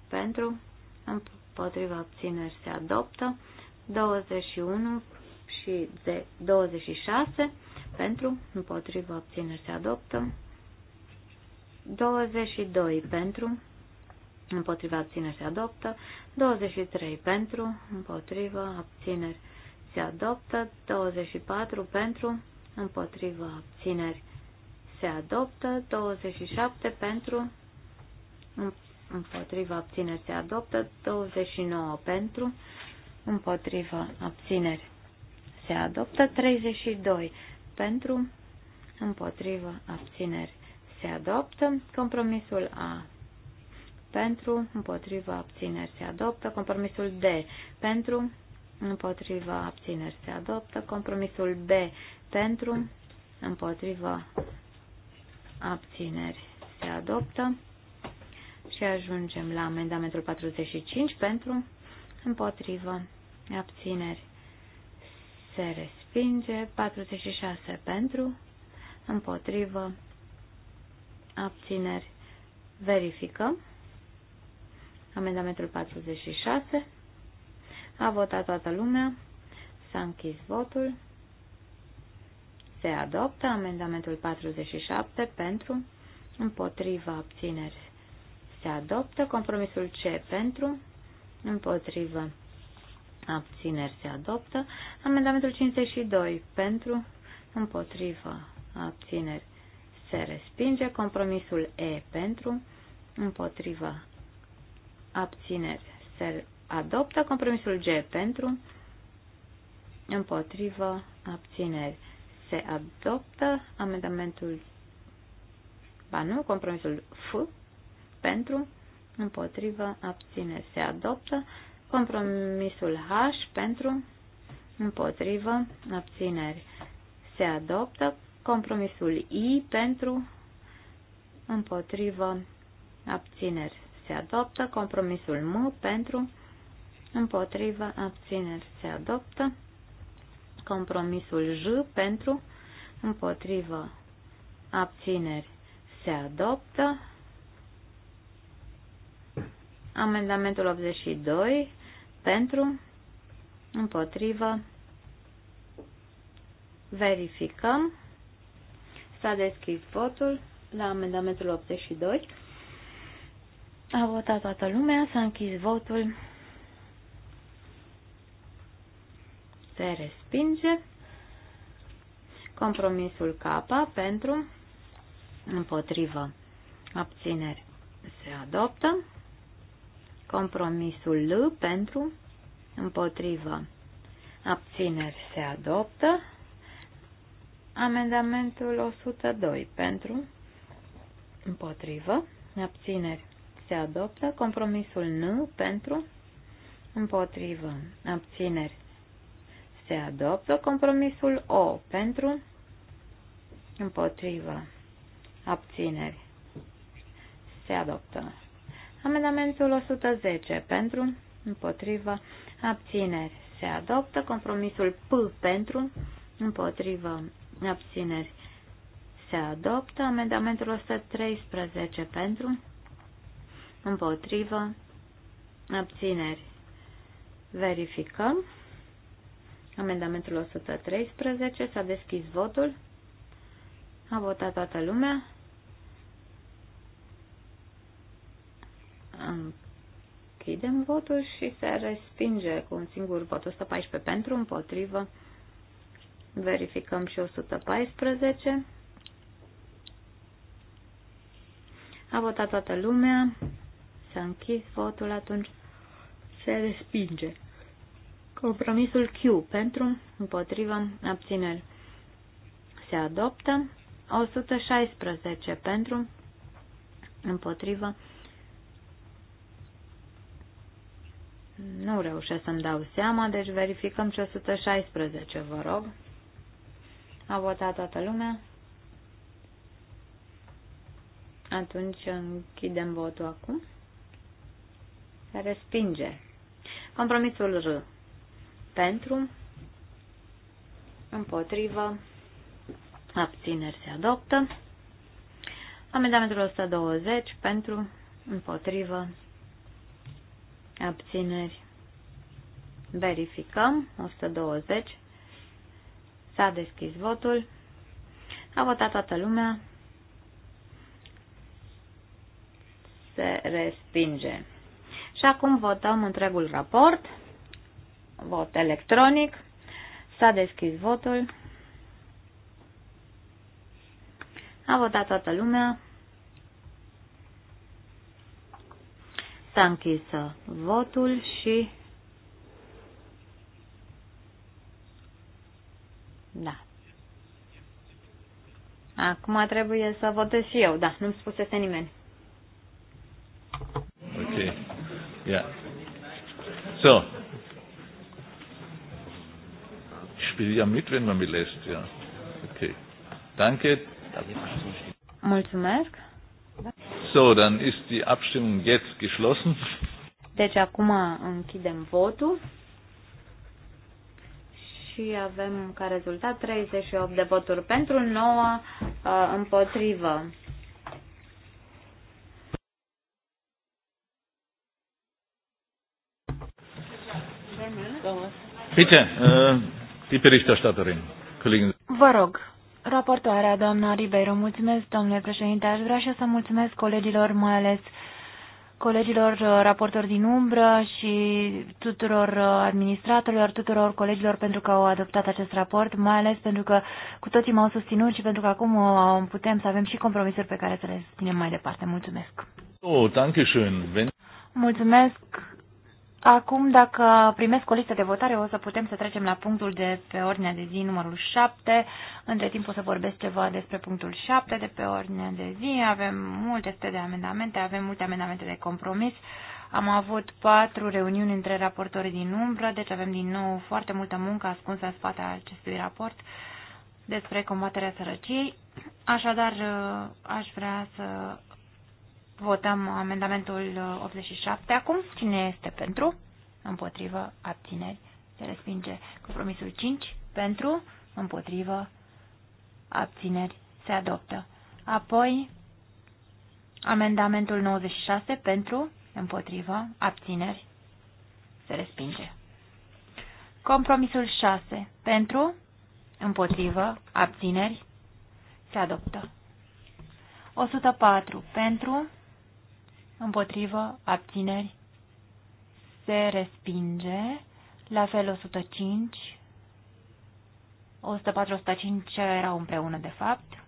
pentru, împotriva abțineri se adoptă. 21 și 26 pentru, împotriva abțineri se adoptă. 22 pentru, împotriva abțineri se adoptă, 23 pentru, împotriva abțineri se adoptă, 24 pentru, împotriva abțineri se adoptă, 27 pentru, împotriva abțineri se adoptă, 29 pentru, împotriva abțineri se adoptă, 32 pentru, împotriva abțineri se adoptă, compromisul A pentru, împotriva abțineri se adoptă. Compromisul D pentru, împotriva abțineri se adoptă. Compromisul B pentru, împotriva abțineri se adoptă. Și ajungem la amendamentul 45 pentru, împotriva abțineri se respinge. 46 pentru, împotriva, abțineri verificăm. Amendamentul 46. A votat toată lumea. S-a închis votul. Se adoptă amendamentul 47 pentru, împotriva abțineri. Se adoptă compromisul C pentru, împotriva abțineri. Se adoptă amendamentul 52 pentru, împotriva abțineri. Se respinge compromisul E pentru, împotriva abțineri se adoptă. Compromisul G pentru, împotrivă, abțineri se adoptă. Amendamentul, ba nu, compromisul F pentru, împotrivă, abțineri se adoptă. Compromisul H pentru, împotrivă, abțineri se adoptă. Compromisul I pentru, împotrivă, abțineri se adoptă. Compromisul M pentru, împotrivă, abțineri se adoptă. Compromisul J pentru, împotrivă, abțineri se adoptă. Amendamentul 82 pentru, împotrivă, verificăm. S-a deschis votul la amendamentul 82. A votat toată lumea, s-a închis votul. Se respinge. Compromisul K pentru împotrivă abțineri se adoptă. Compromisul L pentru împotrivă abțineri se adoptă. Amendamentul 102 pentru împotrivă abțineri se adoptă. Compromisul N pentru, împotrivă, abțineri, se adoptă. Compromisul O pentru, împotrivă, abțineri, se adoptă. Amendamentul 110 pentru, împotrivă, abțineri, se adoptă. Compromisul P pentru, împotrivă, abțineri, se adoptă amendamentul 113 pentru, împotrivă, abțineri. Verificăm. Amendamentul 113 s-a deschis votul. A votat toată lumea. Închidem votul și se respinge cu un singur vot. 114 pentru, împotrivă. Verificăm și 114. A votat toată lumea. S-a închis votul, atunci se respinge. Compromisul Q pentru, împotrivă, abțineri. Se adoptă 116 pentru, împotrivă. Nu reușesc să-mi dau seama, deci verificăm ce 116, vă rog. A votat toată lumea. Atunci închidem votul acum respinge. Compromisul R. Pentru, împotrivă, abțineri se adoptă. Amendamentul 120 pentru, împotrivă, abțineri. Verificăm. 120. S-a deschis votul. A votat toată lumea. Se respinge. Și acum votăm întregul raport. Vot electronic. S-a deschis votul. A votat toată lumea. S-a închis votul și Da. Acum trebuie să votez și eu, da, nu-mi spusese nimeni. Ja. So. Ich spiele ja mit, wenn man mich lässt, ja. Okay. Danke. Mulțumesc. So, dann ist die Abstimmung jetzt geschlossen. Deci acum închidem votul și avem ca rezultat 38 de voturi pentru, 9 uh, împotrivă. Bitte, die Berichterstatterin, Kollegin. Vă rog, raportoarea, doamna Ribeiro, mulțumesc, domnule președinte. Aș vrea și să mulțumesc colegilor, mai ales colegilor uh, raportori din umbră și tuturor uh, administratorilor, tuturor colegilor pentru că au adoptat acest raport, mai ales pentru că cu toții m-au susținut și pentru că acum uh, putem să avem și compromisuri pe care să le susținem mai departe. Mulțumesc! Oh, danke schön. Wenn... Mulțumesc! Acum, dacă primesc o listă de votare, o să putem să trecem la punctul de pe ordinea de zi numărul 7. Între timp o să vorbesc ceva despre punctul 7 de pe ordinea de zi. Avem multe sute de amendamente, avem multe amendamente de compromis. Am avut patru reuniuni între raportorii din umbră, deci avem din nou foarte multă muncă ascunsă în spatele acestui raport despre combaterea sărăciei. Așadar, aș vrea să Votăm amendamentul 87 uh, acum. Cine este pentru? Împotrivă. Abțineri. Se respinge. Compromisul 5. Pentru. Împotrivă. Abțineri. Se adoptă. Apoi, amendamentul 96 pentru, împotrivă, abțineri, se respinge. Compromisul 6 pentru, împotrivă, abțineri, se adoptă. 104 pentru, împotrivă, abțineri, se respinge. La fel 105, 104, 105 erau împreună de fapt.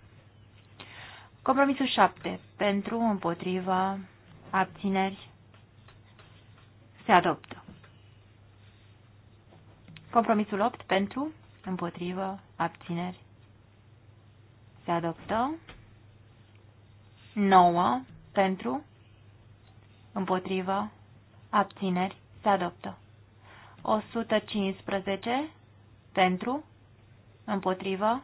Compromisul 7, pentru, împotriva, abțineri, se adoptă. Compromisul 8, pentru, împotrivă, abțineri, se adoptă. 9, pentru, Împotrivă. Abțineri. Se adoptă. 115. Pentru. Împotrivă.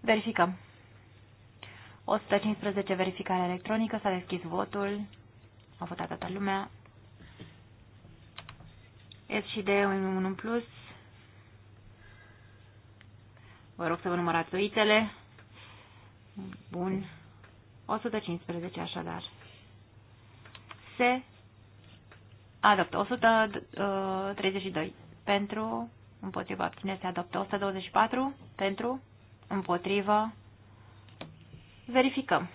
Verificăm. 115. Verificare electronică. S-a deschis votul. A votat toată lumea. S și D 1 plus. Vă rog să vă numărați oițele. Bun. 115 așadar se adoptă. 132 pentru, împotriva abține se adoptă. 124 pentru, împotriva. Verificăm.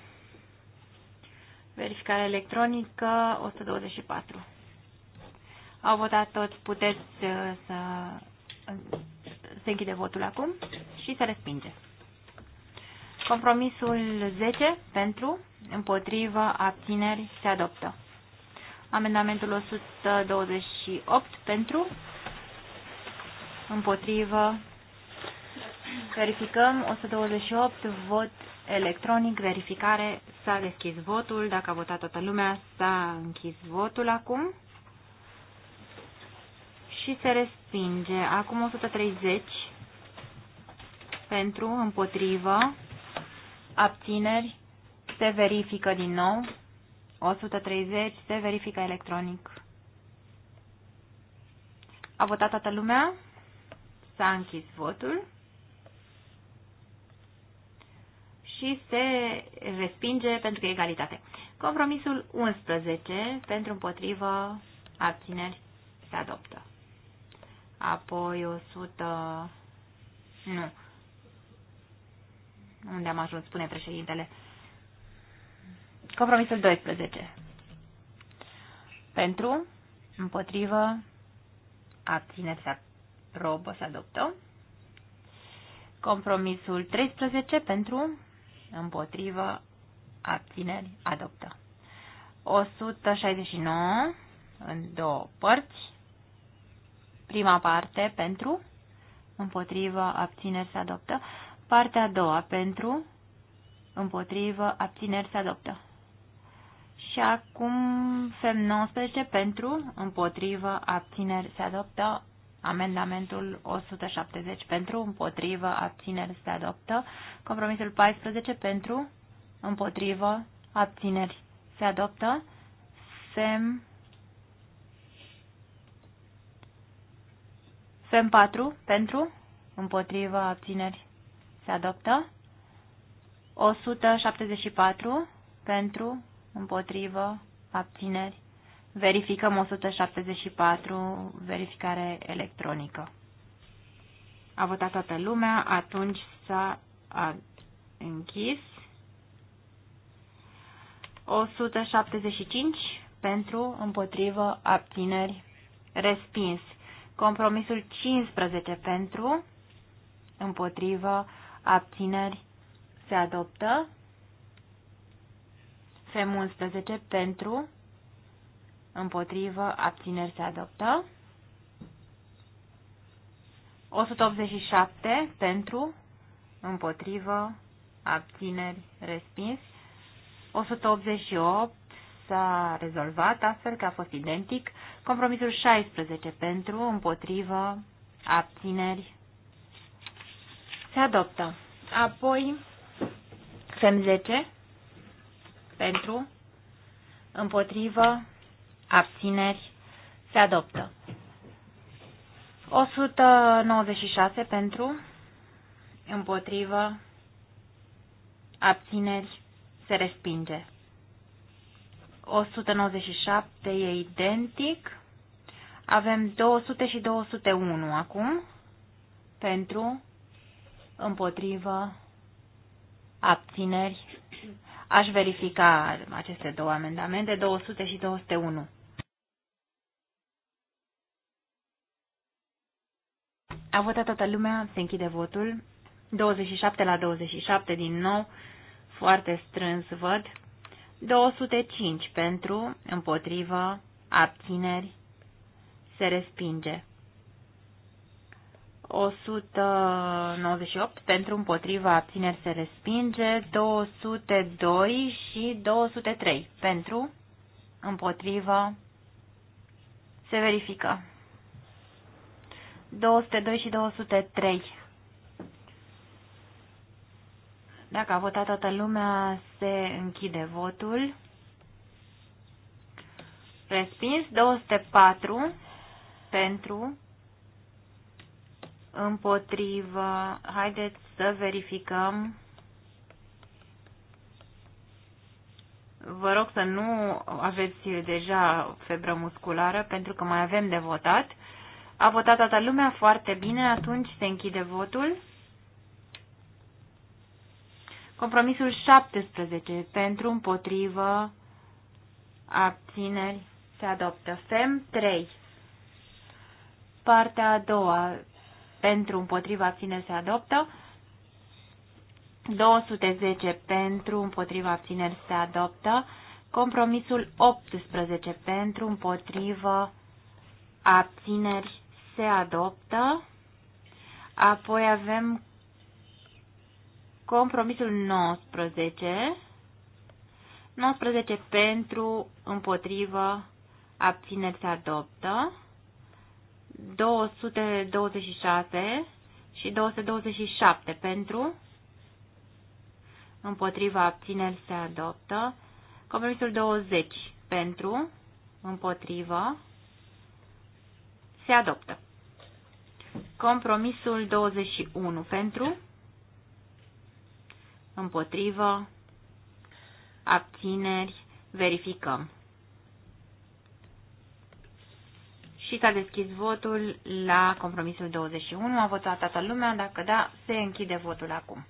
Verificare electronică 124. Au votat toți, puteți uh, să uh, se închide votul acum și se respinge. Compromisul 10 pentru, împotrivă, abțineri, se adoptă. Amendamentul 128 pentru, împotrivă, verificăm 128, vot electronic, verificare, s-a deschis votul, dacă a votat toată lumea, s-a închis votul acum și se respinge. Acum 130 pentru, împotrivă, abțineri, se verifică din nou. 130 se verifică electronic. A votat toată lumea? S-a închis votul. Și se respinge pentru că e egalitate. Compromisul 11 pentru împotrivă abțineri se adoptă. Apoi 100... Nu. Unde am ajuns, spune președintele. Compromisul 12. Pentru, împotrivă, abțineri se aprobă, se adoptă. Compromisul 13 pentru, împotrivă, abțineri, adoptă. 169 în două părți. Prima parte pentru, împotrivă, abțineri, se adoptă. Partea a doua pentru, împotrivă, abțineri, se adoptă. Și acum FEM 19 pentru, împotrivă, abțineri se adoptă. Amendamentul 170 pentru, împotrivă, abțineri se adoptă. Compromisul 14 pentru, împotrivă, abțineri se adoptă. FEM FEM 4 pentru, împotrivă, abțineri se adoptă. 174 pentru, împotrivă, abțineri. Verificăm 174, verificare electronică. A votat toată lumea, atunci s-a închis. 175 pentru, împotrivă, abțineri, respins. Compromisul 15 pentru, împotrivă, abțineri, se adoptă fm 11 pentru, împotrivă, abțineri se adoptă. 187 pentru, împotrivă, abțineri, respins. 188 s-a rezolvat astfel că a fost identic. Compromisul 16 pentru, împotrivă, abțineri, se adoptă. Apoi, fm 10 pentru, împotrivă, abțineri, se adoptă. 196 pentru, împotrivă, abțineri, se respinge. 197 e identic. Avem 200 și 201 acum, pentru, împotrivă, abțineri, Aș verifica aceste două amendamente, 200 și 201. A votat toată lumea, se închide votul. 27 la 27 din nou, foarte strâns văd. 205 pentru, împotrivă, abțineri, se respinge. 198 pentru împotriva abțineri se respinge, 202 și 203 pentru împotriva se verifică. 202 și 203. Dacă a votat toată lumea, se închide votul. Respins 204 pentru împotrivă. Haideți să verificăm. Vă rog să nu aveți deja febră musculară, pentru că mai avem de votat. A votat toată lumea foarte bine, atunci se închide votul. Compromisul 17. Pentru, împotrivă, abțineri, se adoptă. FEM 3. Partea a doua pentru împotriva abțineri se adoptă. 210 pentru împotriva abțineri se adoptă. Compromisul 18 pentru împotriva abțineri se adoptă. Apoi avem compromisul 19. 19 pentru împotriva abțineri se adoptă. 226 și 227 pentru, împotriva abțineri se adoptă, compromisul 20 pentru, împotriva, se adoptă. Compromisul 21 pentru, împotrivă, abțineri, verificăm. și s-a deschis votul la compromisul 21. A votat toată lumea, dacă da, se închide votul acum.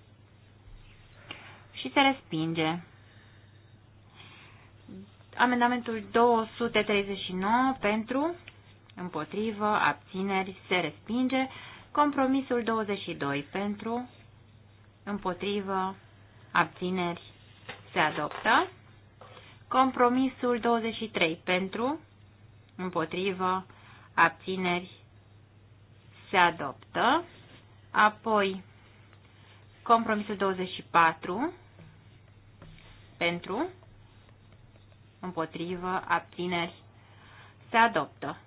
Și se respinge. Amendamentul 239 pentru, împotrivă, abțineri, se respinge. Compromisul 22 pentru, împotrivă, abțineri, se adoptă. Compromisul 23 pentru, împotrivă, abțineri, se adoptă. Apoi, compromisul 24, pentru, împotrivă, abțineri, se adoptă.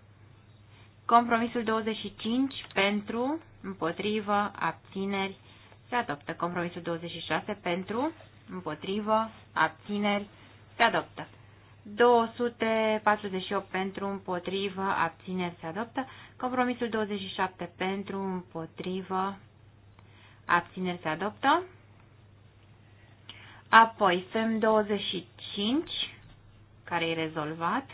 Compromisul 25, pentru, împotrivă, abțineri, se adoptă. Compromisul 26, pentru, împotrivă, abțineri, se adoptă. 248 pentru, împotrivă, abțineri se adoptă. Compromisul 27 pentru, împotrivă, abțineri se adoptă. Apoi, FEM 25, care e rezolvat.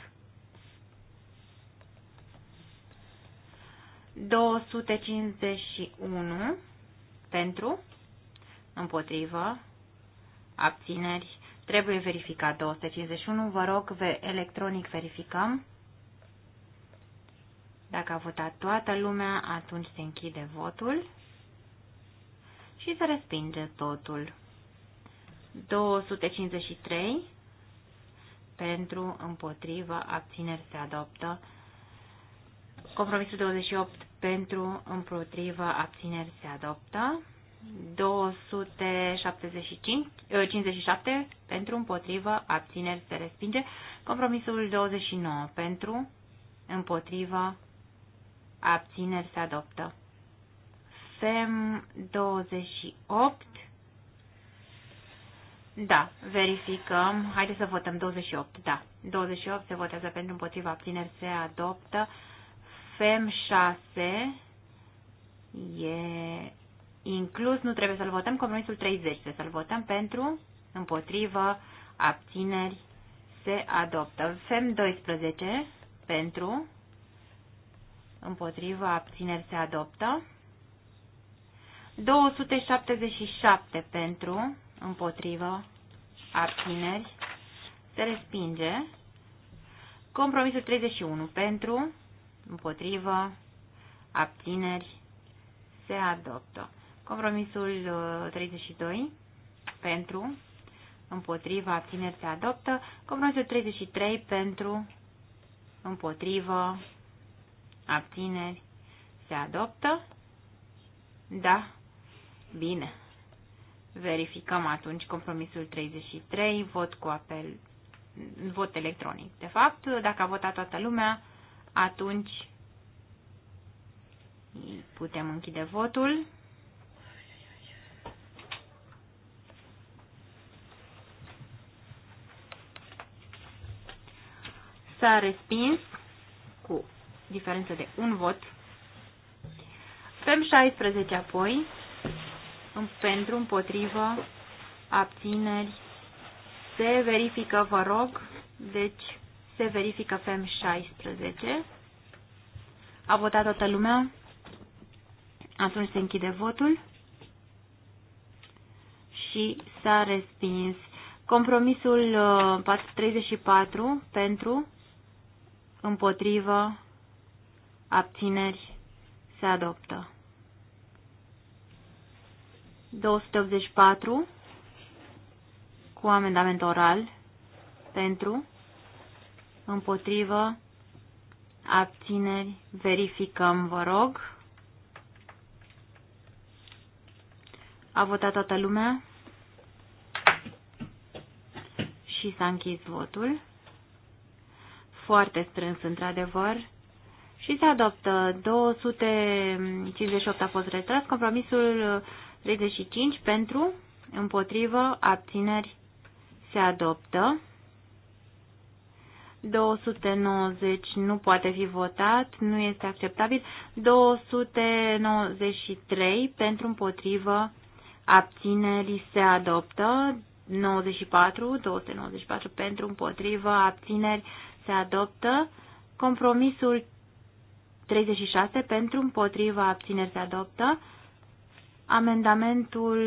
251 pentru, împotrivă, abțineri Trebuie verificat 251. Vă rog, electronic verificăm. Dacă a votat toată lumea, atunci se închide votul și se respinge totul. 253 pentru, împotrivă, abțineri se adoptă. Compromisul 28 pentru, împotrivă, abțineri se adoptă. 257 ă, pentru, împotrivă, abțineri se respinge. Compromisul 29 pentru, împotrivă, abțineri se adoptă. FEM 28. Da, verificăm. Haideți să votăm 28. Da, 28 se votează pentru, împotrivă, abțineri se adoptă. FEM 6 e inclus, nu trebuie să-l votăm, compromisul 30, să-l votăm pentru, împotrivă, abțineri, se adoptă. FEM 12, pentru, împotrivă, abțineri, se adoptă. 277 pentru, împotrivă, abțineri, se respinge. Compromisul 31 pentru, împotrivă, abțineri, se adoptă. Compromisul 32 uh, pentru, împotriva abțineri se adoptă. Compromisul 33 pentru, împotrivă, abțineri se adoptă. Da, bine. Verificăm atunci compromisul 33, vot cu apel, vot electronic. De fapt, dacă a votat toată lumea, atunci putem închide votul. s-a respins cu diferență de un vot. Fem 16 apoi, pentru, împotrivă, abțineri, se verifică, vă rog, deci se verifică FEM 16. A votat toată lumea? Atunci se închide votul și s-a respins. Compromisul 34 uh, pentru, împotrivă, abțineri, se adoptă. 284 cu amendament oral pentru, împotrivă, abțineri, verificăm, vă rog. A votat toată lumea și s-a închis votul foarte strâns, într-adevăr, și se adoptă. 258 a fost retras, compromisul 35 uh, pentru, împotrivă, abțineri se adoptă. 290 nu poate fi votat, nu este acceptabil. 293 pentru împotrivă, abținerii se adoptă. 94, 294 pentru împotrivă, abțineri se adoptă. Compromisul 36 pentru, împotriva, abțineri se adoptă. Amendamentul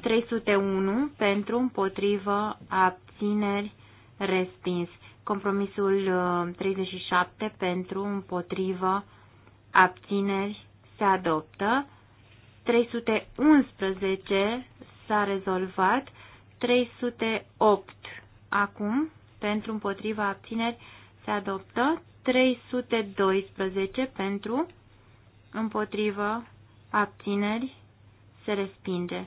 301 pentru, împotrivă, abțineri, respins. Compromisul 37 uh, pentru, împotrivă, abțineri, se adoptă. 311 s-a rezolvat. 308 acum pentru împotriva abțineri se adoptă, 312 pentru împotrivă abțineri se respinge.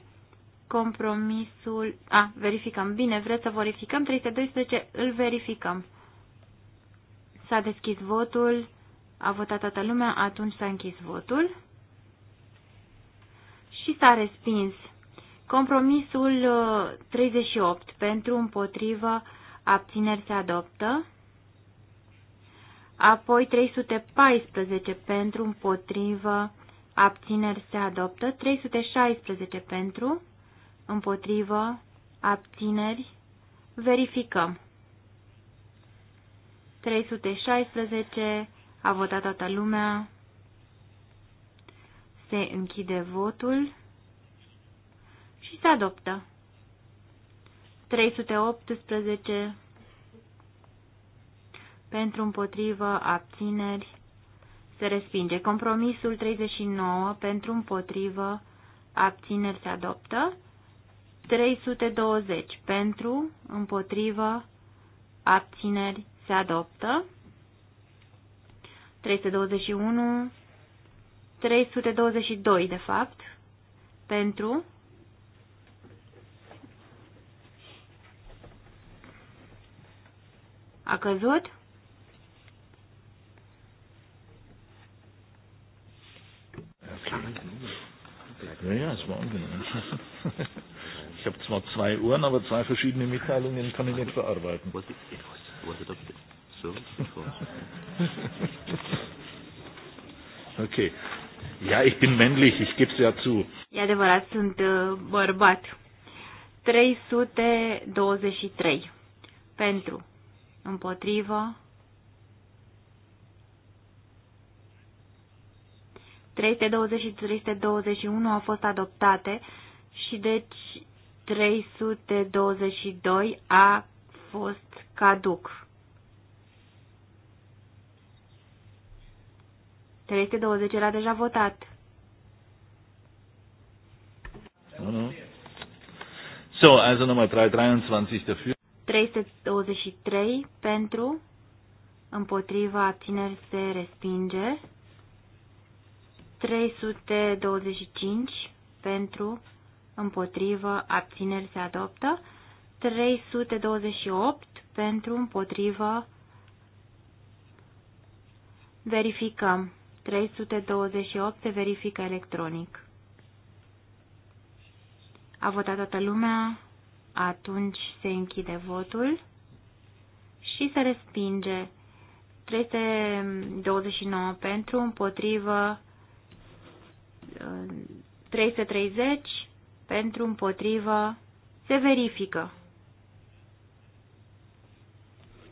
Compromisul... A, verificăm. Bine, vreți să verificăm? 312 îl verificăm. S-a deschis votul, a votat toată lumea, atunci s-a închis votul și s-a respins. Compromisul 38 uh, pentru împotrivă abțineri se adoptă. Apoi 314 pentru, împotrivă, abțineri se adoptă. 316 pentru, împotrivă, abțineri, verificăm. 316, a votat toată lumea, se închide votul și se adoptă. 318 pentru împotrivă abțineri se respinge. Compromisul 39 pentru împotrivă abțineri se adoptă. 320 pentru împotrivă abțineri se adoptă. 321 322 de fapt pentru A căzut? Ja, ja, es war ungenau. Ich habe zwar zwei Uhren, aber zwei verschiedene Mitteilungen kann ich nicht verarbeiten. okay. Ja, ich bin männlich, ich gebe es ja zu. E adevărat, sunt uh, bărbat. 323. Pentru împotrivă, 320 și 321 au fost adoptate și deci 322 a fost caduc. 320 era deja votat. Mm -hmm. So, also nochmal 323 dafür. 323 pentru, împotriva abțineri se respinge. 325 pentru, împotrivă, abțineri se adoptă. 328 pentru, împotrivă, verificăm. 328 se verifică electronic. A votat toată lumea, atunci se închide votul și se respinge 329 pentru, împotrivă 330 pentru, împotrivă se verifică.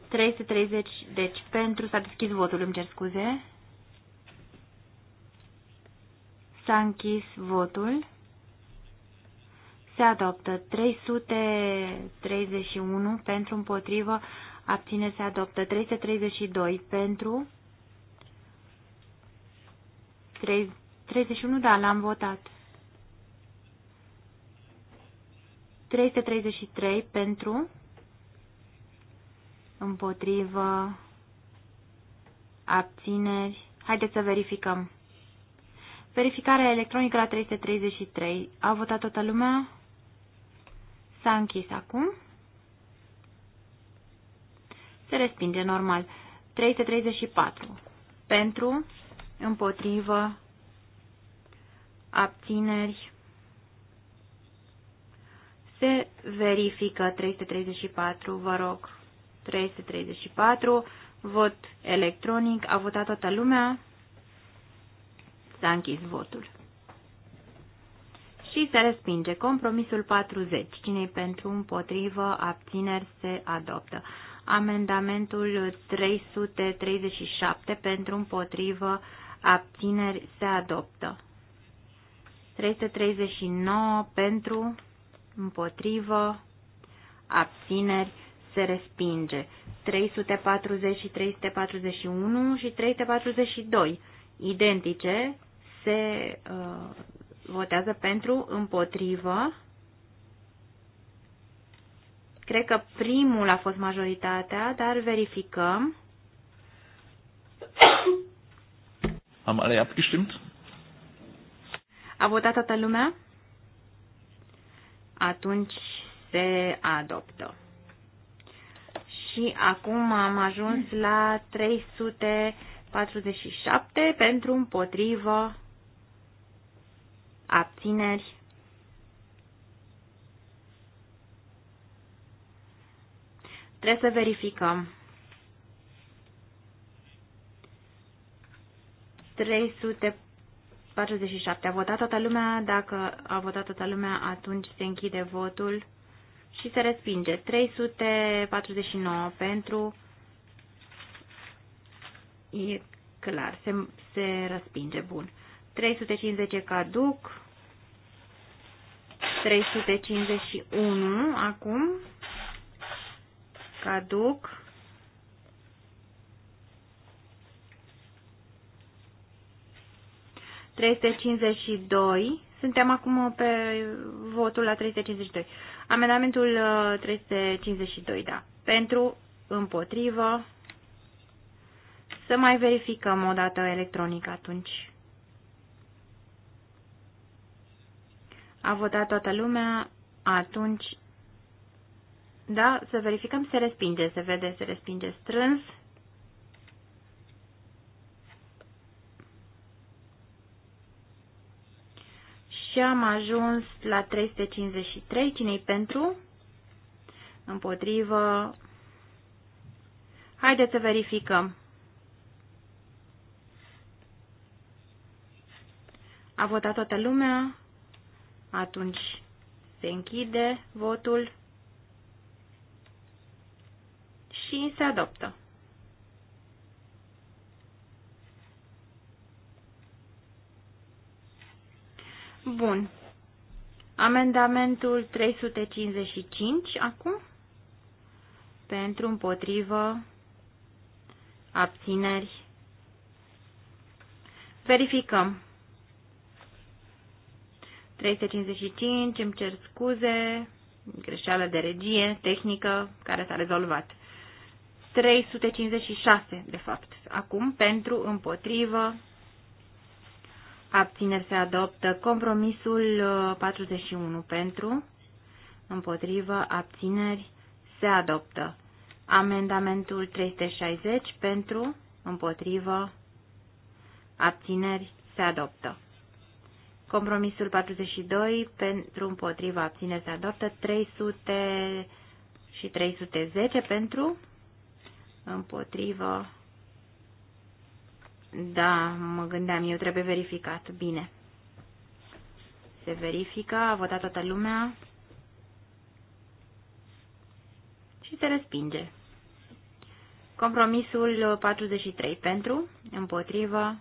330, deci pentru s-a deschis votul, îmi cer scuze. S-a închis votul se adoptă. 331 pentru împotrivă, abține se adoptă. 332 pentru 31, da, l-am votat. 333 pentru împotrivă, abțineri. Haideți să verificăm. Verificarea electronică la 333. A votat toată lumea? S-a închis acum. Se respinge normal. 334. Pentru, împotrivă, abțineri. Se verifică 334, vă rog. 334, vot electronic, a votat toată lumea. S-a închis votul și se respinge. Compromisul 40. cine pentru, împotrivă, abțineri, se adoptă. Amendamentul 337 pentru, împotrivă, abțineri, se adoptă. 339 pentru, împotrivă, abțineri, se respinge. 340 și 341 și 342, identice, se uh, votează pentru, împotrivă. Cred că primul a fost majoritatea, dar verificăm. Am alea abgestimmt? A votat toată lumea? Atunci se adoptă. Și acum am ajuns la 347 pentru împotrivă abțineri, trebuie să verificăm. 347. A votat toată lumea? Dacă a votat toată lumea, atunci se închide votul și se respinge. 349 pentru... E clar, se, se respinge. Bun. 350 caduc, 351 acum, caduc, doi. Suntem acum pe votul la 352. Amendamentul 352, uh, da. Pentru, împotrivă, să mai verificăm o dată electronic atunci. A votat toată lumea, atunci, da, să verificăm, se respinge, se vede, se respinge strâns. Și am ajuns la 353, cine-i pentru? Împotrivă. Haideți să verificăm. A votat toată lumea. Atunci se închide votul și se adoptă. Bun. Amendamentul 355 acum? Pentru, împotrivă, abțineri. Verificăm. 355, îmi cer scuze, greșeală de regie, tehnică, care s-a rezolvat. 356, de fapt. Acum, pentru, împotrivă, abțineri se adoptă. Compromisul 41 uh, pentru, împotrivă, abțineri se adoptă. Amendamentul 360 pentru, împotrivă, abțineri se adoptă. Compromisul 42 pentru împotriva abține se adoptă 300 și 310 pentru împotrivă. Da, mă gândeam, eu trebuie verificat. Bine. Se verifică, a votat toată lumea și se respinge. Compromisul 43 pentru, împotrivă,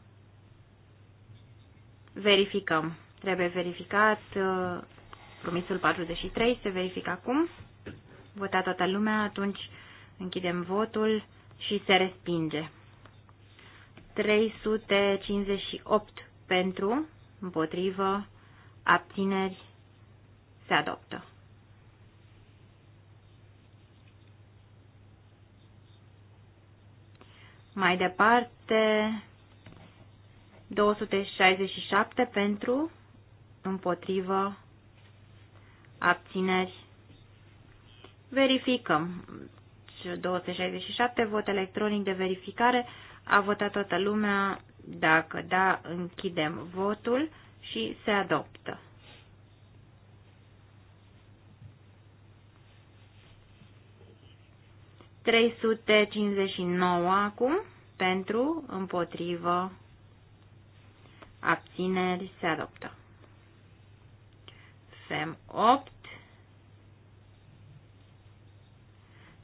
Verificăm. Trebuie verificat uh, promisul 43. Se verifică acum. Vota toată lumea, atunci închidem votul și se respinge. 358 pentru, împotrivă, abțineri, se adoptă. Mai departe, 267 pentru, împotrivă, abțineri. Verificăm. 267, vot electronic de verificare. A votat toată lumea. Dacă da, închidem votul și se adoptă. Trei sute cincizeci și nouă acum pentru împotrivă abțineri, se adoptă. FEM 8.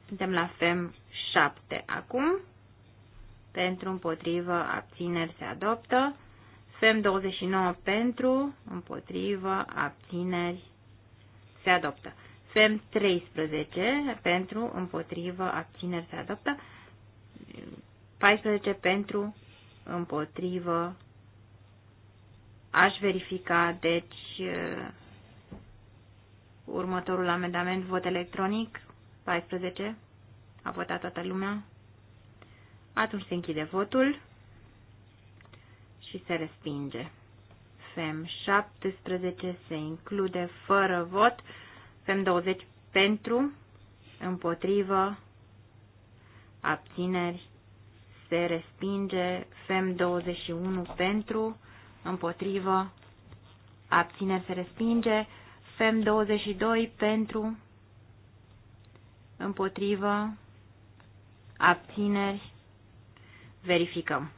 Suntem la FEM 7 acum. Pentru, împotrivă, abțineri, se adoptă. FEM 29 pentru, împotrivă, abțineri, se adoptă. FEM 13 pentru, împotrivă, abțineri, se adoptă. 14 pentru, împotrivă, Aș verifica, deci, uh, următorul amendament, vot electronic, 14. A votat toată lumea. Atunci se închide votul și se respinge. FEM 17 se include fără vot. FEM 20 pentru, împotrivă, abțineri, se respinge. FEM 21 pentru, împotrivă, abțineri se respinge, FEM 22 pentru, împotrivă, abțineri, verificăm.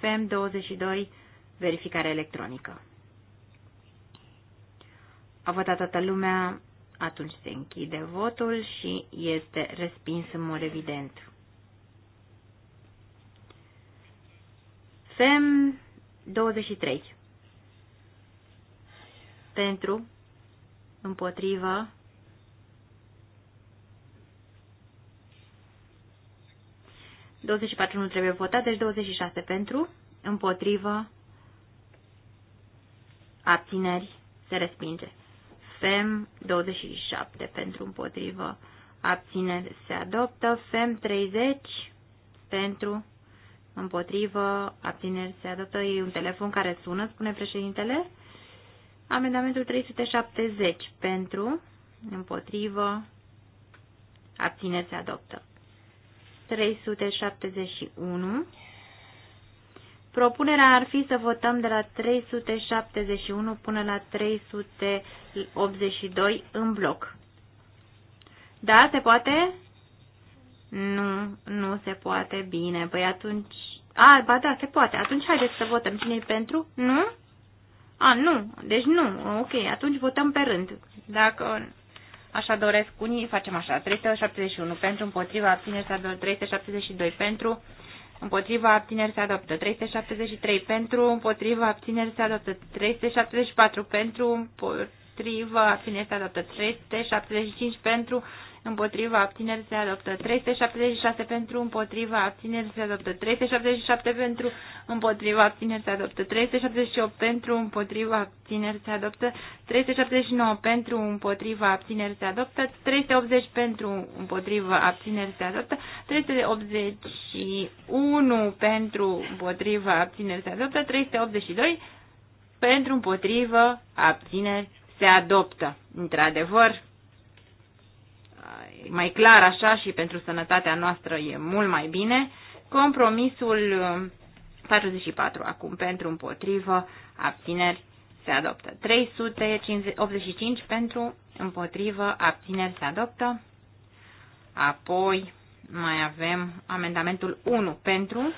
FEM 22, verificare electronică. A votat toată lumea, atunci se închide votul și este respins în mod evident. FEM 23. Pentru, împotrivă, douăzeci patru nu trebuie votat, deci 26 pentru, împotrivă, abțineri, se respinge. FEM 27 pentru împotrivă, abțineri, se adoptă. FEM 30 pentru Împotrivă, abțineri, se adoptă. E un telefon care sună, spune președintele. Amendamentul 370 pentru, împotrivă, abțineri, se adoptă. 371. Propunerea ar fi să votăm de la 371 până la 382 în bloc. Da, se poate? Nu, nu se poate bine. Păi atunci... A, ba da, se poate. Atunci haideți să votăm. Cine-i pentru? Nu? A, nu. Deci nu. Ok, atunci votăm pe rând. Dacă așa doresc unii, facem așa. 371 pentru, împotriva, abțineri se adoptă. 372 pentru, împotriva, abțineri se adoptă. 373 pentru, împotriva, abțineri se adoptă. 374 pentru, împotriva, abțineri se adoptă. 375 pentru, împotriva abțineri se adoptă 376 pentru, împotriva abțineri se adoptă 377 pentru, împotriva abțineri se adoptă 378 pentru, împotriva abțineri se adoptă 379 pentru, împotriva abțineri se adoptă 380 pentru, împotriva abțineri se adoptă 381 pentru, împotriva abțineri se adoptă 382 pentru, împotrivă, abțineri se adoptă. Într-adevăr, mai clar așa și pentru sănătatea noastră e mult mai bine. Compromisul 44 uh, acum pentru împotrivă, abțineri se adoptă. 385 pentru împotrivă, abțineri se adoptă. Apoi mai avem amendamentul 1 pentru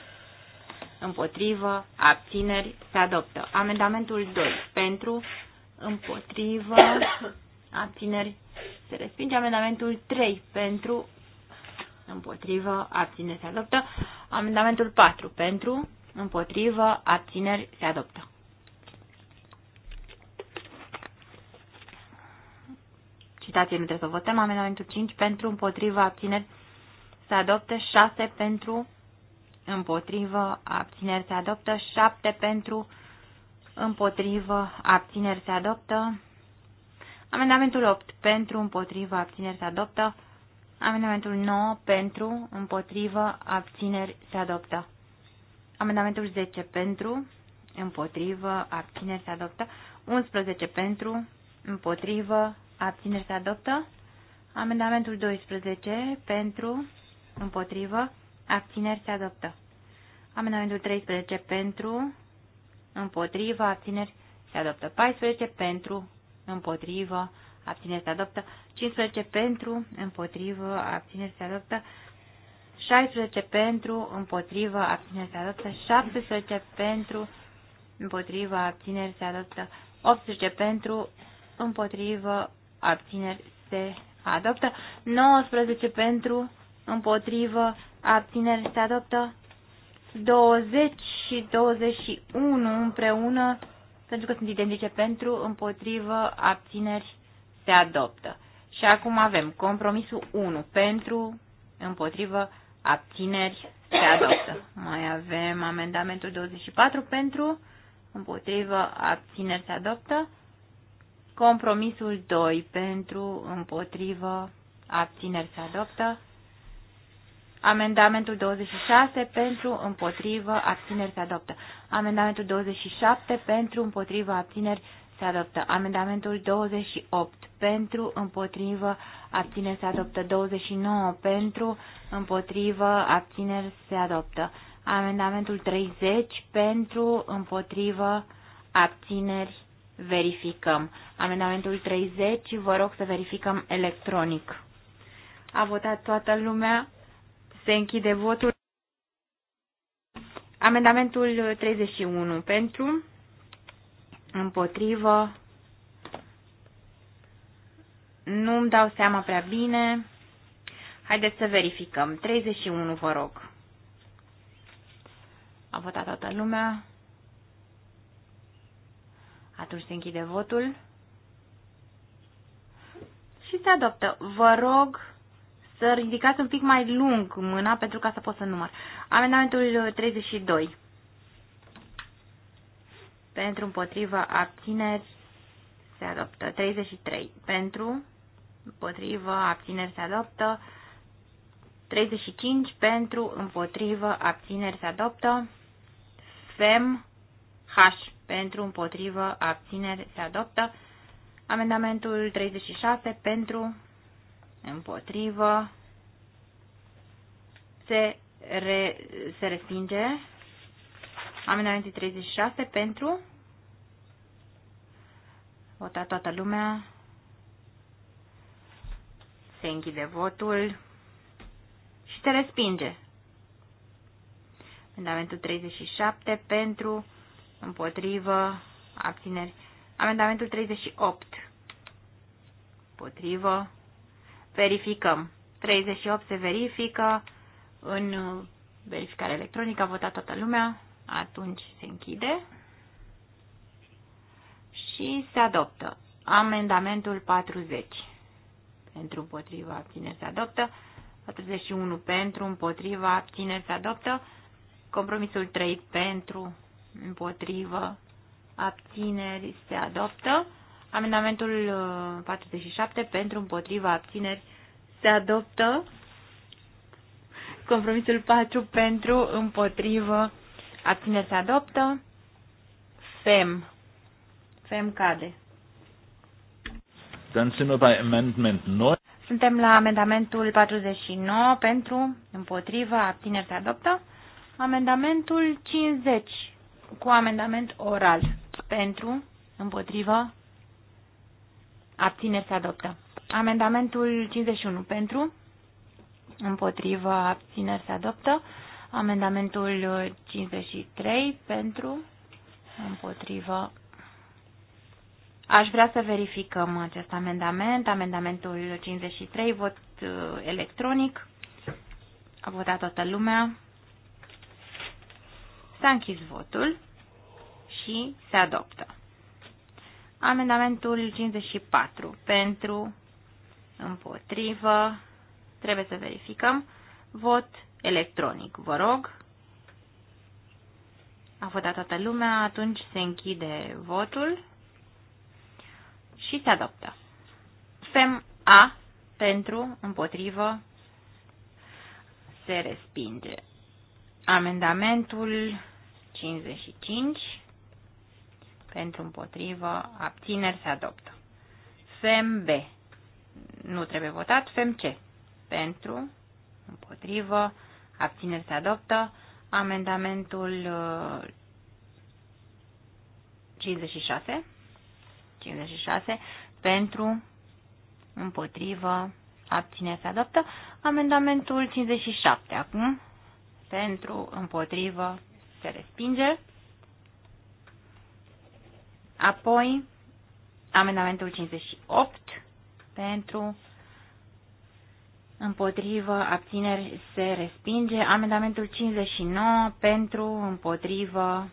împotrivă, abțineri se adoptă. Amendamentul 2 pentru împotrivă, abțineri, se respinge amendamentul 3 pentru, împotrivă, abțineri, se adoptă. Amendamentul 4 pentru, împotrivă, abțineri, se adoptă. Citație nu trebuie să votăm. Amendamentul 5 pentru, împotrivă, abțineri, se adoptă. 6 pentru, împotrivă, abțineri, se adoptă. 7 pentru, împotrivă, abțineri, se adoptă. Amendamentul 8 pentru, împotrivă, abțineri se adoptă. Amendamentul 9 pentru, împotrivă, abțineri se adoptă. Amendamentul 10 pentru, împotrivă, abțineri se adoptă. 11 pentru, împotrivă, abțineri se adoptă. Amendamentul 12 pentru, împotrivă, abțineri se adoptă. Amendamentul 13 pentru, împotrivă, abțineri se adoptă. 14 pentru, împotrivă, abțineri se adoptă, 15 pentru, împotrivă, abțineri se adoptă, 16 pentru, împotrivă, abțineri se adoptă, 17 pentru, împotrivă, abțineri se adoptă, 18 pentru, împotrivă, abțineri se adoptă, 19 pentru, împotrivă, abțineri se adoptă, 20 și 21 împreună pentru că sunt identice pentru, împotrivă, abțineri, se adoptă. Și acum avem compromisul 1 pentru, împotrivă, abțineri, se adoptă. Mai avem amendamentul 24 pentru, împotrivă, abțineri, se adoptă. Compromisul 2 pentru, împotrivă, abțineri, se adoptă. Amendamentul 26 pentru, împotrivă, abțineri se adoptă. Amendamentul 27 pentru, împotrivă, abțineri se adoptă. Amendamentul 28 pentru, împotrivă, abțineri se adoptă. 29 pentru, împotrivă, abțineri se adoptă. Amendamentul 30 pentru, împotrivă, abțineri verificăm. Amendamentul 30, vă rog să verificăm electronic. A votat toată lumea? Se închide votul. Amendamentul 31 pentru, împotrivă, nu-mi dau seama prea bine. Haideți să verificăm. 31, vă rog. A votat toată lumea. Atunci se închide votul. Și se adoptă. Vă rog să ridicați un pic mai lung mâna pentru ca să pot să număr. Amendamentul 32. Pentru împotrivă abțineri se adoptă. 33. Pentru împotrivă abțineri se adoptă. 35. Pentru împotrivă abțineri se adoptă. FEM H. Pentru împotrivă abțineri se adoptă. Amendamentul 36 pentru împotrivă, se, re, se respinge. Amendamentul 36 pentru, vota toată lumea, se închide votul și se respinge. Amendamentul 37 pentru, împotrivă, abțineri. Amendamentul 38 împotrivă, Verificăm. 38 se verifică în uh, verificare electronică, a votat toată lumea, atunci se închide și se adoptă. Amendamentul 40 pentru împotriva abțineri se adoptă, 41 pentru împotriva abțineri se adoptă, compromisul 3 pentru împotrivă abțineri se adoptă, Amendamentul 47 uh, pentru împotriva abțineri se adoptă. Compromisul 4 pentru împotrivă abțineri se adoptă. FEM. FEM cade. Dann sind wir bei Amendment 9. Suntem la amendamentul 49 pentru împotriva abțineri se adoptă. Amendamentul 50 cu amendament oral pentru împotriva abține se adoptă. Amendamentul 51 pentru. Împotrivă. Abțineri se adoptă. Amendamentul 53 pentru. Împotrivă. Aș vrea să verificăm acest amendament. Amendamentul 53, vot uh, electronic. A votat toată lumea. S-a închis votul și se adoptă. Amendamentul 54 pentru, împotrivă, trebuie să verificăm, vot electronic, vă rog. A votat toată lumea, atunci se închide votul și se adoptă. Fem A pentru, împotrivă, se respinge. Amendamentul 55 pentru împotrivă, abțineri se adoptă. B nu trebuie votat, C pentru împotrivă, abțineri se adoptă. Amendamentul 56, uh, 56 pentru împotrivă, abțineri se adoptă. Amendamentul 57 acum, pentru împotrivă, se respinge. Apoi, amendamentul 58 pentru Împotrivă, abțineri, se respinge. Amendamentul 59, pentru, împotrivă,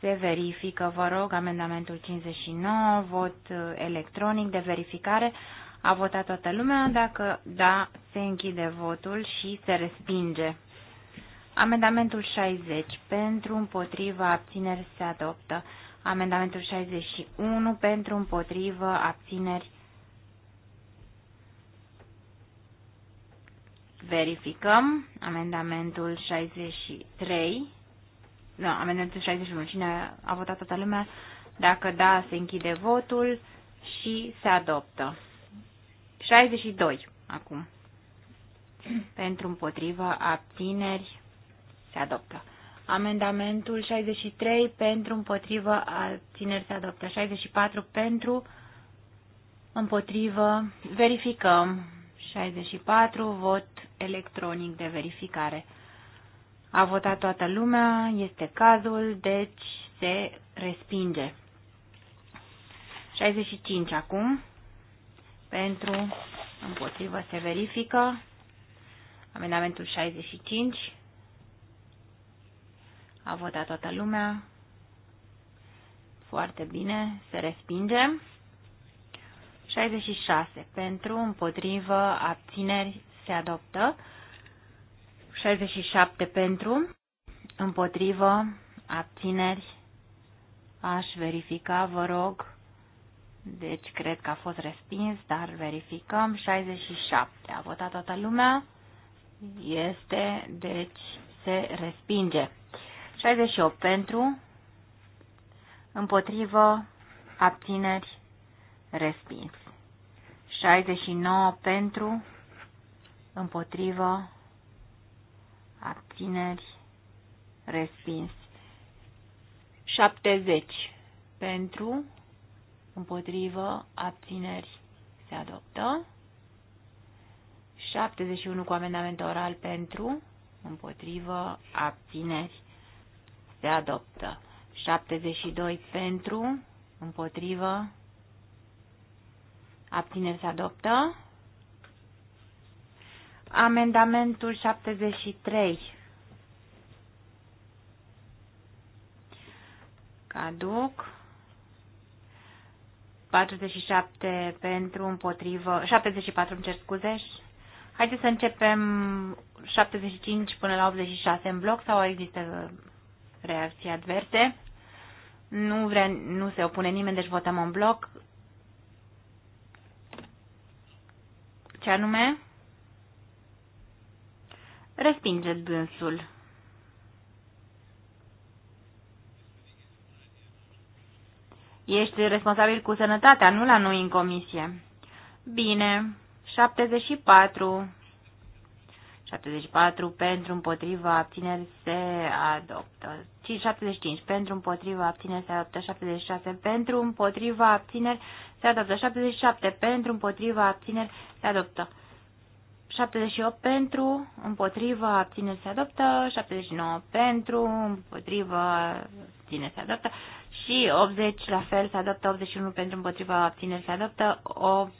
se verifică, vă rog, amendamentul 59, vot uh, electronic de verificare. A votat toată lumea, dacă da, se închide votul și se respinge. Amendamentul 60 pentru împotrivă abțineri se adoptă. Amendamentul 61 pentru împotrivă abțineri. Verificăm amendamentul 63. Nu, amendamentul 61. Cine a votat toată lumea? Dacă da, se închide votul și se adoptă. 62 acum. Pentru împotrivă abțineri se adoptă. Amendamentul 63 pentru împotrivă abțineri se adoptă. 64 pentru împotrivă verificăm. 64 vot electronic de verificare. A votat toată lumea, este cazul, deci se respinge. 65 acum. Pentru, împotrivă, se verifică. Amendamentul 65. A votat toată lumea. Foarte bine, se respinge. 66. Pentru, împotrivă, abțineri, se adoptă. 67 pentru, împotrivă, abțineri, aș verifica, vă rog. Deci cred că a fost respins, dar verificăm. 67. A votat toată lumea. Este, deci se respinge. 68 pentru, împotrivă, abțineri, respins. 69 pentru, împotrivă, abțineri, respins. 70 pentru, împotrivă, abțineri, se adoptă. 71 cu amendament oral pentru, împotrivă, abțineri, se adoptă. 72 pentru, împotrivă, abțineri se adoptă. Amendamentul 73 caduc. 47 pentru împotrivă, 74 îmi cer scuze. Haideți să începem 75 până la 86 în bloc sau există reacții adverse. Nu, vrea, nu se opune nimeni, deci votăm în bloc. Ce anume? Respinge dânsul. Ești responsabil cu sănătatea, nu la noi în comisie. Bine. 74. 74 pentru împotriva abțineri se adoptă. 75 pentru împotriva abțineri se adoptă. 76 pentru împotriva abțineri se adoptă. 77 pentru împotriva abțineri se adoptă. 78 pentru, împotriva, abțineri se adoptă, 79 pentru, împotriva, abțineri se adoptă și 80 la fel se adoptă, 81 pentru, împotriva, abțineri se adoptă, 80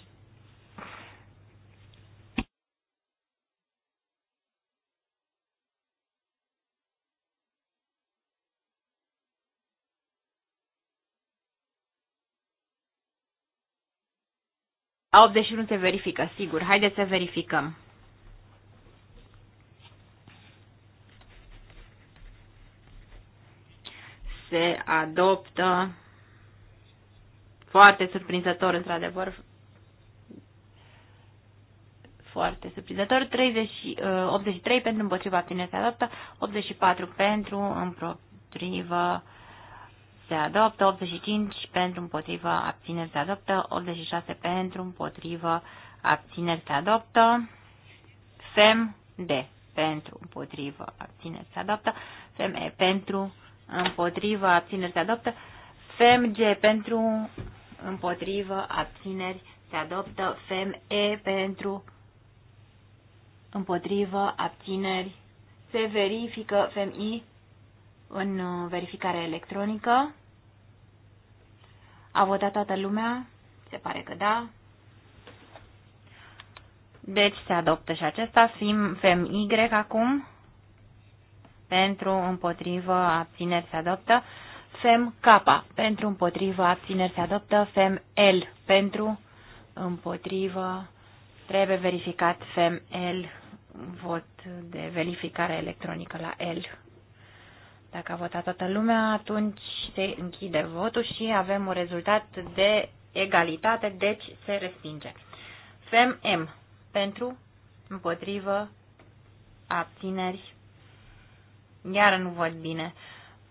81 se verifică, sigur. Haideți să verificăm. Se adoptă foarte surprinzător, într-adevăr. Foarte surprinzător. 30, 83 uh, pentru împotriva tine se adoptă, 84 pentru împotriva se adoptă, 85 pentru împotrivă, abțineri se adoptă, 86 pentru împotrivă, abțineri se adoptă, FEM D pentru împotrivă, abțineri se adoptă, FEM E pentru împotrivă, abțineri se adoptă, FEM G pentru împotrivă, abțineri se adoptă, FEM E pentru împotrivă, abțineri se verifică, FEM I în uh, verificare electronică. A votat toată lumea? Se pare că da. Deci se adoptă și acesta. Fim, fem Y acum. Pentru, împotrivă, abțineri se adoptă. Fem K. Pentru, împotrivă, abțineri se adoptă. Fem L. Pentru, împotrivă, trebuie verificat Fem L. Vot de verificare electronică la L. Dacă a votat toată lumea, atunci se închide votul și avem un rezultat de egalitate, deci se respinge. Fem M. Pentru, împotrivă, abțineri. Iară nu văd bine.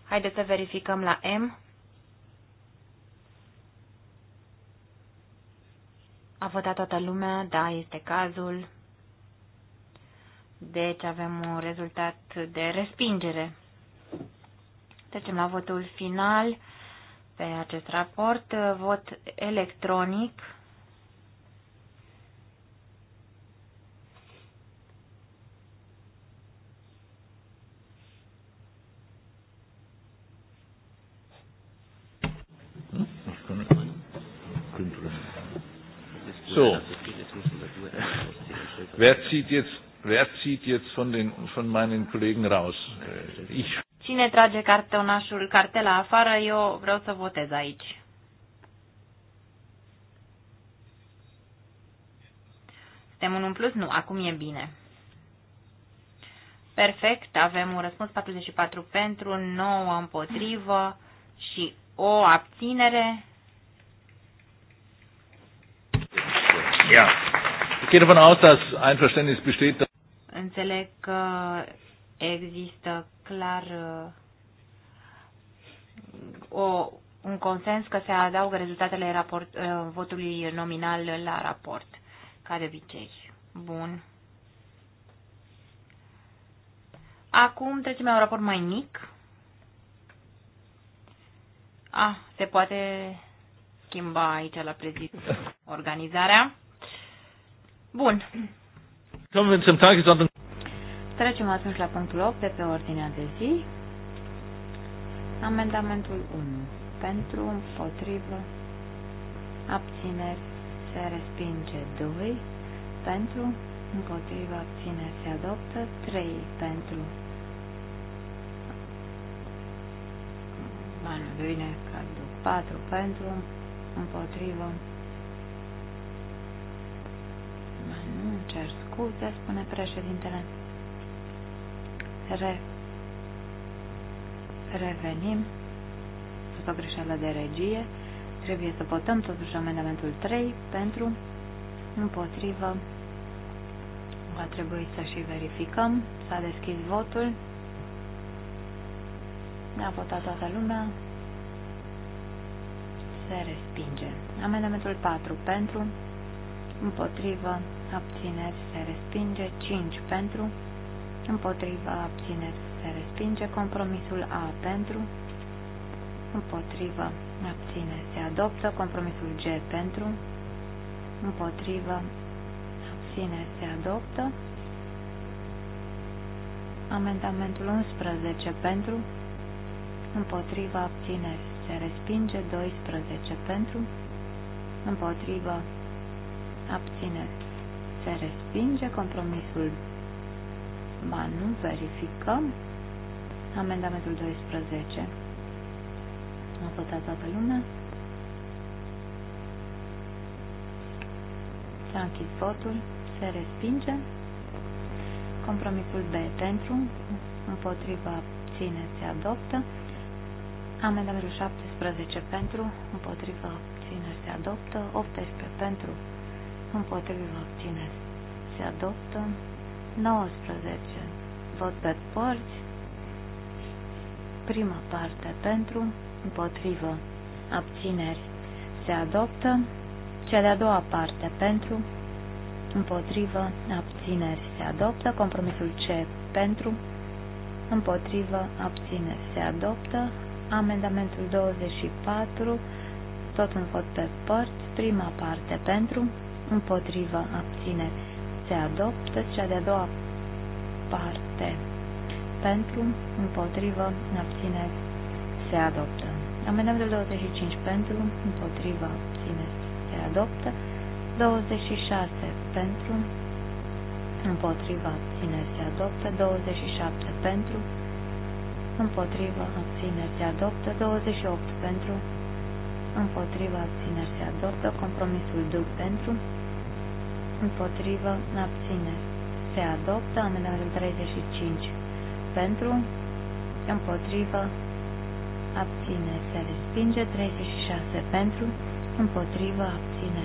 Haideți să verificăm la M. A votat toată lumea, da, este cazul. Deci avem un rezultat de respingere. Trecem la votul final pe acest raport. Vot electronic. So. Wer zieht jetzt, wer zieht jetzt von, den, von meinen Kollegen raus? Ich. Cine trage cartonașul, cartela afară, eu vreau să votez aici. Suntem un plus? Nu, acum e bine. Perfect, avem un răspuns 44 pentru, 9 împotrivă și o abținere. Ja. Ich gehe davon aus, dass Einverständnis besteht. Înțeleg că există clar uh, o, un consens că se adaugă rezultatele raport, uh, votului nominal la raport, ca de obicei. Bun. Acum trecem la un raport mai mic. Ah, se poate schimba aici la prezid organizarea. Bun. Trecem atunci la punctul 8 de pe ordinea de zi. Amendamentul 1. Pentru, împotrivă, abțineri, se respinge 2. Pentru, împotrivă, abțineri, se adoptă 3. Pentru, Bine, bine, calduc 4. Pentru, împotrivă, nu cer scuze, spune președintele re, revenim tot o greșeală de regie. Trebuie să votăm totuși amendamentul 3 pentru împotrivă. Va trebui să și verificăm. S-a deschis votul. Ne-a votat toată lumea. Se respinge. Amendamentul 4 pentru împotrivă, abțineri, se respinge, 5 pentru, împotriva abțineri se respinge, compromisul A pentru, împotriva abțineri se adoptă, compromisul G pentru, împotriva abțineri se adoptă, amendamentul 11 pentru, împotriva abțineri se respinge, 12 pentru, împotriva abțineri se respinge, compromisul B Ba nu, verificăm. Amendamentul 12. A votat toată lumea. S-a închis votul. Se respinge. Compromisul B pentru, împotriva, ține se adoptă. Amendamentul 17 pentru, împotriva, ține se adoptă. 18 pentru, împotriva, ține se adoptă. 19. Vot pe părți. Prima parte pentru, împotrivă, abțineri. Se adoptă. Cea de-a doua parte pentru, împotrivă, abțineri. Se adoptă. Compromisul C pentru, împotrivă, abțineri. Se adoptă. Amendamentul 24, tot un vot pe părți, prima parte pentru, împotrivă, abțineri se adoptă cea de-a doua parte. Pentru, împotrivă, abține, se adoptă. Amendamentul 25 pentru, împotrivă, abține, se adoptă. 26 pentru, împotrivă, abține, se adoptă. 27 pentru, împotrivă, abține, se adoptă. 28 pentru, împotrivă, abține, se adoptă. Compromisul 2. pentru, împotrivă, abține. Se adoptă amendamentul 35 pentru, împotrivă, abține. Se respinge 36 pentru, împotrivă, abține.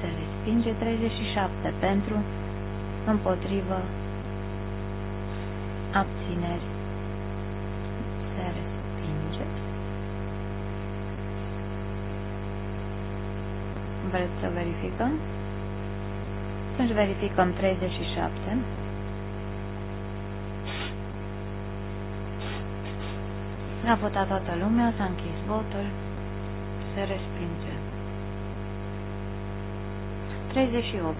Se respinge 37 pentru, împotrivă, abțineri. Se respinge. Vreți să verificăm? Atunci verificăm 37. A votat toată lumea, s-a închis votul, se respinge. 38.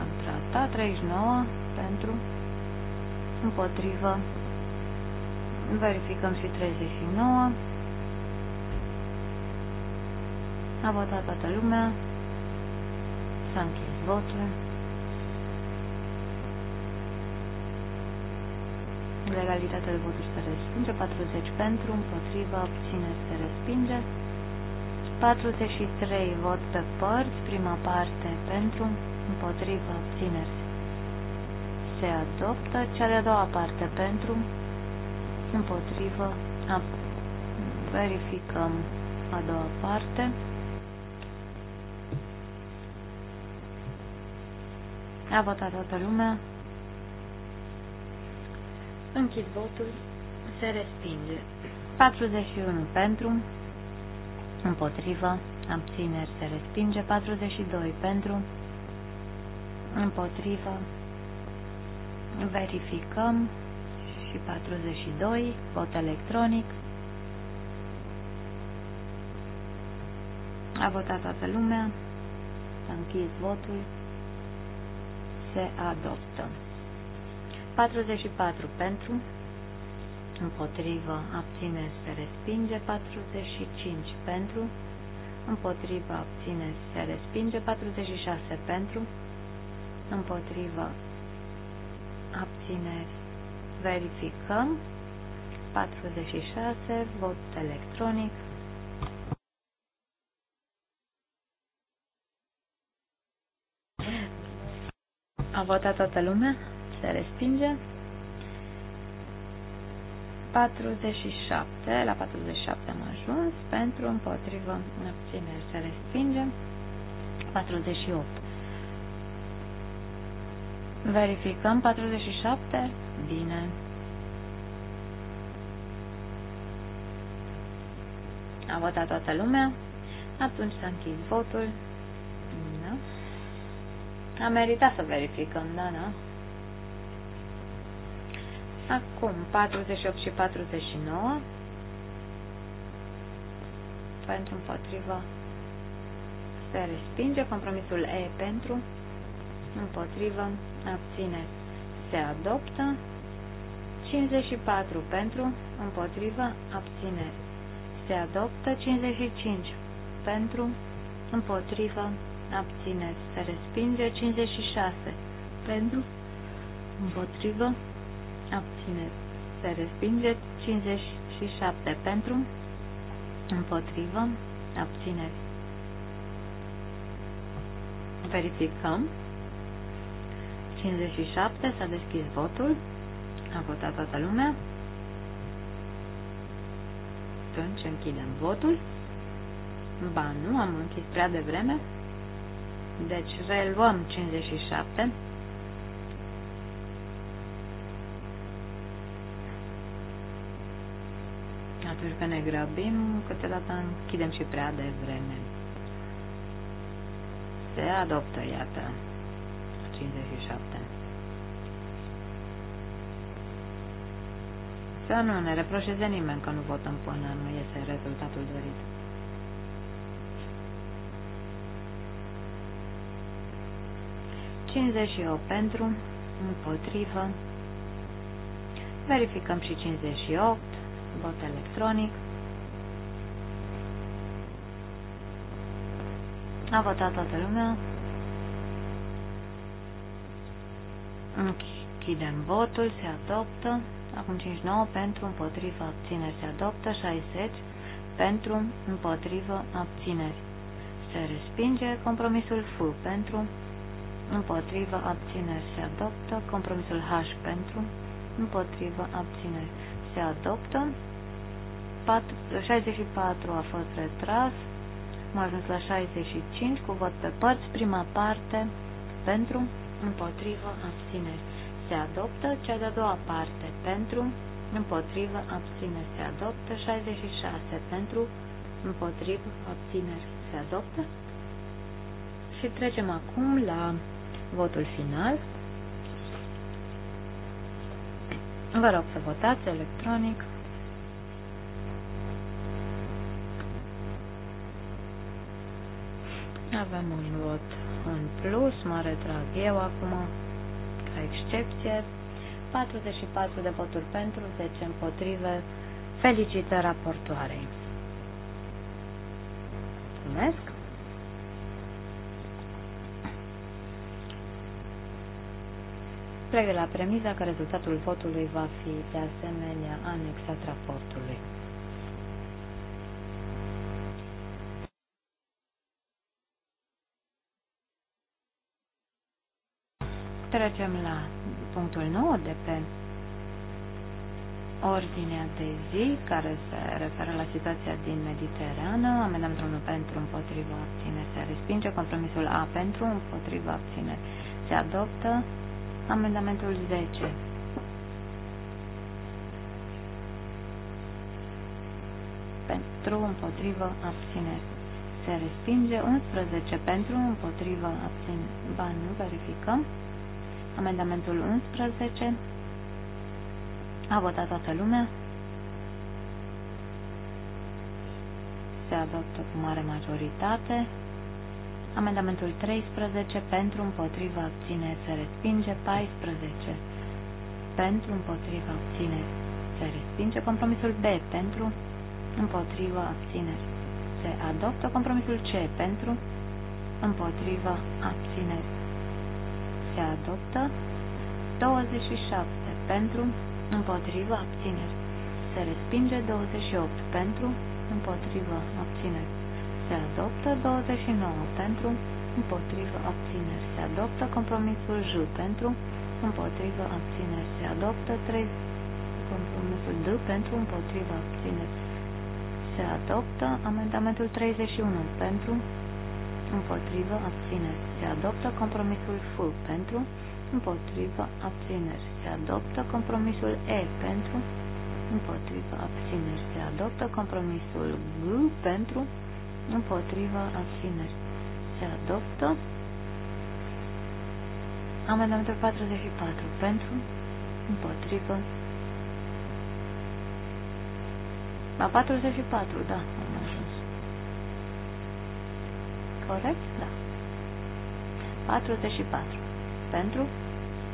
Am tratat 39 pentru împotrivă. Verificăm și 39. A votat toată lumea, S-a închis votul. Legalitatea de voturi se respinge. 40 pentru, împotriva, obține se respinge. 43 vot pe părți, prima parte pentru, împotriva, obțineri se adoptă, cea de-a doua parte pentru, împotrivă, verificăm a doua parte. A votat toată lumea. Închid votul. Se respinge. 41 pentru. Împotrivă. Abțineri se respinge. 42 pentru. Împotrivă. Verificăm. Și 42. Vot electronic. A votat toată lumea. Să închis votul se adoptă. 44 pentru, împotrivă, abține, se respinge, 45 pentru, împotrivă, abține, se respinge, 46 pentru, împotrivă, abține, Verificăm, 46, vot electronic, votat toată lumea? Se respinge. 47, la 47 am ajuns, pentru, împotrivă, abțineri, se respinge. 48. Verificăm 47? Bine. A votat toată lumea. Atunci s-a închis votul. A meritat să verificăm, da, da. Acum, 48 și 49. Pentru împotrivă se respinge. Compromisul E pentru împotrivă abține se adoptă. 54 pentru împotrivă abține se adoptă. 55 pentru împotrivă abțineți, se respinge. 56 pentru, împotrivă, abțineți, se respinge. 57 pentru, împotrivă, abțineți. Verificăm. 57 s-a deschis votul. A votat toată lumea. Atunci închidem votul. Ba nu, am închis prea devreme. Deci reluăm 57. Atunci când ne grăbim, câteodată închidem și prea devreme. Se adoptă, iată, 57. Să nu ne reproșeze nimeni că nu votăm până nu iese rezultatul dorit. 58 pentru, împotrivă. Verificăm și 58, vot electronic. A votat toată lumea. Închidem votul, se adoptă. Acum 59 pentru, împotrivă, abțineri se adoptă. 60 pentru, împotrivă, abțineri. Se respinge compromisul FU pentru, împotrivă, abțineri, se adoptă. Compromisul H pentru, împotrivă, abțineri, se adoptă. 64 a fost retras. Am ajuns la 65 cu vot pe părți. Prima parte pentru, împotrivă, abțineri, se adoptă. Cea de-a doua parte pentru, împotrivă, abțineri, se adoptă. 66 pentru, împotrivă, abțineri, se adoptă și trecem acum la votul final. Vă rog să votați electronic. Avem un vot în plus, mă retrag eu acum, ca excepție. 44 de voturi pentru, 10 împotrive. Felicită raportoarei. Mulțumesc! Plec de la premiza că rezultatul votului va fi de asemenea anexat raportului. Trecem la punctul 9 de pe ordinea de zi care se referă la situația din Mediterană, amendamentul 1 pentru împotriva abține se respinge, compromisul A pentru împotriva abține se adoptă, Amendamentul 10. Pentru, împotrivă, abține. Se respinge 11 pentru, împotrivă, abține. Ba, nu verificăm. Amendamentul 11. A votat toată lumea. Se adoptă cu mare majoritate. Amendamentul 13 pentru împotriva abține se respinge. 14 pentru împotriva abține se respinge. Compromisul B pentru împotriva abține se adoptă. Compromisul C pentru împotriva abține se adoptă. 27 pentru împotriva abțineri se respinge. 28 pentru împotriva se se adoptă, 29 pentru, împotrivă, abțineri se adoptă, compromisul J pentru, împotrivă, abțineri se adoptă, 3, compromisul D pentru, împotrivă, abțineri se adoptă, amendamentul 31 pentru, împotrivă, abțineri se adoptă, compromisul F pentru, împotrivă, abțineri se adoptă, compromisul E pentru, împotrivă, abțineri se adoptă, compromisul G pentru, împotriva abțineri, se adoptă. Amendamentul 44 pentru, împotrivă. La 44, da, am ajuns. Corect? Da. 44. Pentru,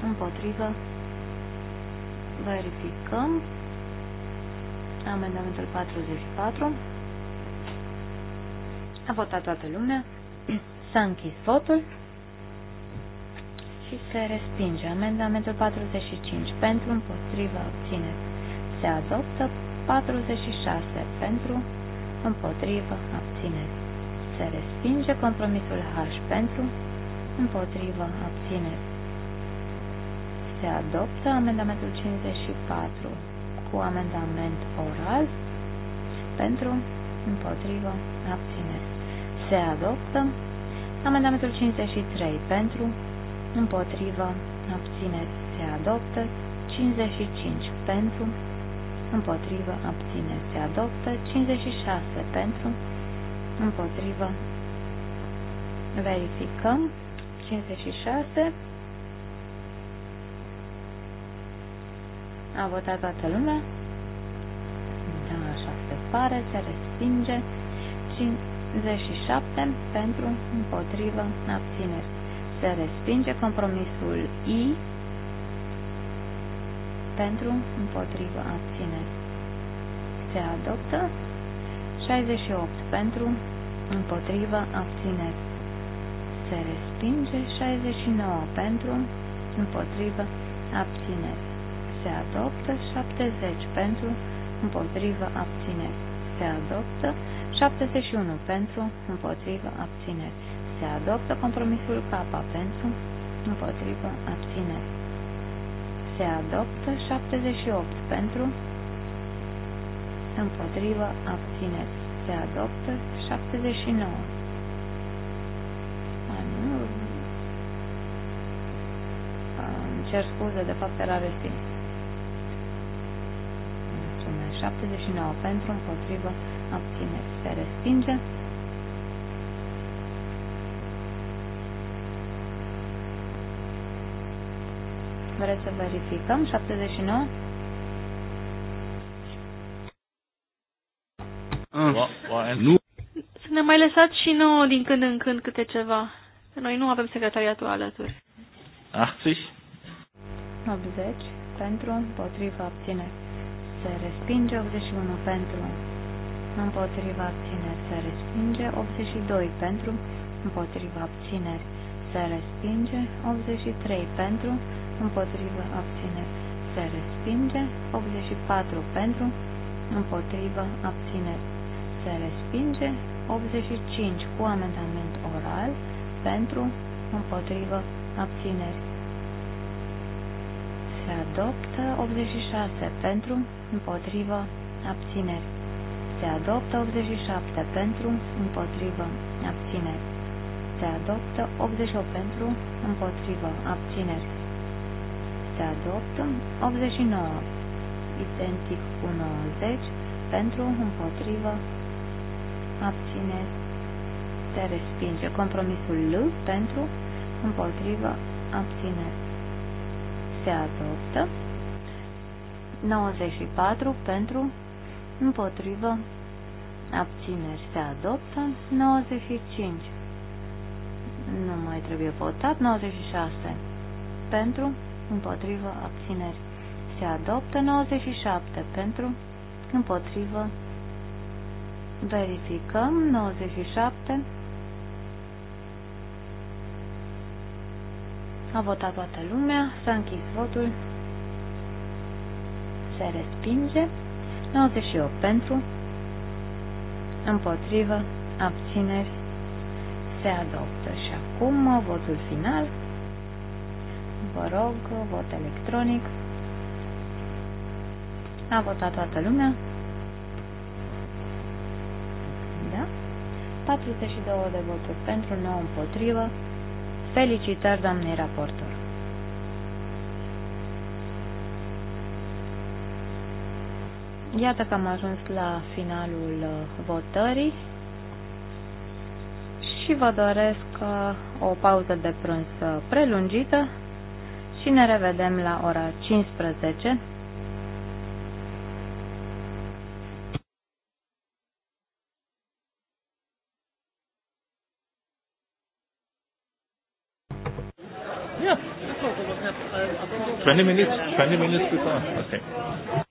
împotrivă, verificăm amendamentul 44. A votat toată lumea. S-a închis votul și se respinge. Amendamentul 45 pentru, împotriva, obține. Se adoptă 46 pentru, împotrivă, obține. Se respinge compromisul H pentru, împotrivă, obține. Se adoptă amendamentul 54 cu amendament oral pentru, împotrivă, obține se adoptă. Amendamentul 53 pentru, împotrivă, abțineri, se adoptă. 55 pentru, împotrivă, abțineri, se adoptă. 56 pentru, împotrivă, verificăm. 56 A votat toată lumea? Da, așa se pare, se respinge. 5 27 pentru, împotrivă, abțineri. Se respinge compromisul I pentru, împotrivă, abțineri. Se adoptă 68 pentru, împotrivă, abțineri. Se respinge 69 pentru, împotrivă, abțineri. Se adoptă 70 pentru, împotrivă, abțineri. Se adoptă 71 pentru, împotrivă, abțineri. Se adoptă compromisul K pentru, împotrivă, abțineri. Se adoptă 78 pentru, împotrivă, abțineri. Se adoptă 79. cer scuze, de fapt era respins. 79 pentru, împotrivă, Obține, se respinge. Vreți să verificăm? 79? Ah. Nu. Să ne mai lăsați și nouă din când în când câte ceva. noi nu avem secretariatul alături. 80. Ah, 80 pentru, împotriva, abține. Se respinge 81 pentru, împotriva abțineri se respinge, 82 pentru, împotriva abțineri se respinge, 83 pentru, împotriva abțineri se respinge, 84 pentru, împotriva abțineri se respinge, 85 cu amendament oral pentru, împotriva abțineri se adoptă, 86 pentru, împotriva abțineri se adoptă 87 pentru, împotrivă, abțineri. Se adoptă 88 pentru, împotrivă, abțineri. Se adoptă 89, identic cu 90, pentru, împotrivă, abțineri. Se respinge compromisul L pentru, împotrivă, abțineri. Se adoptă 94 pentru, împotrivă, abțineri se adoptă, 95, nu mai trebuie votat, 96, pentru, împotrivă, abțineri se adoptă, 97, pentru, împotrivă, verificăm, 97, A votat toată lumea, s-a închis votul, se respinge. 98 pentru, împotrivă, abțineri, se adoptă. Și acum votul final. Vă rog, vot electronic. A votat toată lumea. Da? 42 de voturi pentru, 9 împotrivă. Felicitări, doamnei raportor. Iată că am ajuns la finalul uh, votării și vă doresc uh, o pauză de prânz uh, prelungită și ne revedem la ora 15. Yeah. 20 minutes, 20 minutes before. Okay.